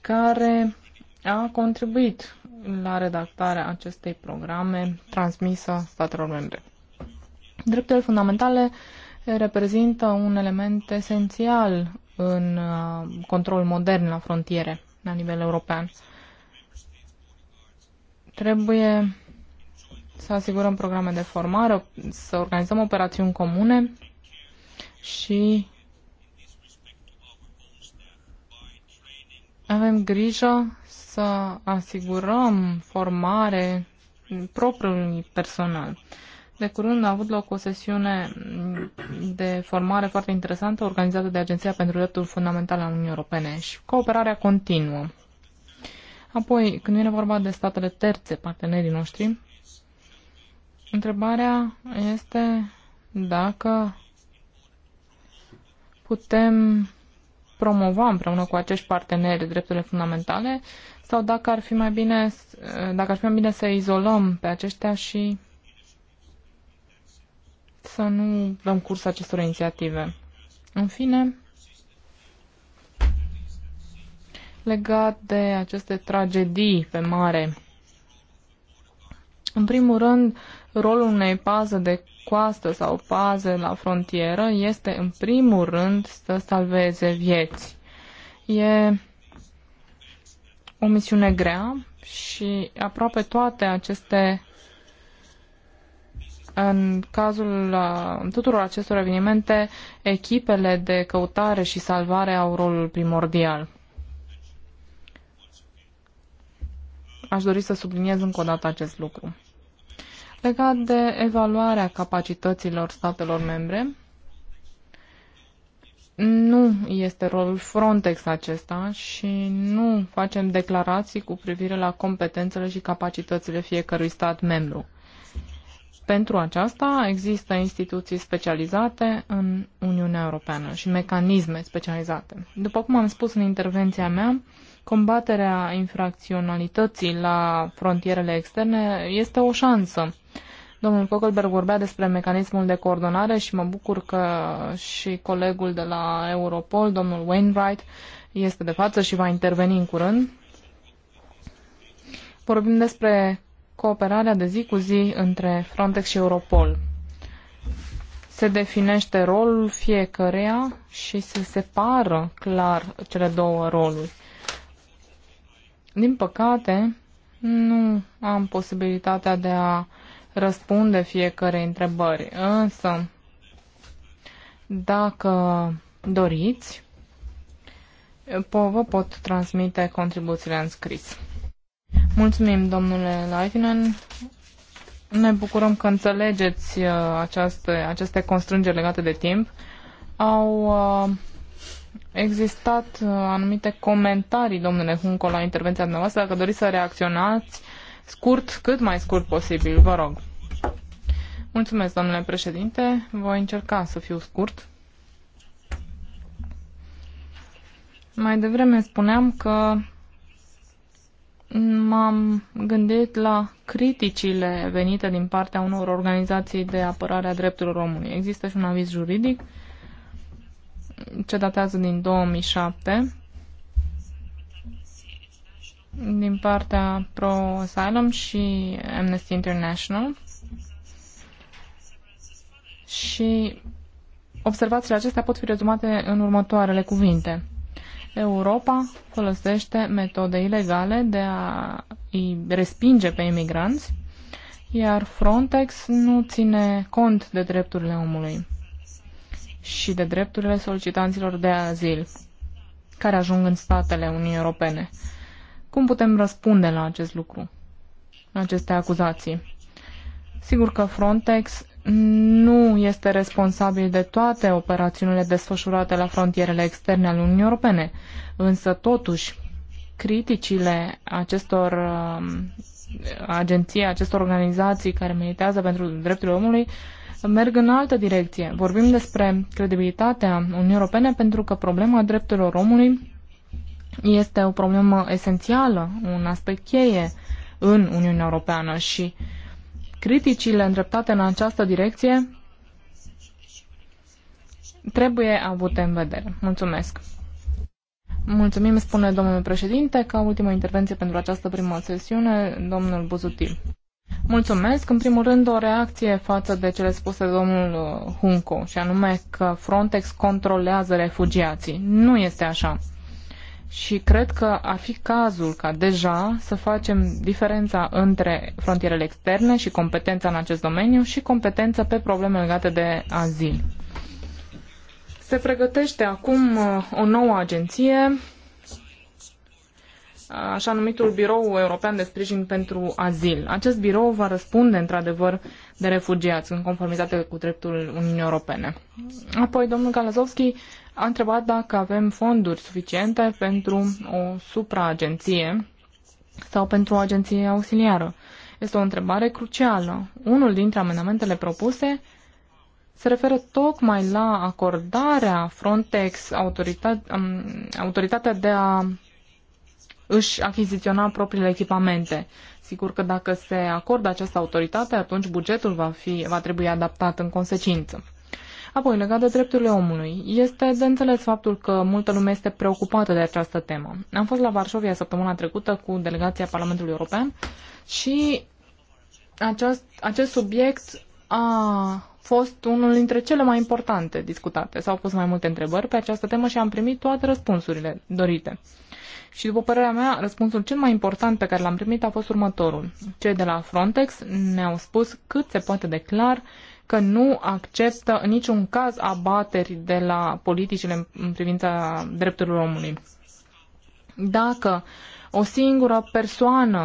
care a contribuit la redactarea acestei programe transmisă statelor membre. Drepturile fundamentale uh, reprezintă un element esențial în uh, control modern la frontiere la nivel european. Trebuie să asigurăm programe de formare, să organizăm operațiuni comune și avem grijă să asigurăm formare propriului personal. De curând a avut loc o sesiune de formare foarte interesantă organizată de Agenția pentru Drepturi Fundamentale al Uniunii Europene și cooperarea continuă. Apoi, când vine vorba de statele terțe, partenerii noștri, întrebarea este dacă putem promova împreună cu acești parteneri drepturile fundamentale sau dacă ar fi mai bine, dacă ar fi mai bine să izolăm pe aceștia și să nu dăm curs acestor inițiative. În fine, legat de aceste tragedii pe mare, în primul rând, rolul unei paze de coastă sau paze la frontieră este, în primul rând, să salveze vieți. E o misiune grea și aproape toate aceste în cazul tuturor acestor evenimente, echipele de căutare și salvare au rolul primordial. Aș dori să subliniez încă o dată acest lucru. Legat de evaluarea capacităților statelor membre, nu este rolul Frontex acesta și nu facem declarații cu privire la competențele și capacitățile fiecărui stat membru. Pentru aceasta există instituții specializate în Uniunea Europeană și mecanisme specializate. După cum am spus în intervenția mea, combaterea infracționalității la frontierele externe este o șansă. Domnul Kokelberg vorbea despre mecanismul de coordonare și mă bucur că și colegul de la Europol, domnul Wainwright, este de față și va interveni în curând. Vorbim despre cooperarea de zi cu zi între Frontex și Europol. Se definește rolul fiecăreia și se separă clar cele două roluri. Din păcate, nu am posibilitatea de a răspunde fiecare întrebări, însă dacă doriți, vă pot transmite contribuțiile în scris. Mulțumim, domnule Leitinen. Ne bucurăm că înțelegeți uh, aceste, aceste constrângeri legate de timp. Au uh, existat uh, anumite comentarii, domnule Hunco, la intervenția dumneavoastră. Dacă doriți să reacționați scurt, cât mai scurt posibil, vă rog. Mulțumesc, domnule președinte. Voi încerca să fiu scurt. Mai devreme spuneam că m-am gândit la criticile venite din partea unor organizații de apărare a drepturilor omului. Există și un aviz juridic ce datează din 2007 din partea Pro Asylum și Amnesty International și observațiile acestea pot fi rezumate în următoarele cuvinte. Europa folosește metode ilegale de a îi respinge pe imigranți, iar Frontex nu ține cont de drepturile omului și de drepturile solicitanților de azil care ajung în statele Uniunii Europene. Cum putem răspunde la acest lucru, la aceste acuzații? Sigur că Frontex nu este responsabil de toate operațiunile desfășurate la frontierele externe ale Uniunii Europene, însă totuși criticile acestor um, agenții, acestor organizații care militează pentru drepturile omului merg în altă direcție. Vorbim despre credibilitatea Uniunii Europene pentru că problema drepturilor omului este o problemă esențială, un aspect cheie în Uniunea Europeană și uh, Criticile îndreptate în această direcție trebuie avute în vedere. Mulțumesc! Mulțumim, spune domnul președinte, ca ultima intervenție pentru această primă sesiune, domnul Buzuti. Mulțumesc. În primul rând, o reacție față de cele spuse domnul uh, Hunco, și anume că Frontex controlează refugiații. Nu este așa și cred că ar fi cazul ca deja să facem diferența între frontierele externe și competența în acest domeniu și competența pe probleme legate de azil. Se pregătește acum uh, o nouă agenție, uh, așa numitul Birou European de Sprijin pentru Azil. Acest birou va răspunde, într-adevăr, de refugiați în conformitate cu dreptul Uniunii Europene. Apoi, domnul Kalazovski a întrebat dacă avem fonduri suficiente pentru o supraagenție sau pentru o agenție auxiliară. Este o întrebare crucială. Unul dintre amendamentele propuse se referă tocmai la acordarea Frontex autorita- um, autoritatea de a își achiziționa propriile echipamente. Sigur că dacă se acordă această autoritate, atunci bugetul va, fi, va trebui adaptat în consecință. Apoi, legat de drepturile omului, este de înțeles faptul că multă lume este preocupată de această temă. Am fost la Varșovia săptămâna trecută cu delegația Parlamentului European și aceast, acest subiect a fost unul dintre cele mai importante discutate. S-au pus mai multe întrebări pe această temă și am primit toate răspunsurile dorite. Și după părerea mea, răspunsul cel mai important pe care l-am primit a fost următorul. Cei de la Frontex ne-au spus cât se poate de clar că nu acceptă în niciun caz abateri de la politicile în privința drepturilor omului. Dacă o singură persoană,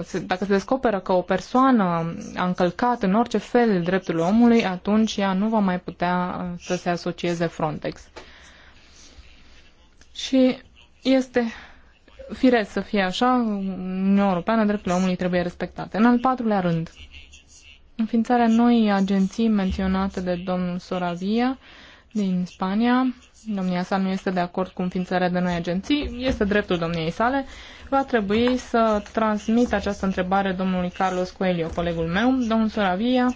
uh, dacă se descoperă că o persoană a încălcat în orice fel dreptul omului, atunci ea nu va mai putea uh, să se asocieze Frontex. Și este firesc să fie așa, în Uniunea Europeană drepturile omului trebuie respectate. În al patrulea rând, Înființarea noii agenții menționate de domnul Soravia din Spania, domnia sa nu este de acord cu înființarea de noi agenții, este dreptul domniei sale, va trebui să transmit această întrebare domnului Carlos Coelho, colegul meu. Domnul Soravia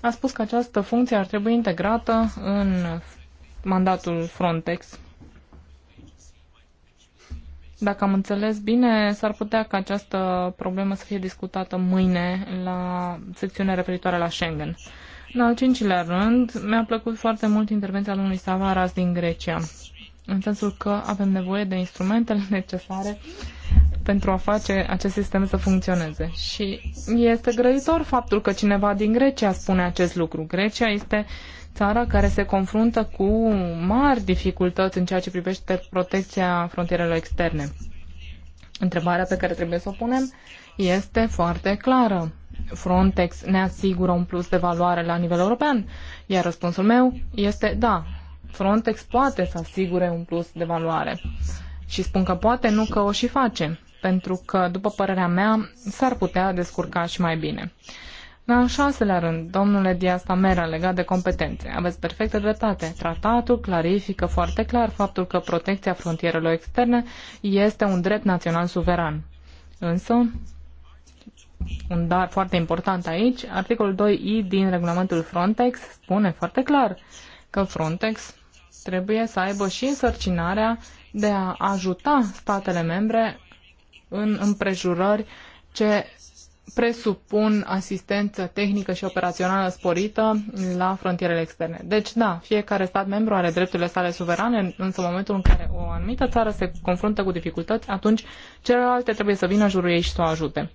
a spus că această funcție ar trebui integrată în mandatul Frontex. Dacă am înțeles bine, s-ar putea ca această problemă să fie discutată mâine la secțiunea referitoare la Schengen. În al cincilea rând, mi-a plăcut foarte mult intervenția domnului Savaras din Grecia, în sensul că avem nevoie de instrumentele necesare pentru a face acest sistem să funcționeze. Și este grăitor faptul că cineva din Grecia spune acest lucru. Grecia este țară care se confruntă cu mari dificultăți în ceea ce privește protecția frontierelor externe. Întrebarea pe care trebuie să o punem este foarte clară. Frontex ne asigură un plus de valoare la nivel european? Iar răspunsul meu este da. Frontex poate să asigure un plus de valoare. Și spun că poate, nu că o și face, pentru că, după părerea mea, s-ar putea descurca și mai bine. În al șaselea rând, domnule Diastamera, legat de competențe, aveți perfectă dreptate. Tratatul clarifică foarte clar faptul că protecția frontierelor externe este un drept național suveran. Însă, un dar foarte important aici, articolul 2i din regulamentul Frontex spune foarte clar că Frontex trebuie să aibă și însărcinarea de a ajuta statele membre în împrejurări ce presupun asistență tehnică și operațională sporită la frontierele externe. Deci, da, fiecare stat membru are drepturile sale suverane, însă în momentul în care o anumită țară se confruntă cu dificultăți, atunci celelalte trebuie să vină în jurul ei și să o ajute.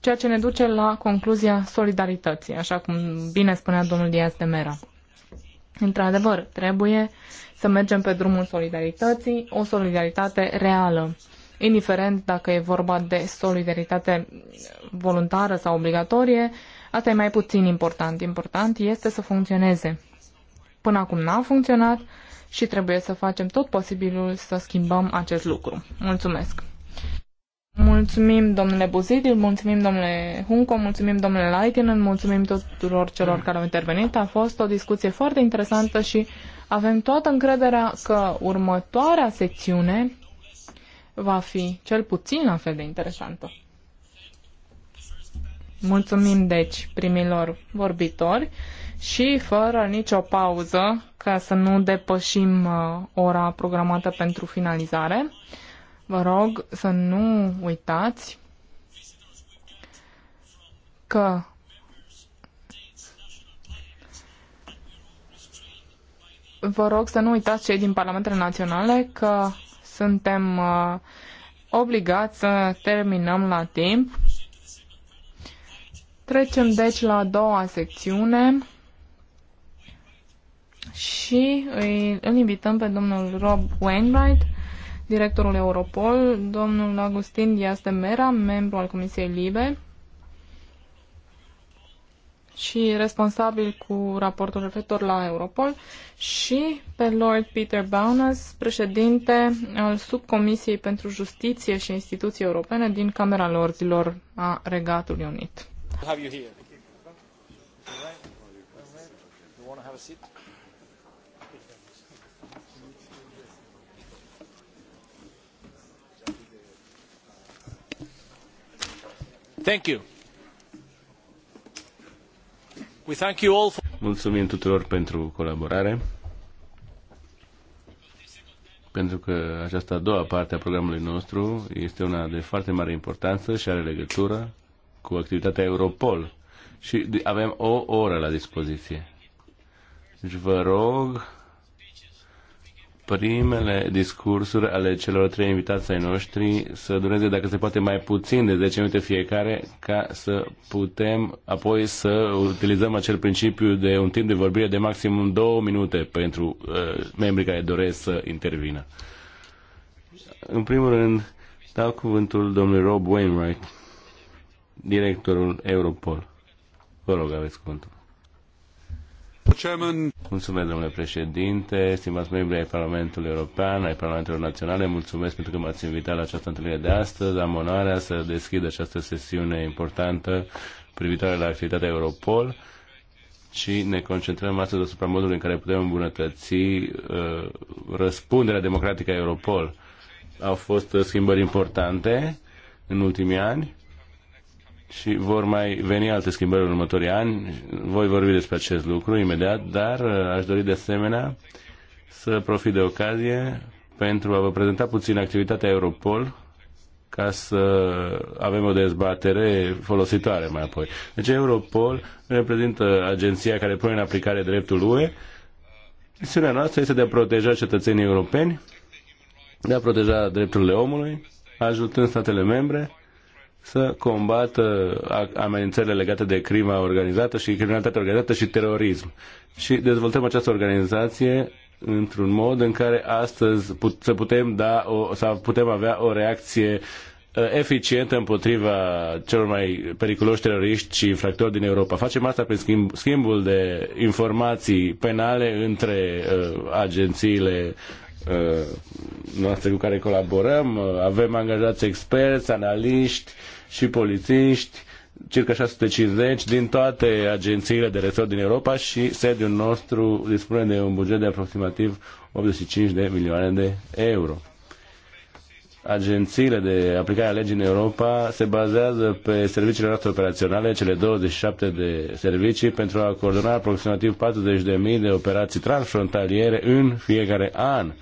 Ceea ce ne duce la concluzia solidarității, așa cum bine spunea domnul Diaz de Mera. Într-adevăr, trebuie să mergem pe drumul solidarității, o solidaritate reală indiferent dacă e vorba de solidaritate voluntară sau obligatorie, asta e mai puțin important. Important este să funcționeze. Până acum n-a funcționat și trebuie să facem tot posibilul să schimbăm acest lucru. Mulțumesc! Mulțumim, domnule Buzidil, mulțumim, domnule Hunco, mulțumim, domnule Leitinen, mulțumim tuturor celor care au intervenit. A fost o discuție foarte interesantă și avem toată încrederea că următoarea secțiune va fi cel puțin la fel de interesantă. Mulțumim, deci, primilor vorbitori și fără nicio pauză, ca să nu depășim uh, ora programată pentru finalizare, vă rog să nu uitați că vă rog să nu uitați cei din Parlamentele Naționale că suntem uh, obligați să terminăm la timp. Trecem deci la a doua secțiune și îi, îl invităm pe domnul Rob Wainwright, directorul Europol, domnul Agustin Diaz de Mera, membru al Comisiei Libe, și responsabil cu raportul referitor la Europol, și pe Lord Peter Bowness, președinte al Subcomisiei pentru Justiție și Instituții Europene din Camera Lorzilor a Regatului Unit. Thank you. Mulțumim tuturor pentru colaborare. Pentru că această a doua parte a programului nostru este una de foarte mare importanță și are legătură cu activitatea Europol. Și avem o oră la dispoziție. Deci vă rog primele discursuri ale celor trei invitați ai noștri să dureze, dacă se poate, mai puțin de 10 minute fiecare, ca să putem apoi să utilizăm acel principiu de un timp de vorbire de maximum două minute pentru uh, membrii care doresc să intervină. În primul rând, dau cuvântul domnului Rob Wainwright, directorul Europol. Vă rog, aveți cuvântul. Mulțumesc, domnule președinte, stimați membri ai Parlamentului European, ai Parlamentelor Naționale, mulțumesc pentru că m-ați invitat la această întâlnire de astăzi. Am onoarea să deschid această sesiune importantă privitoare la activitatea Europol și ne concentrăm astăzi asupra modului în care putem îmbunătăți uh, răspunderea democratică a Europol. Au fost schimbări importante în ultimii ani și vor mai veni alte schimbări în următorii ani. Voi vorbi despre acest lucru imediat, dar uh, aș dori de asemenea să profit de ocazie pentru a vă prezenta puțin activitatea Europol ca să avem o dezbatere folositoare mai apoi. Deci Europol reprezintă agenția care pune în aplicare dreptul UE. Misiunea noastră este de a proteja cetățenii europeni, de a proteja drepturile omului, ajutând statele membre să combată amenințările legate de crima organizată și criminalitatea organizată și terorism. Și dezvoltăm această organizație într-un mod în care astăzi put, să putem da o, să putem avea o reacție uh, eficientă împotriva celor mai periculoși teroriști și infractori din Europa. Facem asta prin schimb, schimbul de informații penale între uh, agențiile uh, noastre cu care colaborăm, uh, avem angajați experți, analiști, și polițiști, circa 650 din toate agențiile de rețeau din Europa și sediul nostru dispune de un buget de aproximativ 85 de milioane de euro. Agențiile de aplicare a legii în Europa se bazează pe serviciile noastre operaționale, cele 27 de servicii, pentru a coordona aproximativ 40.000 de operații transfrontaliere în fiecare an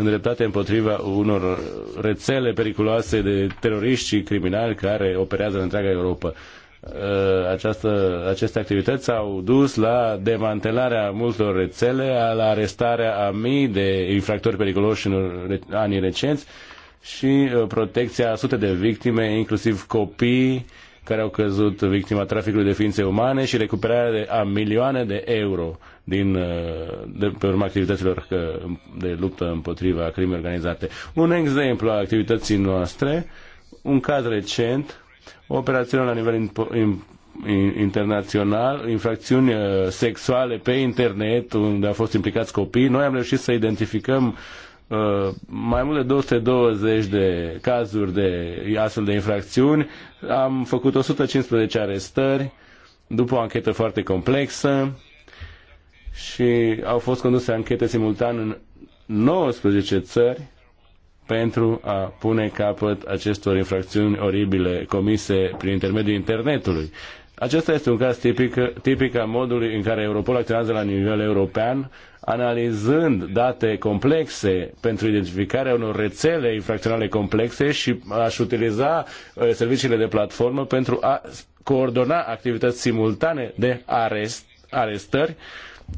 îndreptate împotriva unor rețele periculoase de teroriști și criminali care operează în întreaga Europa. Uh, această, aceste activități au dus la demantelarea multor rețele, la arestarea a mii de infractori periculoși în anii recenți și uh, protecția a sute de victime, inclusiv copii care au căzut victima traficului de ființe umane și recuperarea de, a milioane de euro din, uh, de pe urma activităților uh, de luptă împotriva crimei organizate. Un exemplu a activității noastre, un caz recent, o operațiune la nivel internațional, infracțiuni uh, sexuale pe internet, unde au fost implicați copii. Noi am reușit să identificăm uh, Uh, mai mult de 220 de cazuri de astfel de infracțiuni, am făcut 115 arestări după o anchetă foarte complexă și au fost conduse anchete simultan în 19 țări pentru a pune capăt acestor infracțiuni oribile comise prin intermediul internetului. Acesta este un caz tipic, tipic al modului în care Europol acționează la nivel european, analizând date complexe pentru identificarea unor rețele infracționale complexe și aș utiliza uh, serviciile de platformă pentru a coordona activități simultane de arest, arestări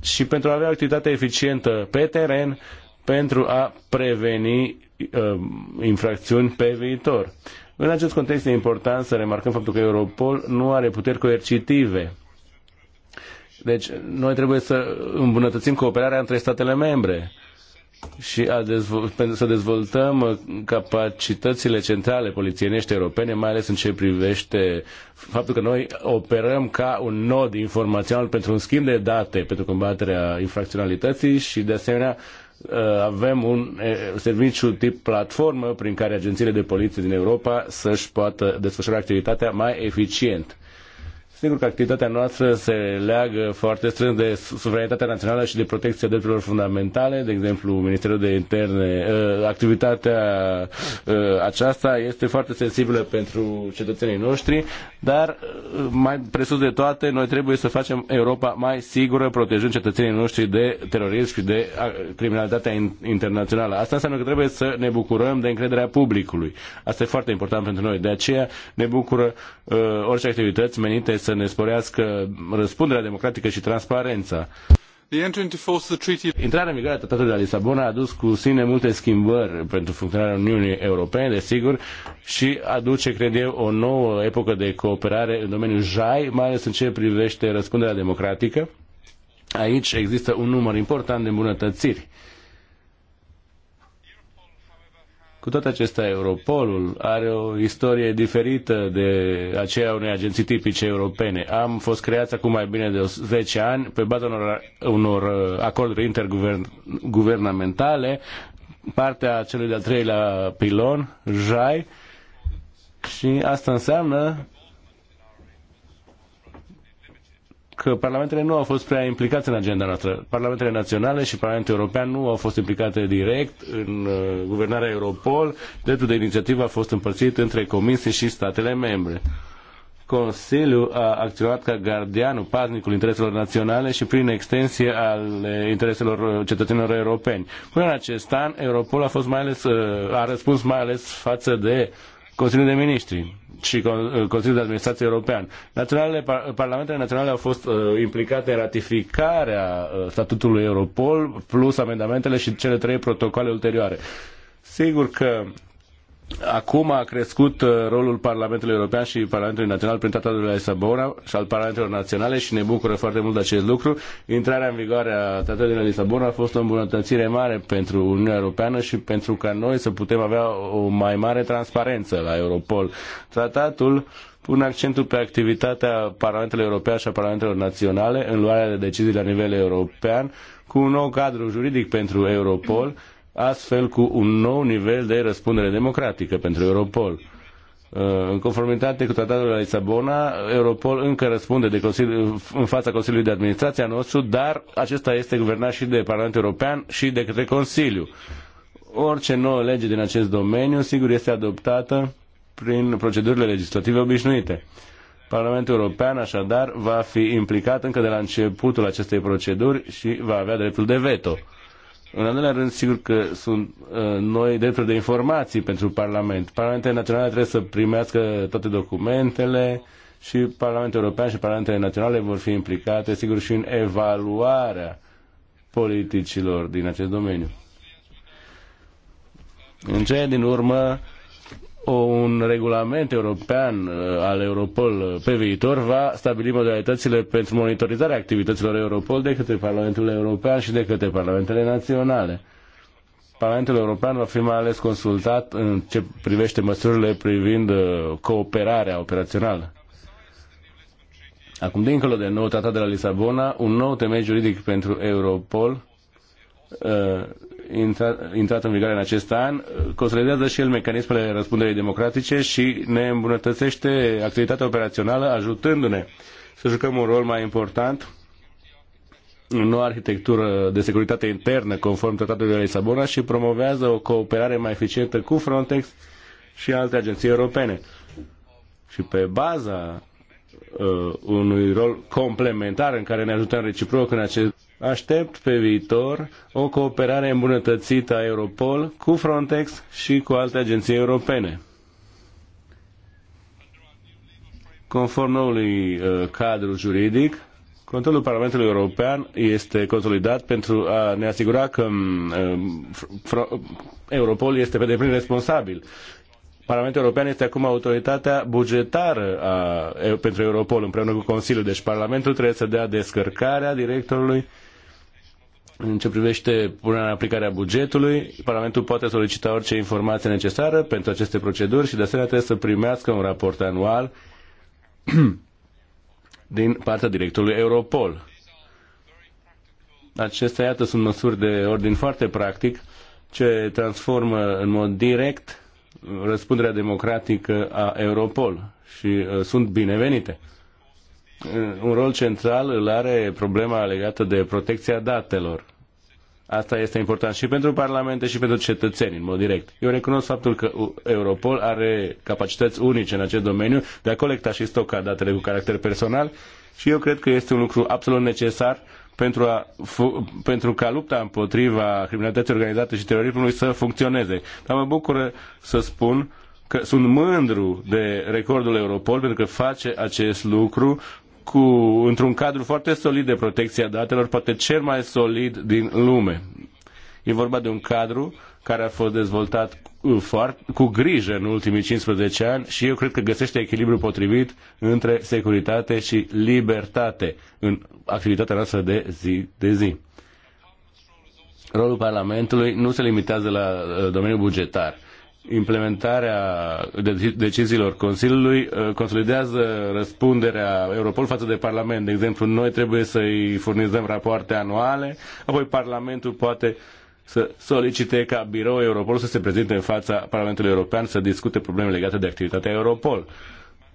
și pentru a avea o activitate eficientă pe teren pentru a preveni uh, infracțiuni pe viitor. În acest context e important să remarcăm faptul că Europol nu are puteri coercitive deci noi trebuie să îmbunătățim cooperarea între statele membre și a dezvol- să dezvoltăm uh, capacitățile centrale polițienești europene, mai ales în ce privește faptul că noi operăm ca un nod informațional pentru un schimb de date pentru combaterea infracționalității și de asemenea uh, avem un serviciu tip platformă prin care agențiile de poliție din Europa să-și poată desfășura activitatea mai eficient. Sigur că activitatea noastră se leagă foarte strâns de suveranitatea națională și de protecția drepturilor fundamentale. De exemplu, Ministerul de Interne, uh, activitatea uh, aceasta este foarte sensibilă pentru cetățenii noștri, dar uh, mai presus de toate, noi trebuie să facem Europa mai sigură, protejând cetățenii noștri de terorism și de criminalitatea internațională. Asta înseamnă că trebuie să ne bucurăm de încrederea publicului. Asta e foarte important pentru noi. De aceea ne bucură orice activități menite să să ne sporească răspunderea democratică și transparența. Intrarea în vigoare a Tratatului de la Lisabona a dus cu sine multe schimbări pentru funcționarea Uniunii Europene, desigur, și aduce, cred eu, o nouă epocă de cooperare în domeniul JAI, mai ales în ce privește răspunderea democratică. Aici există un număr important de îmbunătățiri Cu toate acestea, Europolul are o istorie diferită de aceea unei agenții tipice europene. Am fost creați acum mai bine de 10 ani pe baza unor, unor acorduri interguvernamentale, partea celui de-al treilea pilon, JAI, și asta înseamnă că parlamentele nu au fost prea implicate în agenda noastră. Parlamentele naționale și Parlamentul European nu au fost implicate direct în uh, guvernarea Europol. Dreptul de inițiativă a fost împărțit între comisie și statele membre. Consiliul a acționat ca gardianul, paznicul intereselor naționale și prin extensie al intereselor cetățenilor europeni. Până în acest an, Europol a, fost mai ales, uh, a răspuns mai ales față de Consiliul de Ministri și uh, Consiliul de Administrație European. Naționalele, parlamentele naționale au fost uh, implicate în ratificarea uh, statutului Europol, plus amendamentele și cele trei protocoale ulterioare. Sigur că Acum a crescut uh, rolul Parlamentului European și Parlamentului Național prin tratatul de la Lisabona și al Parlamentelor Naționale și ne bucură foarte mult de acest lucru. Intrarea în vigoare a tratatului de la Lisabona a fost o îmbunătățire mare pentru Uniunea Europeană și pentru ca noi să putem avea o mai mare transparență la Europol. Tratatul pune accentul pe activitatea Parlamentului European și a Parlamentelor Naționale în luarea de decizii la nivel european cu un nou cadru juridic pentru Europol astfel cu un nou nivel de răspundere democratică pentru Europol. Uh, în conformitate cu tratatul de la Lisabona, Europol încă răspunde de Consiliu, în fața Consiliului de Administrație a nostru, dar acesta este guvernat și de Parlamentul European și de către Consiliu. Orice nouă lege din acest domeniu, sigur, este adoptată prin procedurile legislative obișnuite. Parlamentul European, așadar, va fi implicat încă de la începutul acestei proceduri și va avea dreptul de veto. În al doilea rând, sigur că sunt uh, noi drepturi de informații pentru Parlament. Parlamentele naționale trebuie să primească toate documentele și Parlamentul European și Parlamentele naționale vor fi implicate, sigur, și în evaluarea politicilor din acest domeniu. În ceea din urmă, un regulament european uh, al Europol uh, pe viitor va stabili modalitățile pentru monitorizarea activităților Europol de către Parlamentul European și de către Parlamentele Naționale. Parlamentul European va fi mai ales consultat în ce privește măsurile privind uh, cooperarea operațională. Acum, dincolo de nou tratat de la Lisabona, un nou temei juridic pentru Europol intrat, intrat în vigoare în acest an, consolidează și el mecanismele răspunderii democratice și ne îmbunătățește activitatea operațională, ajutându-ne să jucăm un rol mai important în noua arhitectură de securitate internă conform Tratatului de la Lisabona și promovează o cooperare mai eficientă cu Frontex și alte agenții europene. Și pe baza uh, unui rol complementar în care ne ajutăm reciproc în acest Aștept pe viitor o cooperare îmbunătățită a Europol cu Frontex și cu alte agenții europene. Conform noului uh, cadru juridic, Controlul Parlamentului European este consolidat pentru a ne asigura că uh, Europol este pe deplin responsabil. Parlamentul European este acum autoritatea bugetară a, pentru Europol împreună cu Consiliul. Deci Parlamentul trebuie să dea descărcarea directorului în ce privește punerea în aplicare a bugetului, Parlamentul poate solicita orice informație necesară pentru aceste proceduri și de asemenea trebuie să primească un raport anual din partea directorului Europol. Acestea, iată, sunt măsuri de ordin foarte practic ce transformă în mod direct răspunderea democratică a Europol și uh, sunt binevenite. Uh, un rol central îl are problema legată de protecția datelor. Asta este important și pentru parlamente și pentru cetățeni, în mod direct. Eu recunosc faptul că Europol are capacități unice în acest domeniu de a colecta și stoca datele cu caracter personal și eu cred că este un lucru absolut necesar pentru, a, pentru ca lupta împotriva criminalității organizate și terorismului să funcționeze. Dar mă bucur să spun că sunt mândru de recordul Europol pentru că face acest lucru cu, într-un cadru foarte solid de protecție a datelor, poate cel mai solid din lume. E vorba de un cadru care a fost dezvoltat cu, uh, foarte, cu grijă în ultimii 15 ani și eu cred că găsește echilibru potrivit între securitate și libertate în activitatea noastră de zi de zi. Rolul Parlamentului nu se limitează la uh, domeniul bugetar implementarea deciziilor Consiliului uh, consolidează răspunderea Europol față de Parlament. De exemplu, noi trebuie să-i furnizăm rapoarte anuale, apoi Parlamentul poate să solicite ca biroul Europol să se prezinte în fața Parlamentului European să discute probleme legate de activitatea Europol.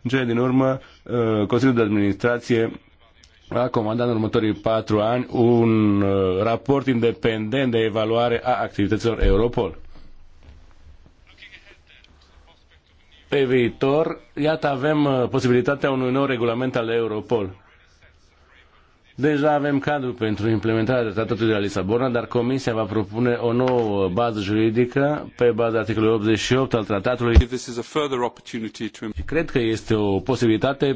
În cele din urmă, uh, Consiliul de Administrație a comandat în următorii patru ani un uh, raport independent de evaluare a activităților Europol pe viitor, iată, avem uh, posibilitatea unui nou regulament al Europol. Deja avem cadrul pentru implementarea tratatului de la Lisabona, dar Comisia va propune o nouă bază juridică pe baza articolului 88 al tratatului. Și cred că este o posibilitate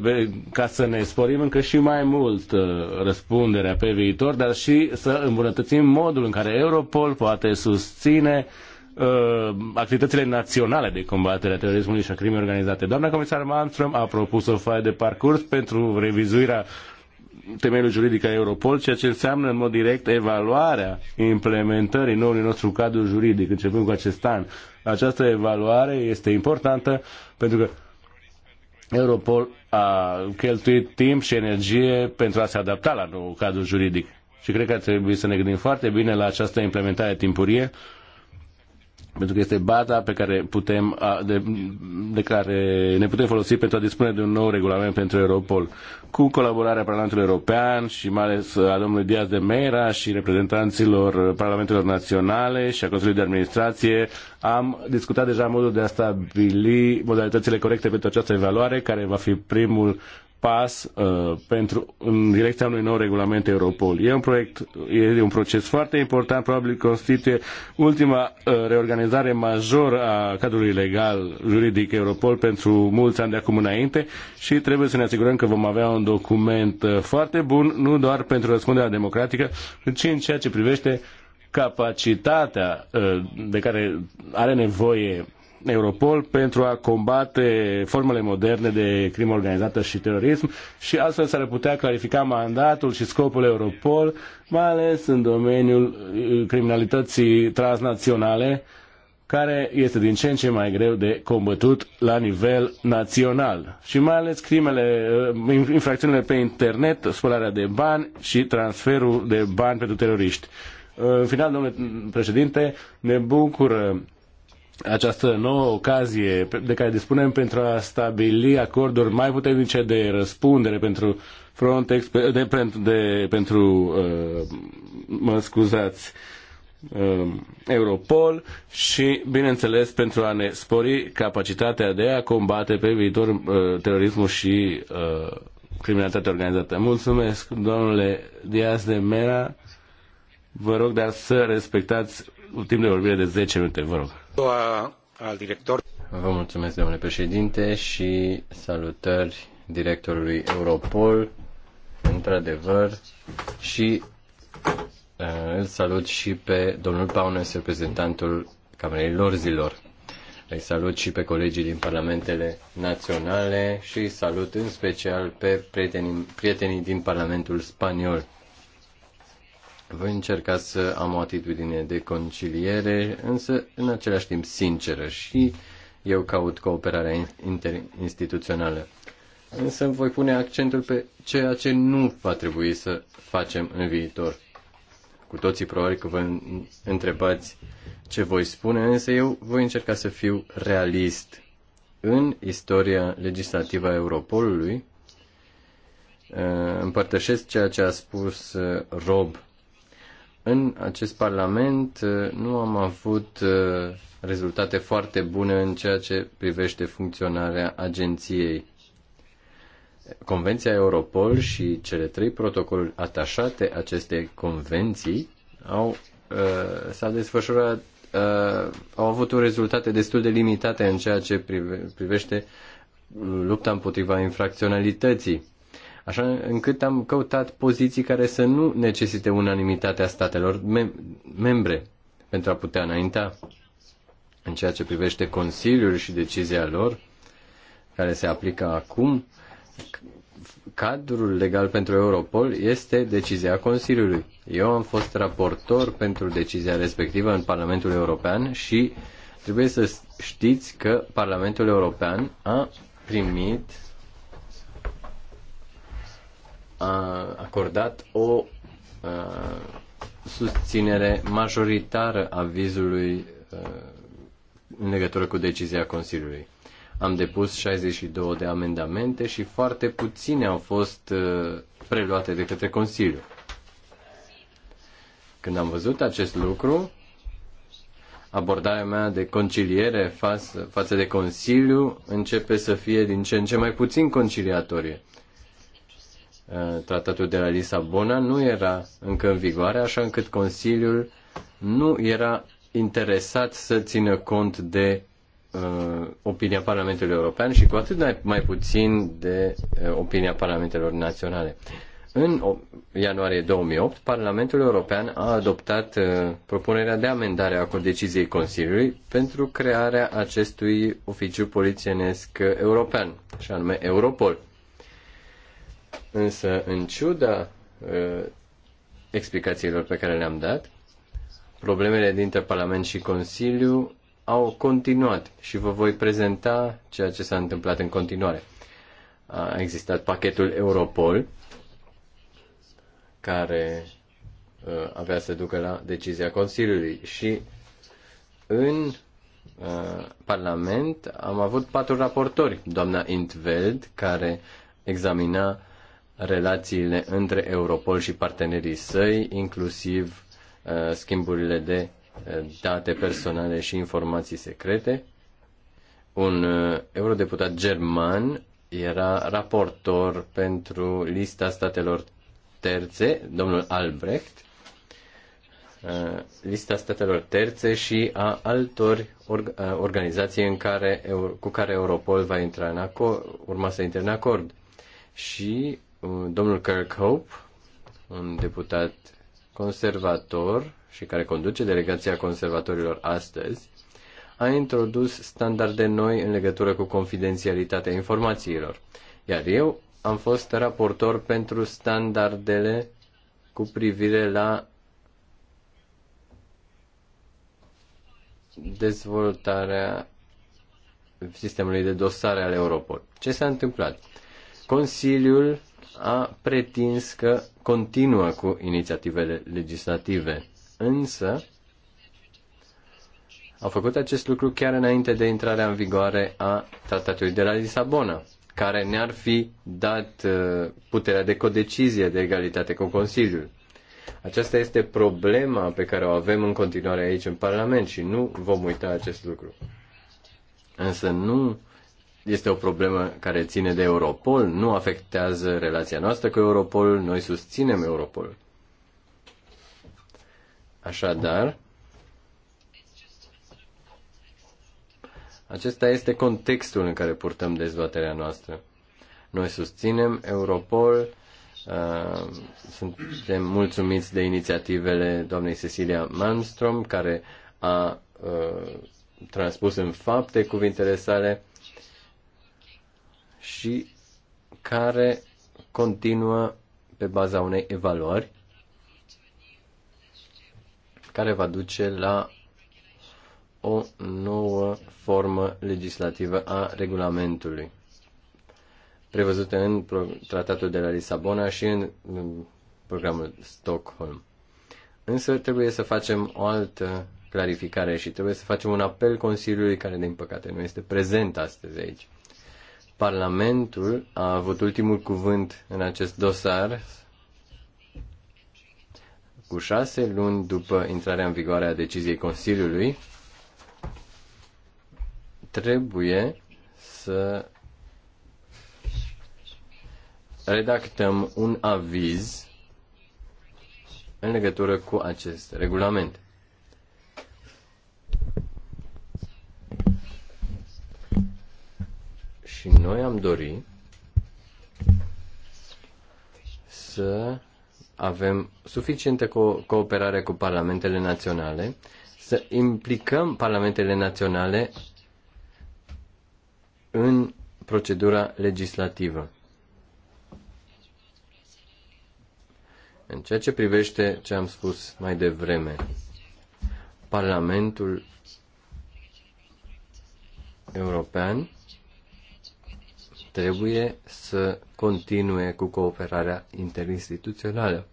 ca să ne sporim încă și mai mult uh, răspunderea pe viitor, dar și să îmbunătățim modul în care Europol poate susține uh, Uh, activitățile naționale de combatere a terorismului și a crimei organizate. Doamna comisar Malmström a propus o foaie de parcurs pentru revizuirea temeiului juridic al Europol, ceea ce înseamnă în mod direct evaluarea implementării noului nostru cadru juridic, începând cu acest an. Această evaluare este importantă pentru că Europol a cheltuit timp și energie pentru a se adapta la noul cadru juridic. Și cred că ar trebui să ne gândim foarte bine la această implementare timpurie, pentru că este baza pe care putem, de, de care ne putem folosi pentru a dispune de un nou regulament pentru Europol. Cu colaborarea Parlamentului European și mai ales a domnului Diaz de Mera și reprezentanților Parlamentelor Naționale și a Consiliului de Administrație, am discutat deja modul de a stabili modalitățile corecte pentru această evaluare, care va fi primul pas uh, pentru, în direcția unui nou regulament Europol. E un proiect, e un proces foarte important, probabil constituie ultima uh, reorganizare majoră a cadrului legal juridic Europol pentru mulți ani de acum înainte și trebuie să ne asigurăm că vom avea un document uh, foarte bun, nu doar pentru răspunderea democratică, ci în ceea ce privește capacitatea uh, de care are nevoie Europol pentru a combate formele moderne de crimă organizată și terorism și astfel s-ar putea clarifica mandatul și scopul Europol, mai ales în domeniul uh, criminalității transnaționale, care este din ce în ce mai greu de combătut la nivel național. Și mai ales crimele, uh, infracțiunile pe internet, spălarea de bani și transferul de bani pentru teroriști. Uh, în final, domnule președinte, ne bucură această nouă ocazie de care dispunem pentru a stabili acorduri mai puternice de răspundere pentru Frontex, de, pentru, de, pentru uh, mă scuzați, uh, Europol și, bineînțeles, pentru a ne spori capacitatea de a combate pe viitor uh, terorismul și uh, criminalitatea organizată. Mulțumesc, domnule Diaz de Mera. Vă rog, dar să respectați timp de vorbire de 10 minute, vă rog. Vă mulțumesc, domnule președinte, și salutări directorului Europol, într-adevăr, și uh, îl salut și pe domnul Paunes, reprezentantul Camerei Lorzilor. Îi salut și pe colegii din parlamentele naționale și îi salut în special pe prietenii, prietenii din Parlamentul Spaniol. Voi încerca să am o atitudine de conciliere, însă în același timp sinceră și eu caut cooperarea interinstituțională. Însă voi pune accentul pe ceea ce nu va trebui să facem în viitor. Cu toții probabil că vă întrebați ce voi spune, însă eu voi încerca să fiu realist. În istoria legislativă a Europolului, ă, împărtășesc ceea ce a spus ă, Rob în acest Parlament uh, nu am avut uh, rezultate foarte bune în ceea ce privește funcționarea agenției. Convenția Europol și cele trei protocoluri atașate acestei convenții au, uh, s-a desfășurat, au avut rezultate destul de limitate în ceea ce privește lupta împotriva infracționalității așa încât am căutat poziții care să nu necesite unanimitatea statelor mem- membre pentru a putea înainta. În ceea ce privește Consiliul și decizia lor, care se aplică acum, cadrul legal pentru Europol este decizia Consiliului. Eu am fost raportor pentru decizia respectivă în Parlamentul European și trebuie să știți că Parlamentul European a primit a acordat o a, susținere majoritară a vizului a, în legătură cu decizia Consiliului. Am depus 62 de amendamente și foarte puține au fost preluate de către Consiliu. Când am văzut acest lucru, abordarea mea de conciliere față, față de Consiliu începe să fie din ce în ce mai puțin conciliatorie. Uh, tratatul de la Lisabona nu era încă în vigoare, așa încât Consiliul nu era interesat să țină cont de uh, opinia Parlamentului European și cu atât mai, mai puțin de uh, opinia Parlamentelor Naționale. În ianuarie 2008, Parlamentul European a adoptat uh, propunerea de amendare a deciziei Consiliului pentru crearea acestui oficiu polițienesc european, și anume Europol. Însă, în ciuda uh, explicațiilor pe care le-am dat, problemele dintre Parlament și Consiliu au continuat și vă voi prezenta ceea ce s-a întâmplat în continuare. A existat pachetul Europol, care uh, avea să ducă la decizia Consiliului și în uh, Parlament am avut patru raportori. Doamna Intveld, care examina relațiile între Europol și partenerii săi, inclusiv uh, schimburile de uh, date personale și informații secrete. Un uh, eurodeputat german era raportor pentru lista statelor terțe, domnul Albrecht, lista statelor terțe și a altor organizații în care, cu care Europol va intra în acord, urma să intre în acord. Și domnul Kirkhope, un deputat conservator și care conduce delegația conservatorilor astăzi, a introdus standarde noi în legătură cu confidențialitatea informațiilor. Iar eu am fost raportor pentru standardele cu privire la dezvoltarea sistemului de dosare al Europol. Ce s-a întâmplat? Consiliul a pretins că continuă cu inițiativele legislative, însă a făcut acest lucru chiar înainte de intrarea în vigoare a tratatului de la Lisabona, care ne-ar fi dat uh, puterea de codecizie de egalitate cu Consiliul. Aceasta este problema pe care o avem în continuare aici în Parlament și nu vom uita acest lucru. Însă nu este o problemă care ține de Europol, nu afectează relația noastră cu Europol, noi susținem Europol. Așadar, acesta este contextul în care purtăm dezbaterea noastră. Noi susținem Europol, uh, suntem mulțumiți de inițiativele doamnei Cecilia Malmström, care a uh, transpus în fapte cuvintele sale și care continuă pe baza unei evaluări care va duce la o nouă formă legislativă a regulamentului, prevăzută în Tratatul de la Lisabona și în programul Stockholm. Însă trebuie să facem o altă clarificare și trebuie să facem un apel Consiliului care, din păcate, nu este prezent astăzi aici. Parlamentul a avut ultimul cuvânt în acest dosar cu șase luni după intrarea în vigoare a deciziei Consiliului. Trebuie să redactăm un aviz în legătură cu acest regulament. Și noi am dori să avem suficientă co- cooperare cu parlamentele naționale, să implicăm parlamentele naționale în procedura legislativă. În ceea ce privește ce am spus mai devreme, Parlamentul European trebuie să continue cu cooperarea interinstituțională.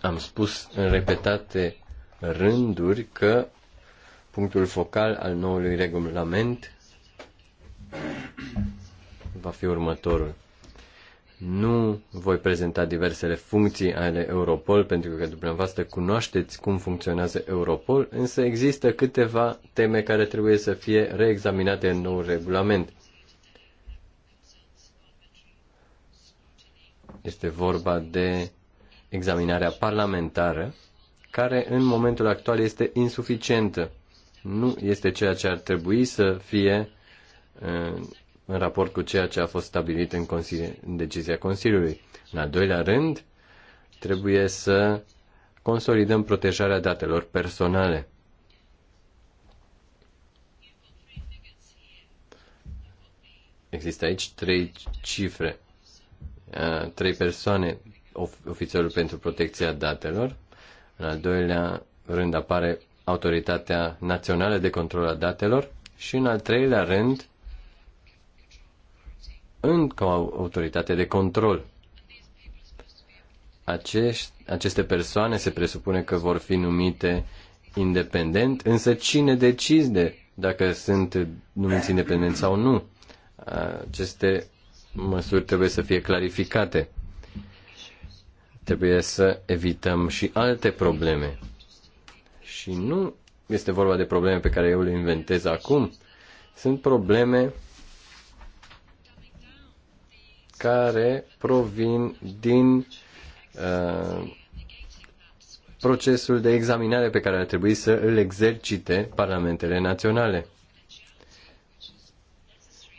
Am spus în repetate rânduri că punctul focal al noului regulament va fi următorul. Nu voi prezenta diversele funcții ale Europol, pentru că dumneavoastră cunoașteți cum funcționează Europol, însă există câteva teme care trebuie să fie reexaminate în nou regulament. Este vorba de examinarea parlamentară, care în momentul actual este insuficientă. Nu este ceea ce ar trebui să fie uh, în raport cu ceea ce a fost stabilit în, consili- în decizia Consiliului. În al doilea rând, trebuie să consolidăm protejarea datelor personale. Există aici trei cifre, trei persoane, ofițerul pentru protecția datelor, în al doilea rând apare Autoritatea Națională de Control a Datelor și în al treilea rând în, ca o autoritate de control. Acești, aceste persoane se presupune că vor fi numite independent, însă cine decide dacă sunt numiți independenți sau nu? Aceste măsuri trebuie să fie clarificate. Trebuie să evităm și alte probleme. Și nu este vorba de probleme pe care eu le inventez acum. Sunt probleme care provin din uh, procesul de examinare pe care ar trebui să îl exercite parlamentele naționale.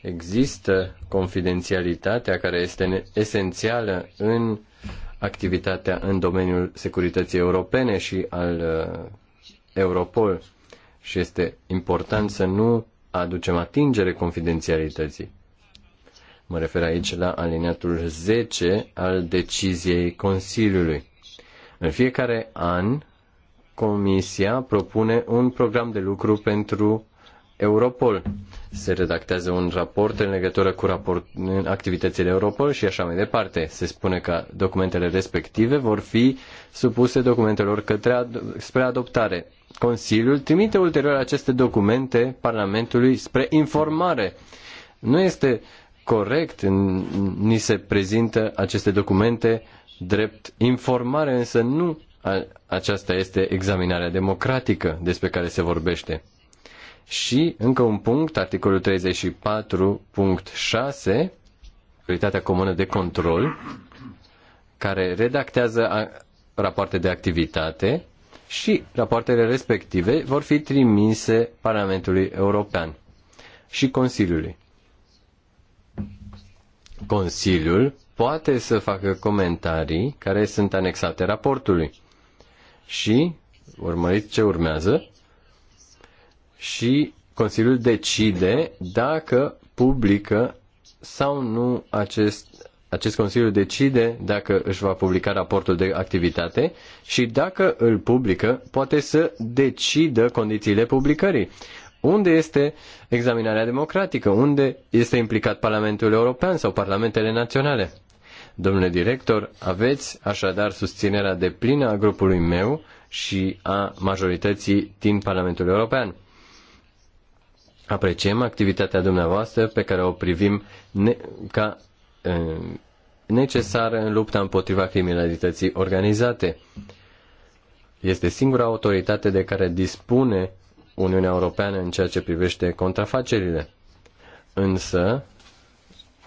Există confidențialitatea care este esențială în activitatea în domeniul securității europene și al uh, Europol și este important să nu aducem atingere confidențialității. Mă refer aici la alineatul 10 al deciziei Consiliului. În fiecare an, Comisia propune un program de lucru pentru Europol. Se redactează un raport în legătură cu raport, activitățile Europol și așa mai departe. Se spune că documentele respective vor fi supuse documentelor către, spre adoptare. Consiliul trimite ulterior aceste documente Parlamentului spre informare. Nu este corect, ni se prezintă aceste documente drept informare, însă nu aceasta este examinarea democratică despre care se vorbește. Și încă un punct, articolul 34.6, Autoritatea Comună de Control, care redactează rapoarte de activitate și rapoartele respective vor fi trimise Parlamentului European și Consiliului. Consiliul poate să facă comentarii care sunt anexate raportului. Și, urmăriți ce urmează, și Consiliul decide dacă publică sau nu acest, acest Consiliu decide dacă își va publica raportul de activitate și dacă îl publică, poate să decidă condițiile publicării. Unde este examinarea democratică? Unde este implicat Parlamentul European sau Parlamentele Naționale? Domnule director, aveți așadar susținerea de plină a grupului meu și a majorității din Parlamentul European. Apreciem activitatea dumneavoastră pe care o privim ne- ca e, necesară în lupta împotriva criminalității organizate. Este singura autoritate de care dispune Uniunea Europeană în ceea ce privește contrafacerile. Însă,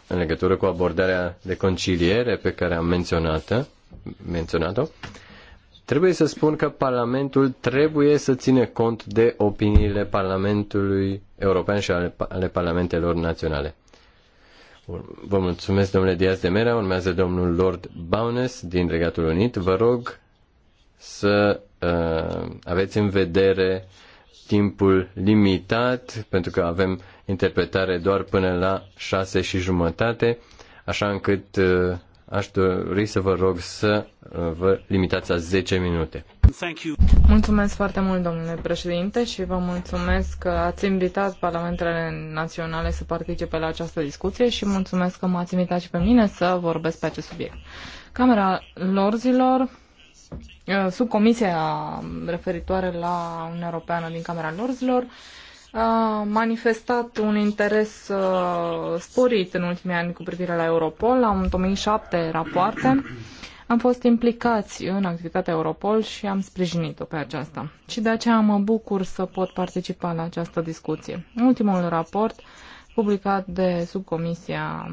în legătură cu abordarea de conciliere pe care am menționat-o, menționat-o trebuie să spun că Parlamentul trebuie să ține cont de opiniile Parlamentului European și ale, ale Parlamentelor Naționale. Vă mulțumesc, domnule Diaz de Mera. Urmează domnul Lord Bowness din Regatul Unit. Vă rog să uh, aveți în vedere timpul limitat, pentru că avem interpretare doar până la șase și jumătate, așa încât uh, aș dori să vă rog să uh, vă limitați la 10 minute. Mulțumesc foarte mult, domnule președinte, și vă mulțumesc că ați invitat parlamentele naționale să participe la această discuție și mulțumesc că m-ați invitat și pe mine să vorbesc pe acest subiect. Camera Lorzilor Uh, subcomisia uh, referitoare la Uniunea Europeană din Camera Lorzilor a manifestat un interes uh, sporit în ultimii ani cu privire la Europol. Am întocmit șapte rapoarte. Am fost implicați în activitatea Europol și am sprijinit-o pe aceasta. Și de aceea mă bucur să pot participa la această discuție. Ultimul raport publicat de subcomisia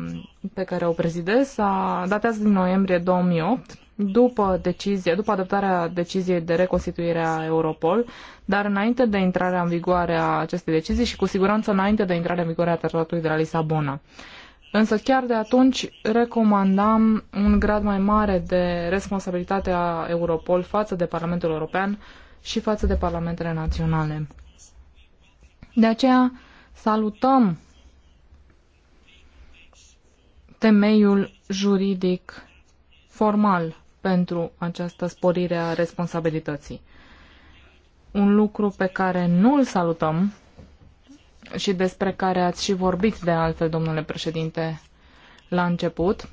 pe care o prezidez, a datează din noiembrie 2008 după, decizie, după adoptarea deciziei de reconstituire a Europol, dar înainte de intrarea în vigoare a acestei decizii și cu siguranță înainte de intrarea în vigoare a tratatului de la Lisabona. Însă chiar de atunci recomandam un grad mai mare de responsabilitate a Europol față de Parlamentul European și față de parlamentele naționale. De aceea salutăm temeiul juridic formal pentru această sporire a responsabilității. Un lucru pe care nu îl salutăm și despre care ați și vorbit de altfel, domnule președinte, la început,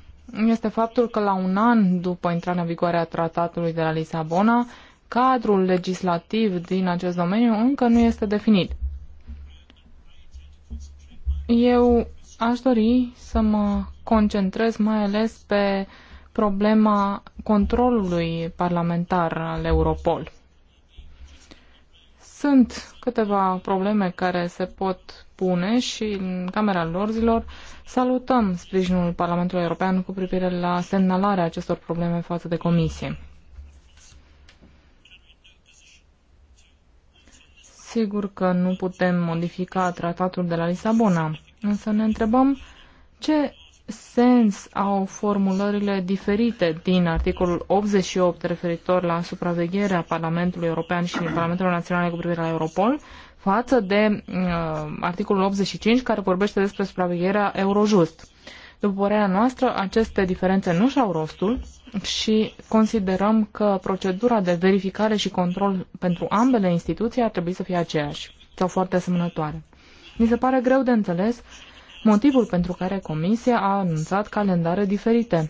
este faptul că la un an după intrarea în vigoare a tratatului de la Lisabona, cadrul legislativ din acest domeniu încă nu este definit. Eu aș dori să mă concentrez mai ales pe uh, problema controlului parlamentar al Europol. Sunt câteva probleme care se pot pune și în Camera Lorzilor salutăm sprijinul Parlamentului European cu privire la semnalarea acestor probleme față de Comisie. Sigur că nu putem modifica tratatul de la Lisabona, însă ne întrebăm ce sens au formulările diferite din articolul 88 referitor la supravegherea Parlamentului European și Parlamentului Național cu privire la Europol față de uh, articolul 85 care vorbește despre supravegherea Eurojust. După părerea noastră, aceste diferențe nu și-au rostul și considerăm că procedura de verificare și control pentru ambele instituții ar trebui să fie aceeași sau foarte asemănătoare. Mi se pare greu de înțeles motivul pentru care Comisia a anunțat calendare diferite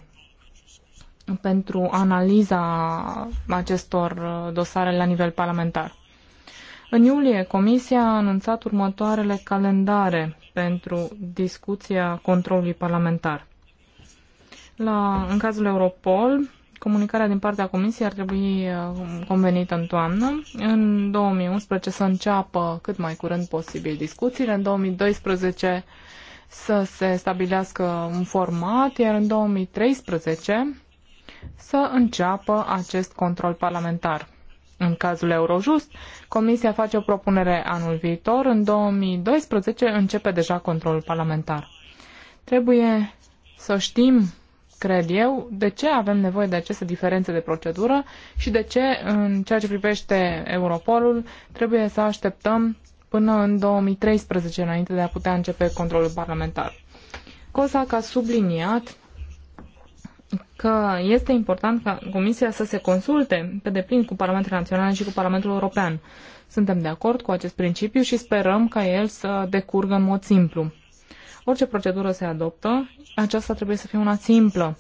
pentru analiza acestor uh, dosare la nivel parlamentar. În iulie, Comisia a anunțat următoarele calendare pentru discuția controlului parlamentar. La, în cazul Europol, comunicarea din partea Comisiei ar trebui uh, convenită în toamnă. În 2011 să înceapă cât mai curând posibil discuțiile. În 2012 să se stabilească un format, iar în 2013 să înceapă acest control parlamentar. În cazul Eurojust, Comisia face o propunere anul viitor, în 2012 începe deja controlul parlamentar. Trebuie să știm, cred eu, de ce avem nevoie de aceste diferențe de procedură și de ce, în ceea ce privește Europolul, trebuie să așteptăm până în 2013, înainte de a putea începe controlul parlamentar. COSAC a subliniat că este important ca Comisia să se consulte pe deplin cu Parlamentul Național și cu Parlamentul European. Suntem de acord cu acest principiu și sperăm ca el să decurgă în mod simplu. Orice procedură se adoptă, aceasta trebuie să fie una simplă.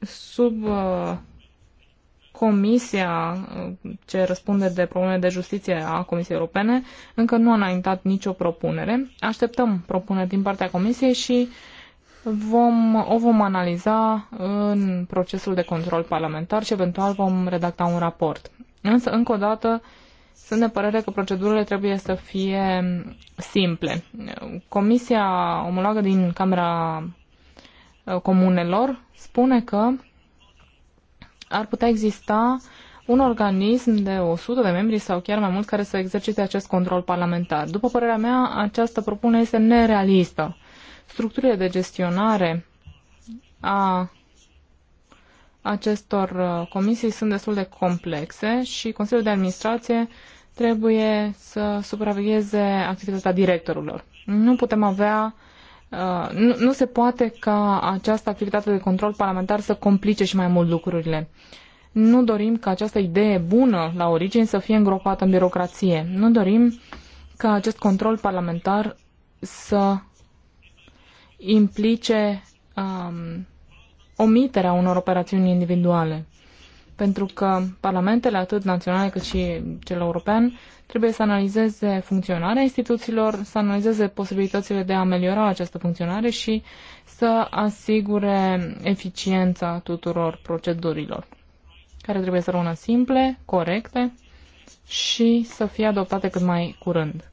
Sub uh, Comisia ce răspunde de probleme de justiție a Comisiei Europene încă nu a înaintat nicio propunere. Așteptăm propuneri din partea Comisiei și vom, o vom analiza în procesul de control parlamentar și eventual vom redacta un raport. Însă, încă o dată, sunt de părere că procedurile trebuie să fie simple. Comisia omologă din Camera Comunelor spune că ar putea exista un organism de 100 de membri sau chiar mai mulți care să exercite acest control parlamentar. După părerea mea, această propunere este nerealistă. Structurile de gestionare a acestor uh, comisii sunt destul de complexe și Consiliul de Administrație trebuie să supravegheze activitatea directorilor. Nu putem avea uh, Uh, nu, nu se poate ca această activitate de control parlamentar să complice și mai mult lucrurile. Nu dorim ca această idee bună la origine să fie îngropată în birocrație. Nu dorim ca acest control parlamentar să implice um, omiterea unor operațiuni individuale. Pentru că parlamentele, atât naționale cât și cel european, trebuie să analizeze funcționarea instituțiilor, să analizeze posibilitățile de a ameliora această funcționare și să asigure eficiența tuturor procedurilor, care trebuie să rămână simple, corecte și să fie adoptate cât mai curând.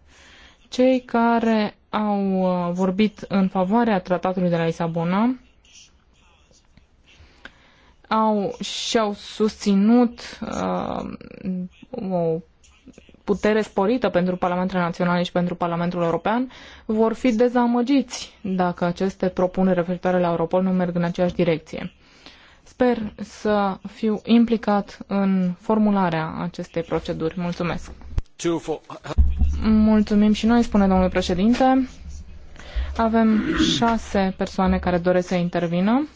Cei care au uh, vorbit în favoarea tratatului de la Lisabona au, și-au susținut uh, o putere sporită pentru Parlamentele Naționale și pentru Parlamentul European, vor fi dezamăgiți dacă aceste propuneri referitoare la Europol nu merg în aceeași direcție. Sper să fiu implicat în formularea acestei proceduri. Mulțumesc! Mulțumim și noi, spune domnul președinte. Avem șase persoane care doresc să intervină.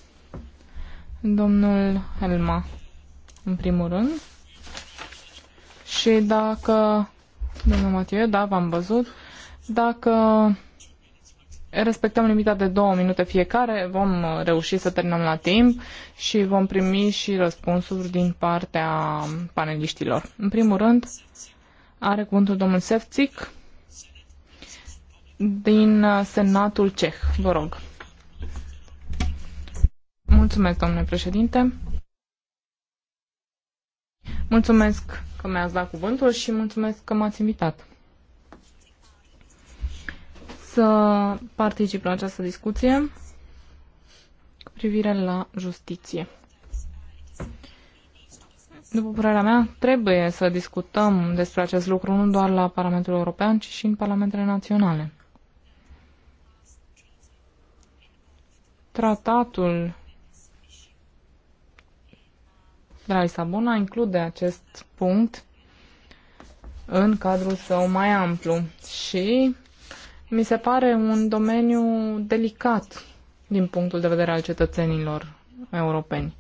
Domnul Helma, în primul rând și dacă, domnul Matiu, da, v-am văzut, dacă respectăm limita de două minute fiecare, vom reuși să terminăm la timp și vom primi și răspunsuri din partea paneliștilor. În primul rând, are cuvântul domnul Sefțic din Senatul Ceh. Vă rog. Mulțumesc, domnule președinte. Mulțumesc că mi-ați dat cuvântul și mulțumesc că m-ați invitat să particip la această discuție cu privire la justiție. După părerea mea, trebuie să discutăm despre acest lucru nu doar la Parlamentul European, ci și în Parlamentele Naționale. Tratatul de la Lisabona include acest punct în cadrul său mai amplu și mi se pare un domeniu delicat din punctul de vedere al cetățenilor europeni.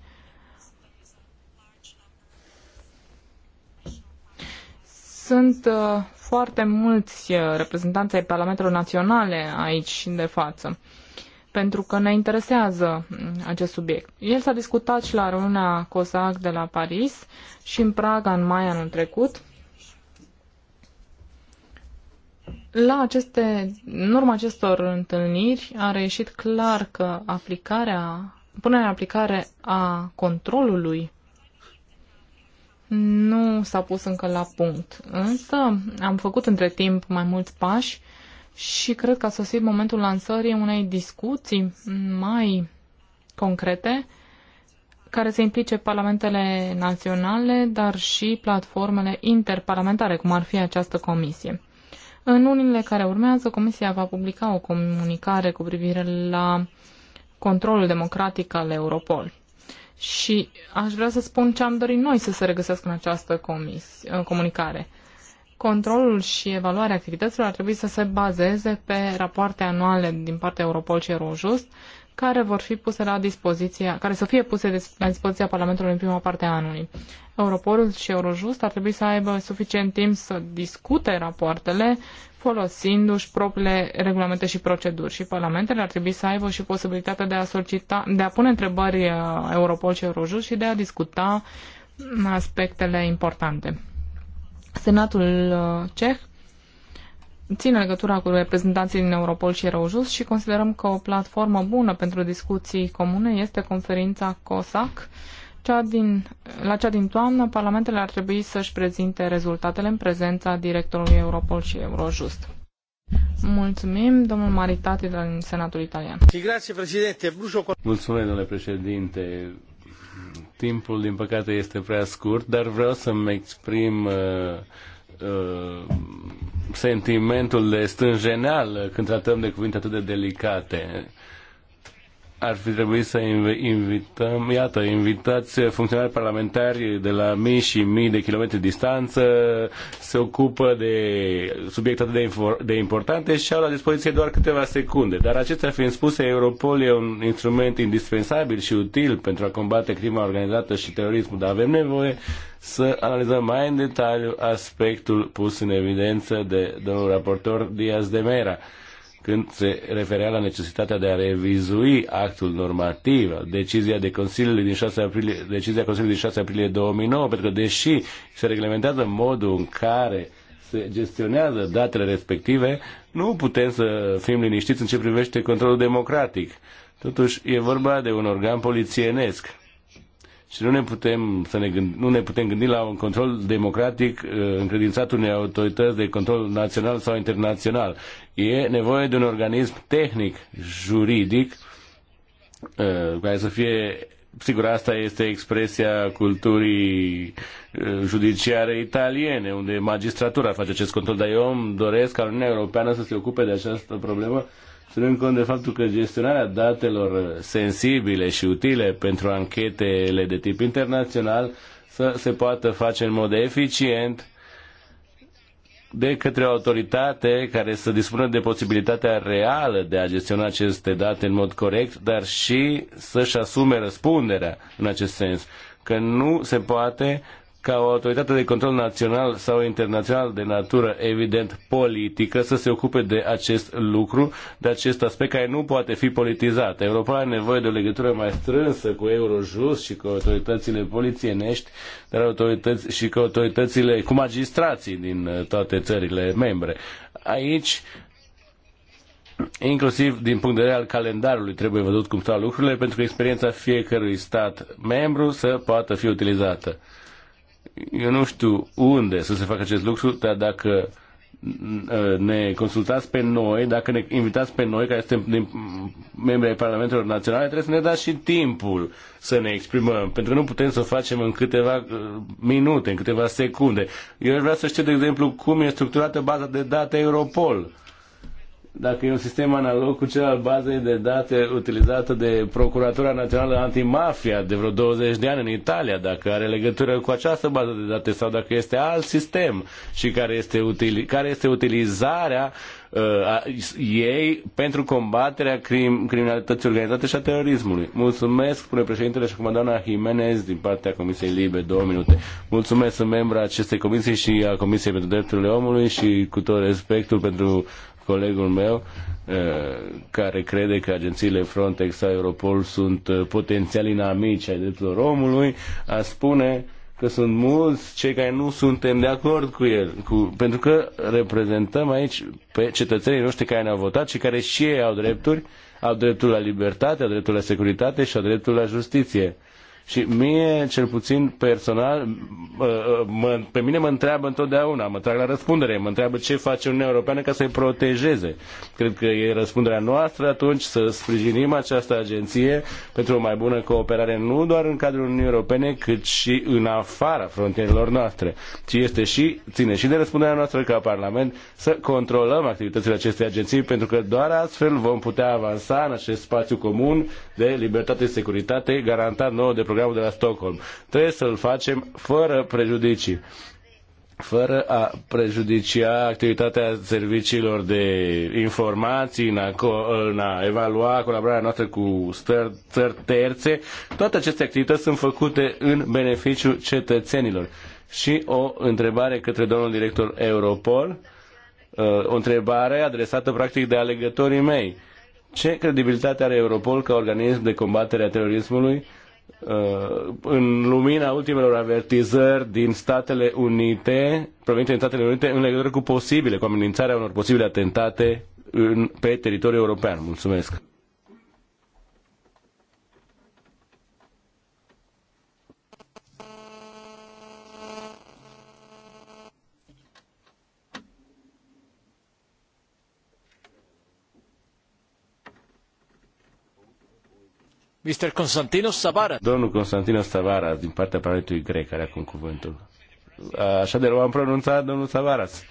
Sunt uh, foarte mulți uh, reprezentanți ai Parlamentelor Naționale aici de față. Uh, pentru că ne interesează mm, acest subiect. El s-a discutat și la reuniunea COSAC de la Paris și în Praga în mai anul trecut. La aceste, în urma acestor întâlniri a reieșit clar că aplicarea, punerea în aplicare a controlului nu s-a pus încă la punct. Însă am făcut între timp mai mulți pași și cred că a sosit momentul lansării unei discuții mai concrete care să implice parlamentele naționale, dar și platformele interparlamentare, cum ar fi această comisie. În lunile care urmează, Comisia va publica o comunicare cu privire la controlul democratic al Europol. Și aș vrea să spun ce am dorit noi să se regăsească în această comis, comunicare controlul și evaluarea activităților ar trebui să se bazeze pe rapoarte anuale din partea Europol și Eurojust, care vor fi puse la dispoziția, care să fie puse la dispoziția Parlamentului în prima parte a anului. Europolul și Eurojust ar trebui să aibă suficient timp să discute rapoartele folosindu-și propriile regulamente și proceduri și parlamentele ar trebui să aibă și posibilitatea de a, solicita, de a pune întrebări uh, Europol și Eurojust și de a discuta mm, aspectele importante. Senatul uh, ceh ține legătura cu reprezentanții din Europol și Eurojust și considerăm că o platformă bună pentru discuții comune este conferința COSAC. Cea din, la cea din toamnă, parlamentele ar trebui să-și prezinte rezultatele în prezența directorului Europol și Eurojust. Mulțumim, domnul Maritati din Senatul Italian. Mulțumesc, domnule președinte timpul, din păcate, este prea scurt, dar vreau să-mi exprim uh, uh, sentimentul de stânjeneală când tratăm de cuvinte atât de delicate ar fi trebuit să invităm, iată, invitați funcționari parlamentari de la mii și mii de kilometri distanță, se ocupă de subiecte atât de, de importante și au la dispoziție doar câteva secunde. Dar acestea fiind spuse, Europol e un instrument indispensabil și util pentru a combate crima organizată și terorismul, dar avem nevoie să analizăm mai în detaliu aspectul pus în evidență de domnul raportor Diaz de Mera când se referea la necesitatea de a revizui actul normativ, decizia de consiliu din 6 aprilie, decizia Consiliului din 6 aprilie 2009, pentru că deși se reglementează modul în care se gestionează datele respective, nu putem să fim liniștiți în ce privește controlul democratic. Totuși, e vorba de un organ polițienesc și nu ne putem, să ne gândi, nu ne putem gândi la un control democratic uh, încredințat unei autorități de control național sau internațional. E nevoie de un organism tehnic, juridic, uh, care să fie sigur, asta este expresia culturii uh, judiciare italiene, unde magistratura face acest control, dar eu îmi doresc ca Uniunea Europeană să se ocupe de această problemă ținând cont de faptul că gestionarea datelor sensibile și utile pentru anchetele de tip internațional să se poată face în mod eficient de către o autoritate care să dispună de posibilitatea reală de a gestiona aceste date în mod corect, dar și să-și asume răspunderea în acest sens. Că nu se poate ca o autoritate de control național sau internațional de natură, evident, politică, să se ocupe de acest lucru, de acest aspect care nu poate fi politizat. Europa are nevoie de o legătură mai strânsă cu Eurojust și cu autoritățile polițienești, dar autorități și cu autoritățile, cu magistrații din uh, toate țările membre. Aici Inclusiv din punct de vedere al calendarului trebuie văzut cum stau lucrurile pentru că experiența fiecărui stat membru să poată fi utilizată eu nu știu unde să se facă acest lucru, dar dacă uh, ne consultați pe noi, dacă ne invitați pe noi, care suntem membri ai Parlamentelor Naționale, trebuie să ne dați și timpul să ne exprimăm, pentru că nu putem să o facem în câteva uh, minute, în câteva secunde. Eu vreau să știu, de exemplu, cum e structurată baza de date Europol dacă e un sistem analog cu cel al bazei de date utilizată de Procuratura Națională Antimafia de vreo 20 de ani în Italia, dacă are legătură cu această bază de date sau dacă este alt sistem și care este, util, care este utilizarea uh, a, ei pentru combaterea crim, criminalității organizate și a terorismului. Mulțumesc, pune președintele și acum doamna Jimenez din partea Comisiei Libe, două minute. Mulțumesc, sunt membru acestei comisii și a Comisiei pentru Drepturile Omului și cu tot respectul pentru colegul meu uh, care crede că agențiile Frontex sau Europol sunt uh, potențial inamici ai drepturilor omului, a spune că sunt mulți cei care nu suntem de acord cu el, cu, pentru că reprezentăm aici pe cetățenii noștri care ne-au votat și care și ei au drepturi, au dreptul la libertate, au dreptul la securitate și au dreptul la justiție. Și mie, cel puțin personal, mă, pe mine mă întreabă întotdeauna, mă trag la răspundere, mă întreabă ce face Uniunea Europeană ca să-i protejeze. Cred că e răspunderea noastră atunci să sprijinim această agenție pentru o mai bună cooperare, nu doar în cadrul Uniunii Europene, cât și în afara frontierelor noastre, ci este și, ține și de răspunderea noastră ca Parlament să controlăm activitățile acestei agenții, pentru că doar astfel vom putea avansa în acest spațiu comun de libertate și securitate garantat nou de programul de la Stockholm. Trebuie să-l facem fără prejudicii fără a prejudicia activitatea serviciilor de informații, în a, în a evalua colaborarea noastră cu țări terțe. Toate aceste activități sunt făcute în beneficiul cetățenilor. Și o întrebare către domnul director Europol, uh, o întrebare adresată practic de alegătorii mei ce credibilitate are Europol ca organism de combatere a terorismului uh, în lumina ultimelor avertizări din Statele Unite, provenite din Statele Unite, în legătură cu posibile, cu amenințarea unor posibile atentate în, pe teritoriul european? Mulțumesc! Mr. Constantinos Savara. Domnul Constantinos Savara, din partea Parlamentului Grec, are acum cuvântul. Așa de am pronunțat, domnul Savaras.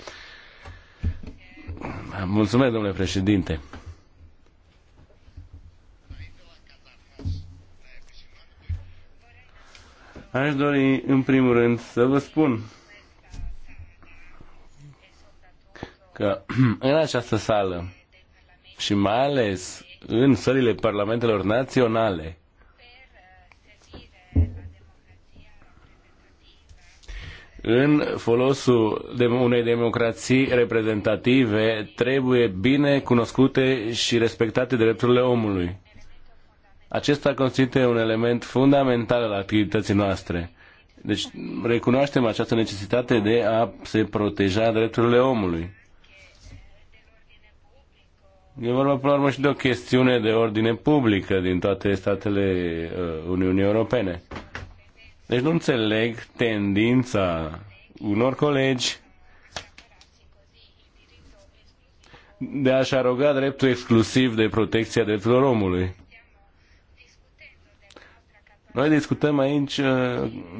Mulțumesc, domnule președinte. Aș dori, în primul rând, să vă spun că în această sală și mai ales în sălile parlamentelor naționale. în folosul de unei democrații reprezentative trebuie bine cunoscute și respectate drepturile omului. Acesta constituie un element fundamental al activității noastre. Deci recunoaștem această necesitate de a se proteja drepturile omului. E vorba până la urmă și de o chestiune de ordine publică din toate statele uh, Uniunii Europene. Deci nu înțeleg tendința unor colegi de a-și aroga dreptul exclusiv de protecția drepturilor omului. Noi discutăm aici uh,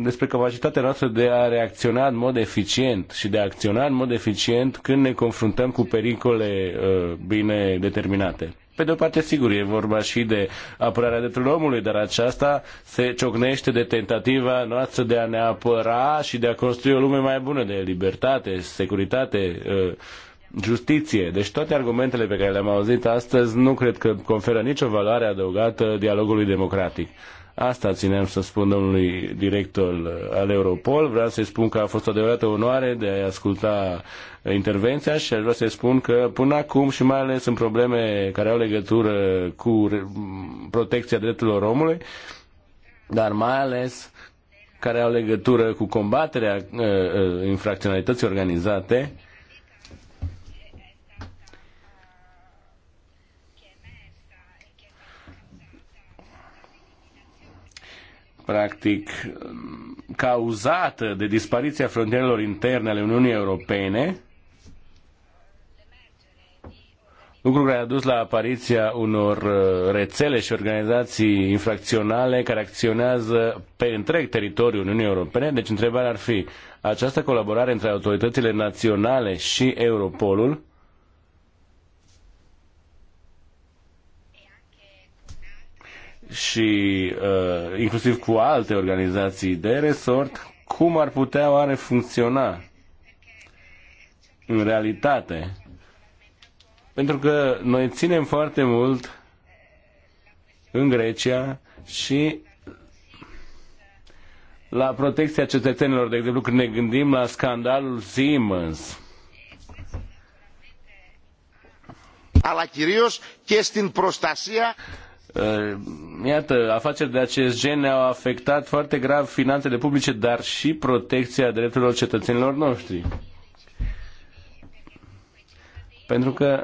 despre capacitatea noastră de a reacționa în mod eficient și de a acționa în mod eficient când ne confruntăm cu pericole uh, bine determinate. Pe de o parte, sigur, e vorba și de apărarea drepturilor omului, dar aceasta se ciocnește de tentativa noastră de a ne apăra și de a construi o lume mai bună de libertate, securitate, uh, justiție. Deci toate argumentele pe care le-am auzit astăzi nu cred că conferă nicio valoare adăugată dialogului democratic. Asta țineam să spun domnului director uh, al Europol. Vreau să-i spun că a fost o adevărată onoare de a asculta intervenția și aș vrea să-i spun că până acum și mai ales în probleme care au legătură cu protecția drepturilor omului, dar mai ales care au legătură cu combaterea uh, uh infracționalității organizate, practic, cauzată de dispariția frontierelor interne ale Uniunii Europene, lucru care a dus la apariția unor uh, rețele și organizații infracționale care acționează pe întreg teritoriul Uniunii Europene. Deci întrebarea ar fi, această colaborare între autoritățile naționale și Europolul și uh, inclusiv cu alte organizații de resort, cum ar putea oare funcționa în realitate. Pentru că noi ținem foarte mult în Grecia și la protecția cetățenilor, de exemplu, când ne gândim la scandalul Siemens. Αλλά κυρίως και στην προστασία Uh, iată, afaceri de acest gen ne-au afectat foarte grav finanțele publice, dar și protecția drepturilor cetățenilor noștri. Pentru că,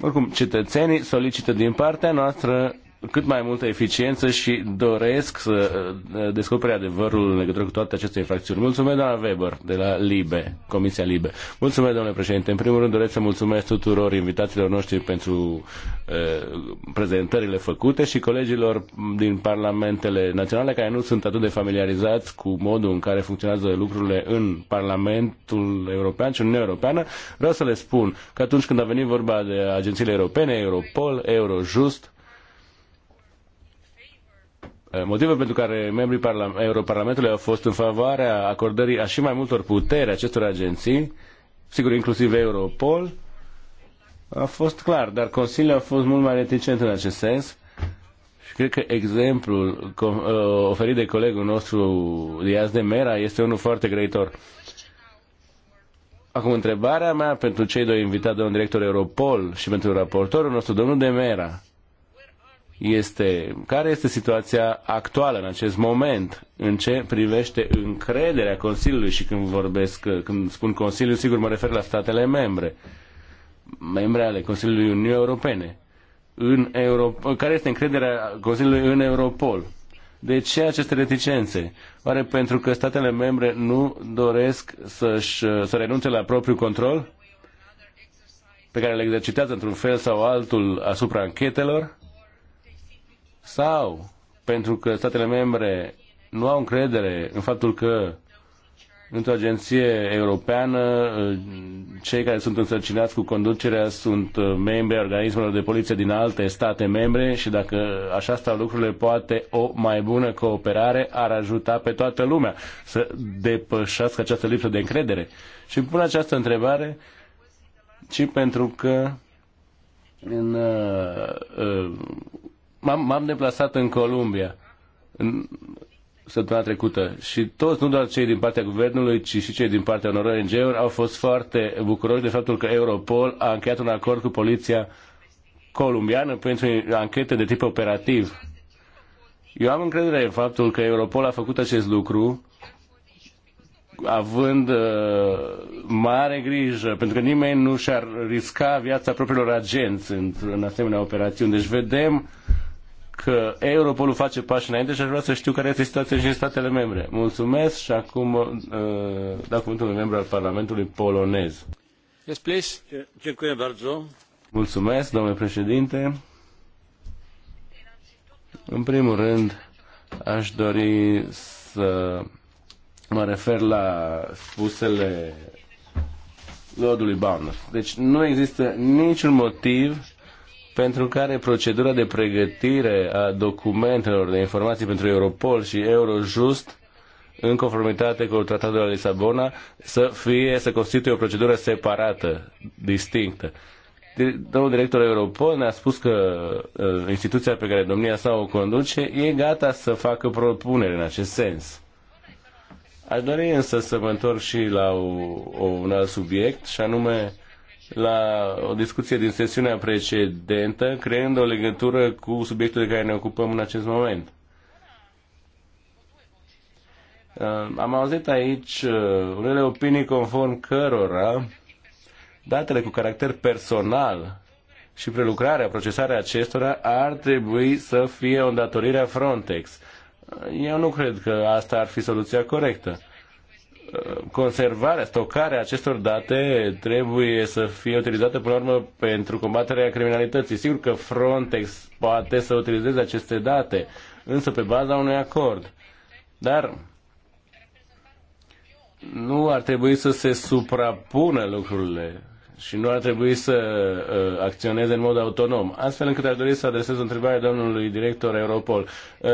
oricum, cetățenii solicită din partea noastră cât mai multă eficiență și doresc să uh, descopere adevărul în legătură cu toate aceste infracțiuni. Mulțumesc, doamna Weber, de la LIBE, Comisia LIBE. Mulțumesc, domnule președinte. În primul rând, doresc să mulțumesc tuturor invitațiilor noștri pentru uh, prezentările făcute și colegilor din parlamentele naționale care nu sunt atât de familiarizați cu modul în care funcționează lucrurile în Parlamentul European și Uniunea Europeană. Vreau să le spun că atunci când a venit vorba de agențiile europene, Europol, Eurojust, Eh, motivul pentru care membrii Europarlamentului au fost în favoarea acordării a și mai multor puteri acestor agenții, sigur inclusiv Europol, a fost clar, dar Consiliul a fost mult mai reticent în acest sens și cred că exemplul eh, oferit de colegul nostru Diaz de Mera este unul foarte greitor. Acum, întrebarea mea pentru cei doi invitați, domnul director Europol și pentru raportorul nostru, domnul de Mera, este care este situația actuală în acest moment în ce privește încrederea Consiliului și când vorbesc, când spun Consiliu, sigur mă refer la statele membre, membre ale Consiliului Uniunii Europene, în Europa, care este încrederea Consiliului în Europol. De ce aceste reticențe? Oare pentru că statele membre nu doresc să, să renunțe la propriul control pe care le exercitează într-un fel sau altul asupra anchetelor? sau pentru că statele membre nu au încredere în faptul că într-o agenție europeană uh, cei care sunt însărcinați cu conducerea sunt uh, membri organismelor de poliție din alte state membre și dacă așa stau lucrurile, poate o mai bună cooperare ar ajuta pe toată lumea să depășească această lipsă de încredere. Și pun această întrebare și pentru că în uh, m-am deplasat în Columbia în săptămâna trecută și toți, nu doar cei din partea guvernului, ci și cei din partea unor ONG-uri, au fost foarte bucuroși de faptul că Europol a încheiat un acord cu poliția columbiană pentru anchete de tip operativ. Eu am încredere în faptul că Europol a făcut acest lucru având uh, mare grijă, pentru că nimeni nu și-ar risca viața propriilor agenți în, în asemenea operațiuni. Deci vedem uh, că Europolul face pași înainte și aș vrea să știu care este situația și în statele membre. Mulțumesc și acum uh, dau cuvântul unui membru al Parlamentului polonez. Yes, please. Mulțumesc, domnule președinte. În primul rând, aș dori să mă refer la spusele lordului Bounds. Deci nu există niciun motiv pentru care procedura de pregătire a documentelor de informații pentru Europol și Eurojust în conformitate cu Tratatul de la Lisabona, să fie, să constituie o procedură separată, distinctă. Domnul director Europol ne-a spus că uh, instituția pe care domnia sa o conduce e gata să facă propunere în acest sens. Aș dori însă să mă întorc și la o, o, un alt subiect, și anume la o discuție din sesiunea precedentă, creând o legătură cu subiectul de care ne ocupăm în acest moment. Uh, am auzit aici uh, unele opinii conform cărora datele cu caracter personal și prelucrarea, procesarea acestora ar trebui să fie o îndatorire a Frontex. Uh, eu nu cred că asta ar fi soluția corectă conservarea, stocarea acestor date trebuie să fie utilizată până la urmă pentru combaterea criminalității. Sigur că Frontex poate să utilizeze aceste date, însă pe baza unui acord. Dar nu ar trebui să se suprapună lucrurile și nu ar trebui să uh, acționeze în mod autonom. Astfel încât aș dori să adresez o întrebare domnului director Europol. Uh,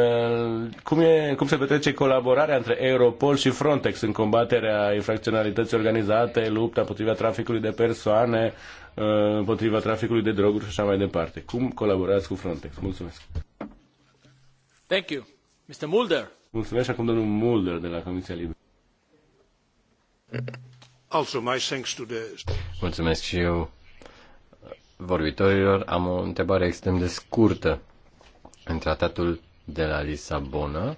cum, e, cum se petrece colaborarea între Europol și Frontex în combaterea infracționalității organizate, lupta împotriva traficului de persoane, uh, împotriva traficului de droguri și așa mai departe? Cum colaborați cu Frontex? Mulțumesc! Thank you. Mr. Mulder. Mulțumesc acum domnul Mulder de la Comisia Liberă. Also my thanks to the... Mulțumesc și eu vorbitorilor. Am o întrebare extrem de scurtă. În tratatul de la Lisabona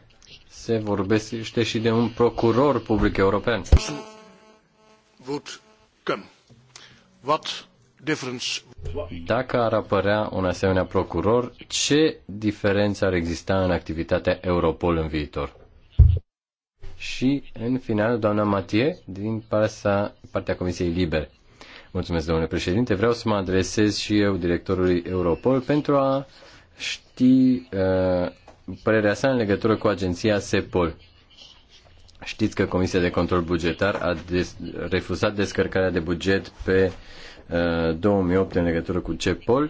se vorbește și de un procuror public european. dacă ar apărea un asemenea procuror, ce diferență ar exista în activitatea Europol în viitor? și, în final, doamna Matie, din partea, partea Comisiei Libere. Mulțumesc, domnule președinte. Vreau să mă adresez și eu directorului Europol pentru a ști uh, părerea sa în legătură cu agenția SEPOL. Știți că Comisia de Control Bugetar a des- refuzat descărcarea de buget pe uh, 2008 în legătură cu CEPOL.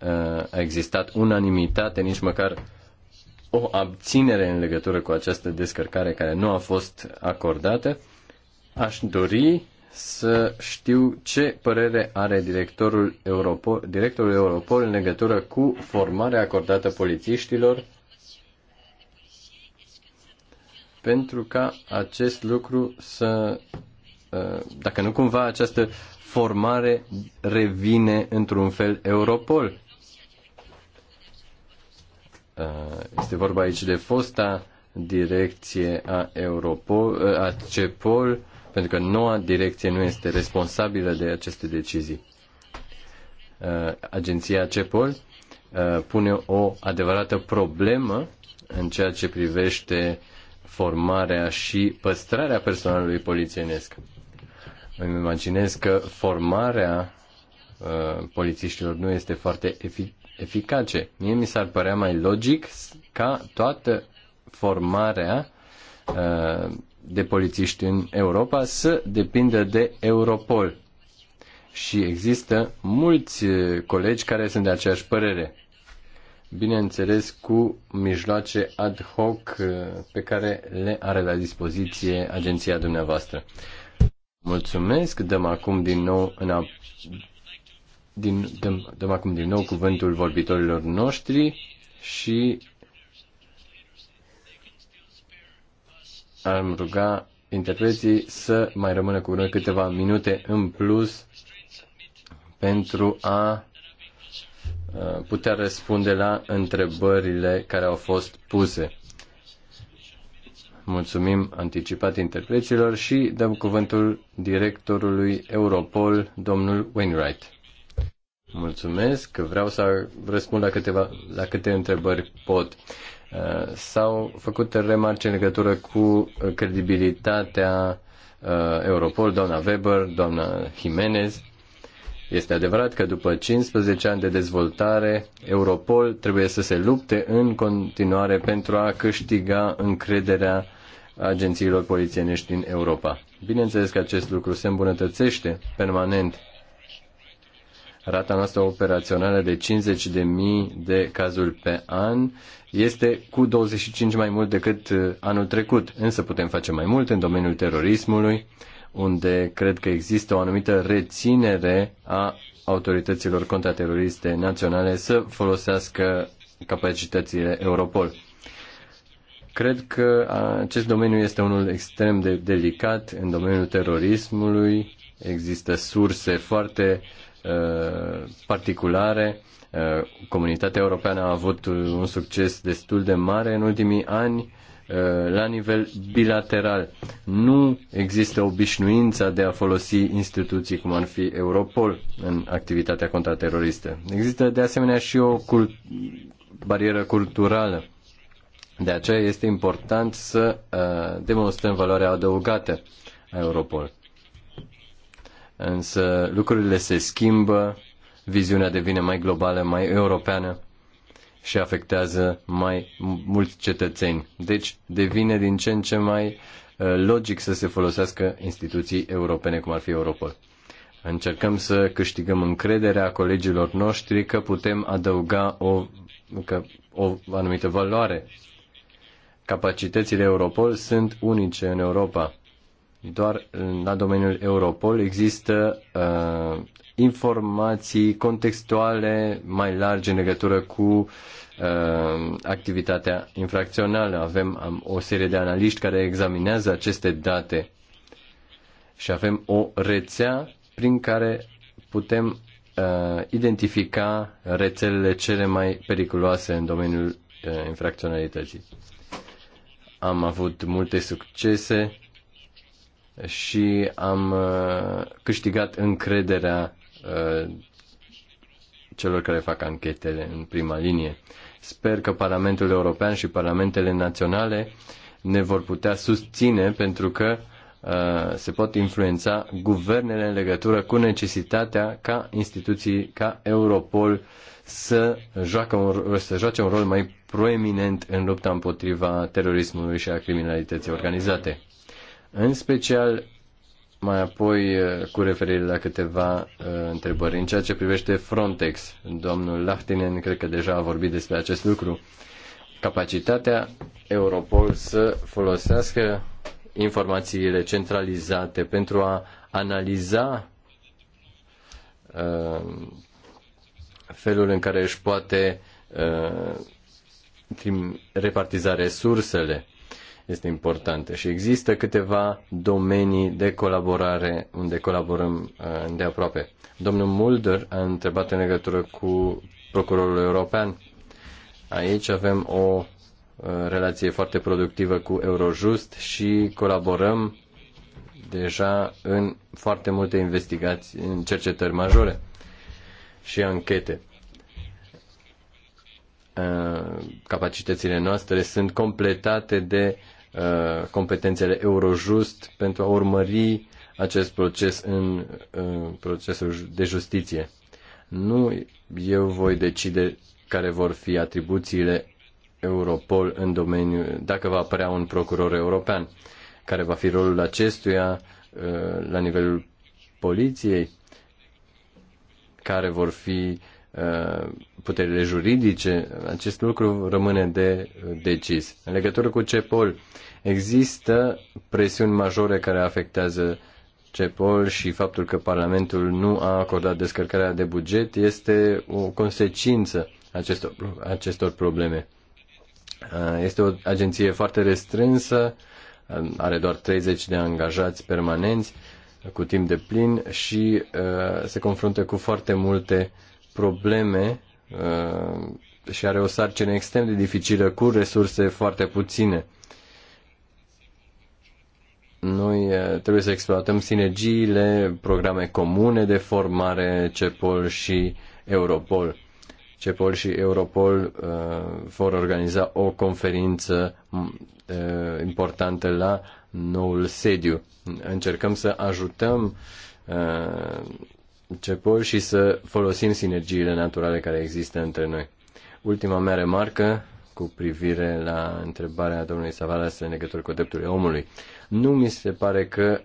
Uh, a existat unanimitate, nici măcar o abținere în legătură cu această descărcare care nu a fost acordată. Aș dori să știu ce părere are directorul Europol, directorul Europol în legătură cu formarea acordată polițiștilor pentru ca acest lucru să ă, dacă nu cumva această formare revine într-un fel Europol Uh, este vorba aici de fosta direcție a Europol, uh, a CEPOL, pentru că noua direcție nu este responsabilă de aceste decizii. Uh, agenția CEPOL pune o adevărată problemă în ceea ce privește formarea și păstrarea personalului polițienesc. Îmi imaginez că formarea polițiștilor nu este foarte efic- eficace. Mie mi s-ar părea mai logic ca toată formarea uh, de polițiști în Europa să depindă de Europol. Și există mulți uh, colegi care sunt de aceeași părere. Bineînțeles, cu mijloace ad hoc uh, pe care le are la dispoziție agenția dumneavoastră. Mulțumesc, dăm acum din nou în din, dăm, dăm acum din nou cuvântul vorbitorilor noștri și am ruga interpreții să mai rămână cu noi câteva minute în plus pentru a putea răspunde la întrebările care au fost puse. Mulțumim anticipat interpreților și dăm cuvântul directorului Europol, domnul Wainwright. Mulțumesc că vreau să răspund la, câteva, la câte întrebări pot. Uh, s-au făcut remarce în legătură cu credibilitatea uh, Europol, doamna Weber, doamna Jimenez. Este adevărat că după 15 ani de dezvoltare, Europol trebuie să se lupte în continuare pentru a câștiga încrederea agențiilor polițienești din Europa. Bineînțeles că acest lucru se îmbunătățește permanent rata noastră operațională de 50.000 de cazuri pe an este cu 25 mai mult decât uh, anul trecut, însă putem face mai mult în domeniul terorismului, unde cred că există o anumită reținere a autorităților contrateroriste naționale să folosească capacitățile Europol. Cred că acest domeniu este unul extrem de delicat în domeniul terorismului. Există surse foarte uh, Uh, particulare. Uh, comunitatea europeană a avut un succes destul de mare în ultimii ani uh, la nivel bilateral. Nu există obișnuința de a folosi instituții cum ar fi Europol în activitatea contrateroristă. Există de asemenea și o cult- barieră culturală. De aceea este important să uh, demonstrăm valoarea adăugată a Europol însă lucrurile se schimbă, viziunea devine mai globală, mai europeană și afectează mai mulți cetățeni. Deci devine din ce în ce mai uh, logic să se folosească instituții europene, cum ar fi Europol. Încercăm să câștigăm încrederea colegilor noștri că putem adăuga o, că, o anumită valoare. Capacitățile Europol sunt unice în Europa doar la domeniul Europol există uh, informații contextuale mai largi în legătură cu uh, activitatea infracțională. Avem am, o serie de analiști care examinează aceste date și avem o rețea prin care putem uh, identifica rețelele cele mai periculoase în domeniul uh, infracționalității. Am avut multe succese și am uh, câștigat încrederea uh, celor care fac anchetele în prima linie. Sper că Parlamentul European și Parlamentele Naționale ne vor putea susține pentru că uh, se pot influența guvernele în legătură cu necesitatea ca instituții, ca Europol să, joacă un, să joace un rol mai proeminent în lupta împotriva terorismului și a criminalității organizate. În special, mai apoi, eh, cu referire la câteva uh, întrebări. În ceea ce privește Frontex, domnul Lahtinen cred că deja a vorbit despre acest lucru. Capacitatea Europol să folosească informațiile centralizate pentru a analiza uh, felul în care își poate uh, repartiza resursele este importantă și există câteva domenii de colaborare unde colaborăm uh, îndeaproape. Domnul Mulder a întrebat în legătură cu procurorul european. Aici avem o uh, relație foarte productivă cu Eurojust și colaborăm deja în foarte multe investigații, în cercetări majore și anchete. Uh, capacitățile noastre sunt completate de Uh, competențele Eurojust pentru a urmări acest proces în uh, procesul de justiție. Nu eu voi decide care vor fi atribuțiile Europol în domeniu, dacă va apărea un procuror european, care va fi rolul acestuia uh, la nivelul poliției, care vor fi puterile juridice, acest lucru rămâne de decis. În legătură cu CEPOL, Există presiuni majore care afectează CEPOL și faptul că Parlamentul nu a acordat descărcarea de buget este o consecință acestor, acestor probleme. Uh, este o agenție foarte restrânsă, uh, are doar 30 de angajați permanenți cu timp de plin și uh, se confruntă cu foarte multe probleme și are o sarcină extrem de dificilă cu resurse foarte puține. Noi eh, trebuie să exploatăm sinergiile, programe comune de formare, CEPOL și Europol. CEPOL și Europol uh, vor organiza o conferință uh, importantă la noul sediu. Încercăm să ajutăm uh, CEPOL și să folosim sinergiile naturale care există între noi. Ultima mea remarcă cu privire la întrebarea domnului Savalas în legătură cu drepturile omului. Uh, nu mi se pare că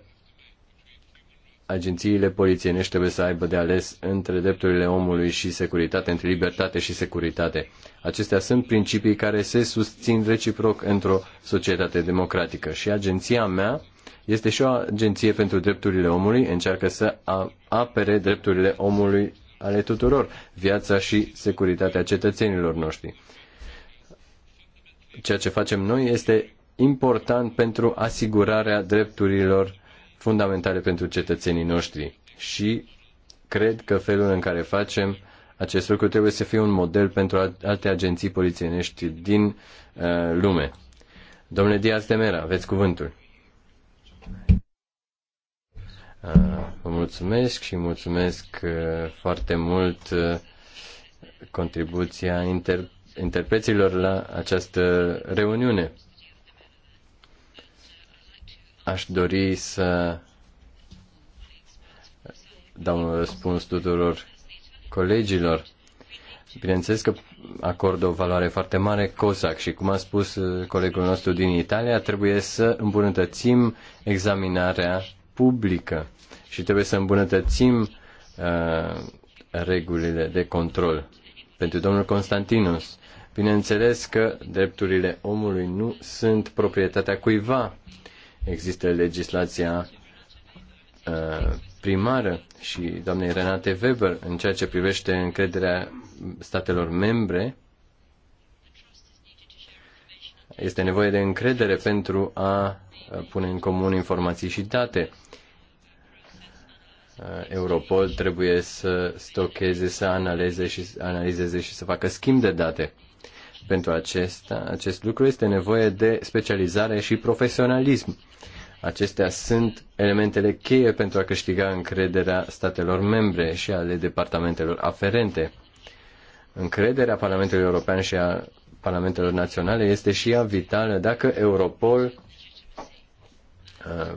agențiile polițienești trebuie să aibă de ales între drepturile omului și securitate, între libertate și securitate. Acestea sunt principii care se susțin reciproc într-o societate democratică și agenția mea este și o agenție pentru drepturile omului, încearcă să apere drepturile omului ale tuturor, viața și securitatea cetățenilor noștri. Ceea ce facem noi este important pentru asigurarea drepturilor fundamentale pentru cetățenii noștri și cred că felul în care facem acest lucru trebuie să fie un model pentru alte agenții polițienești din uh, lume. Domnule Diaz de Mera, aveți cuvântul. Uh, vă mulțumesc și mulțumesc uh, foarte mult uh, contribuția inter- interpreților la această reuniune. Aș dori să dau un răspuns tuturor colegilor. Bineînțeles că acordă o valoare foarte mare COSAC și, cum a spus uh, colegul nostru din Italia, trebuie să îmbunătățim examinarea publică și trebuie să îmbunătățim uh, regulile de control. Pentru domnul Constantinus, bineînțeles că drepturile omului nu sunt proprietatea cuiva, Există legislația uh, primară și doamnei Renate Weber în ceea ce privește încrederea statelor membre. Este nevoie de încredere pentru a uh, pune în comun informații și date. Uh, Europol trebuie să stocheze, să analizeze și, analizeze și să facă schimb de date. Pentru acesta, acest lucru este nevoie de specializare și profesionalism. Acestea sunt elementele cheie pentru a câștiga încrederea statelor membre și ale departamentelor aferente. Încrederea Parlamentului European și a Parlamentelor Naționale este și ea vitală dacă Europol uh,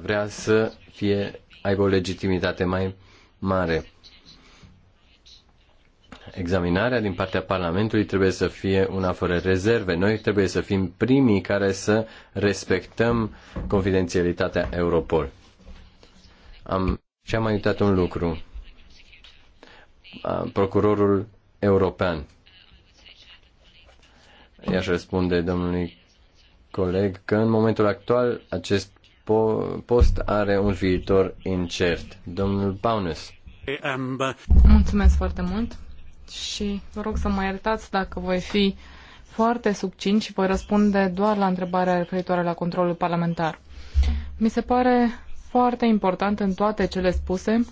vrea să fie, aibă o legitimitate mai mare examinarea din partea Parlamentului trebuie să fie una fără rezerve. Noi trebuie să fim primii care să respectăm confidențialitatea Europol. Am, și am mai uitat un lucru. Procurorul european. I-aș răspunde domnului coleg că în momentul actual acest post are un viitor incert. Domnul Baunus. Mulțumesc foarte mult și vă rog să mă iertați dacă voi fi foarte succint și voi răspunde doar la întrebarea referitoare la controlul parlamentar. Mi se pare foarte important în toate cele spuse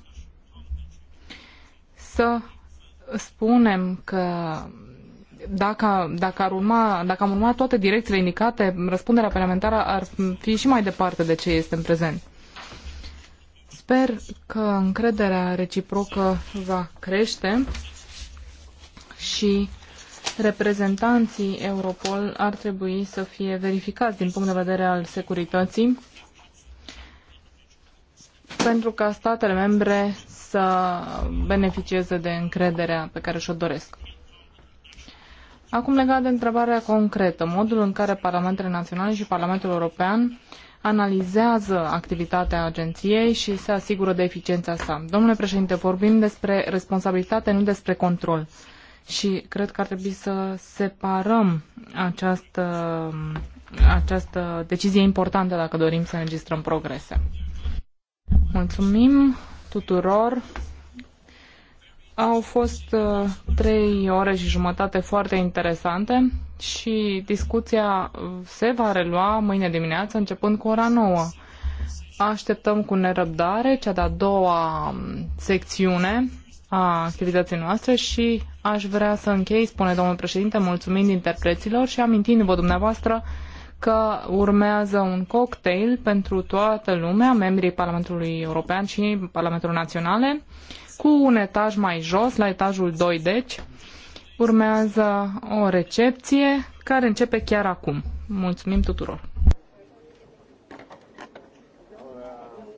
să spunem că dacă, dacă, ar urma, dacă am urma toate direcțiile indicate, răspunderea parlamentară ar fi și mai departe de ce este în prezent. Sper că încrederea reciprocă va crește și reprezentanții Europol ar trebui să fie verificați din punct de vedere al securității pentru ca statele membre să beneficieze de încrederea pe care și-o doresc. Acum legat de întrebarea concretă, modul în care Parlamentele Naționale și Parlamentul European analizează activitatea agenției și se asigură de eficiența sa. Domnule președinte, vorbim despre responsabilitate, nu despre control și cred că ar trebui să separăm această, această decizie importantă dacă dorim să înregistrăm progrese. Mulțumim tuturor. Au fost uh, trei ore și jumătate foarte interesante și discuția se va relua mâine dimineață începând cu ora 9. Așteptăm cu nerăbdare cea de-a doua um, secțiune a activității noastre și Aș vrea să închei, spune domnul președinte, mulțumind interpreților și amintindu-vă dumneavoastră că urmează un cocktail pentru toată lumea, membrii Parlamentului European și Parlamentul Naționale, cu un etaj mai jos, la etajul 2, deci. Urmează o recepție care începe chiar acum. Mulțumim tuturor!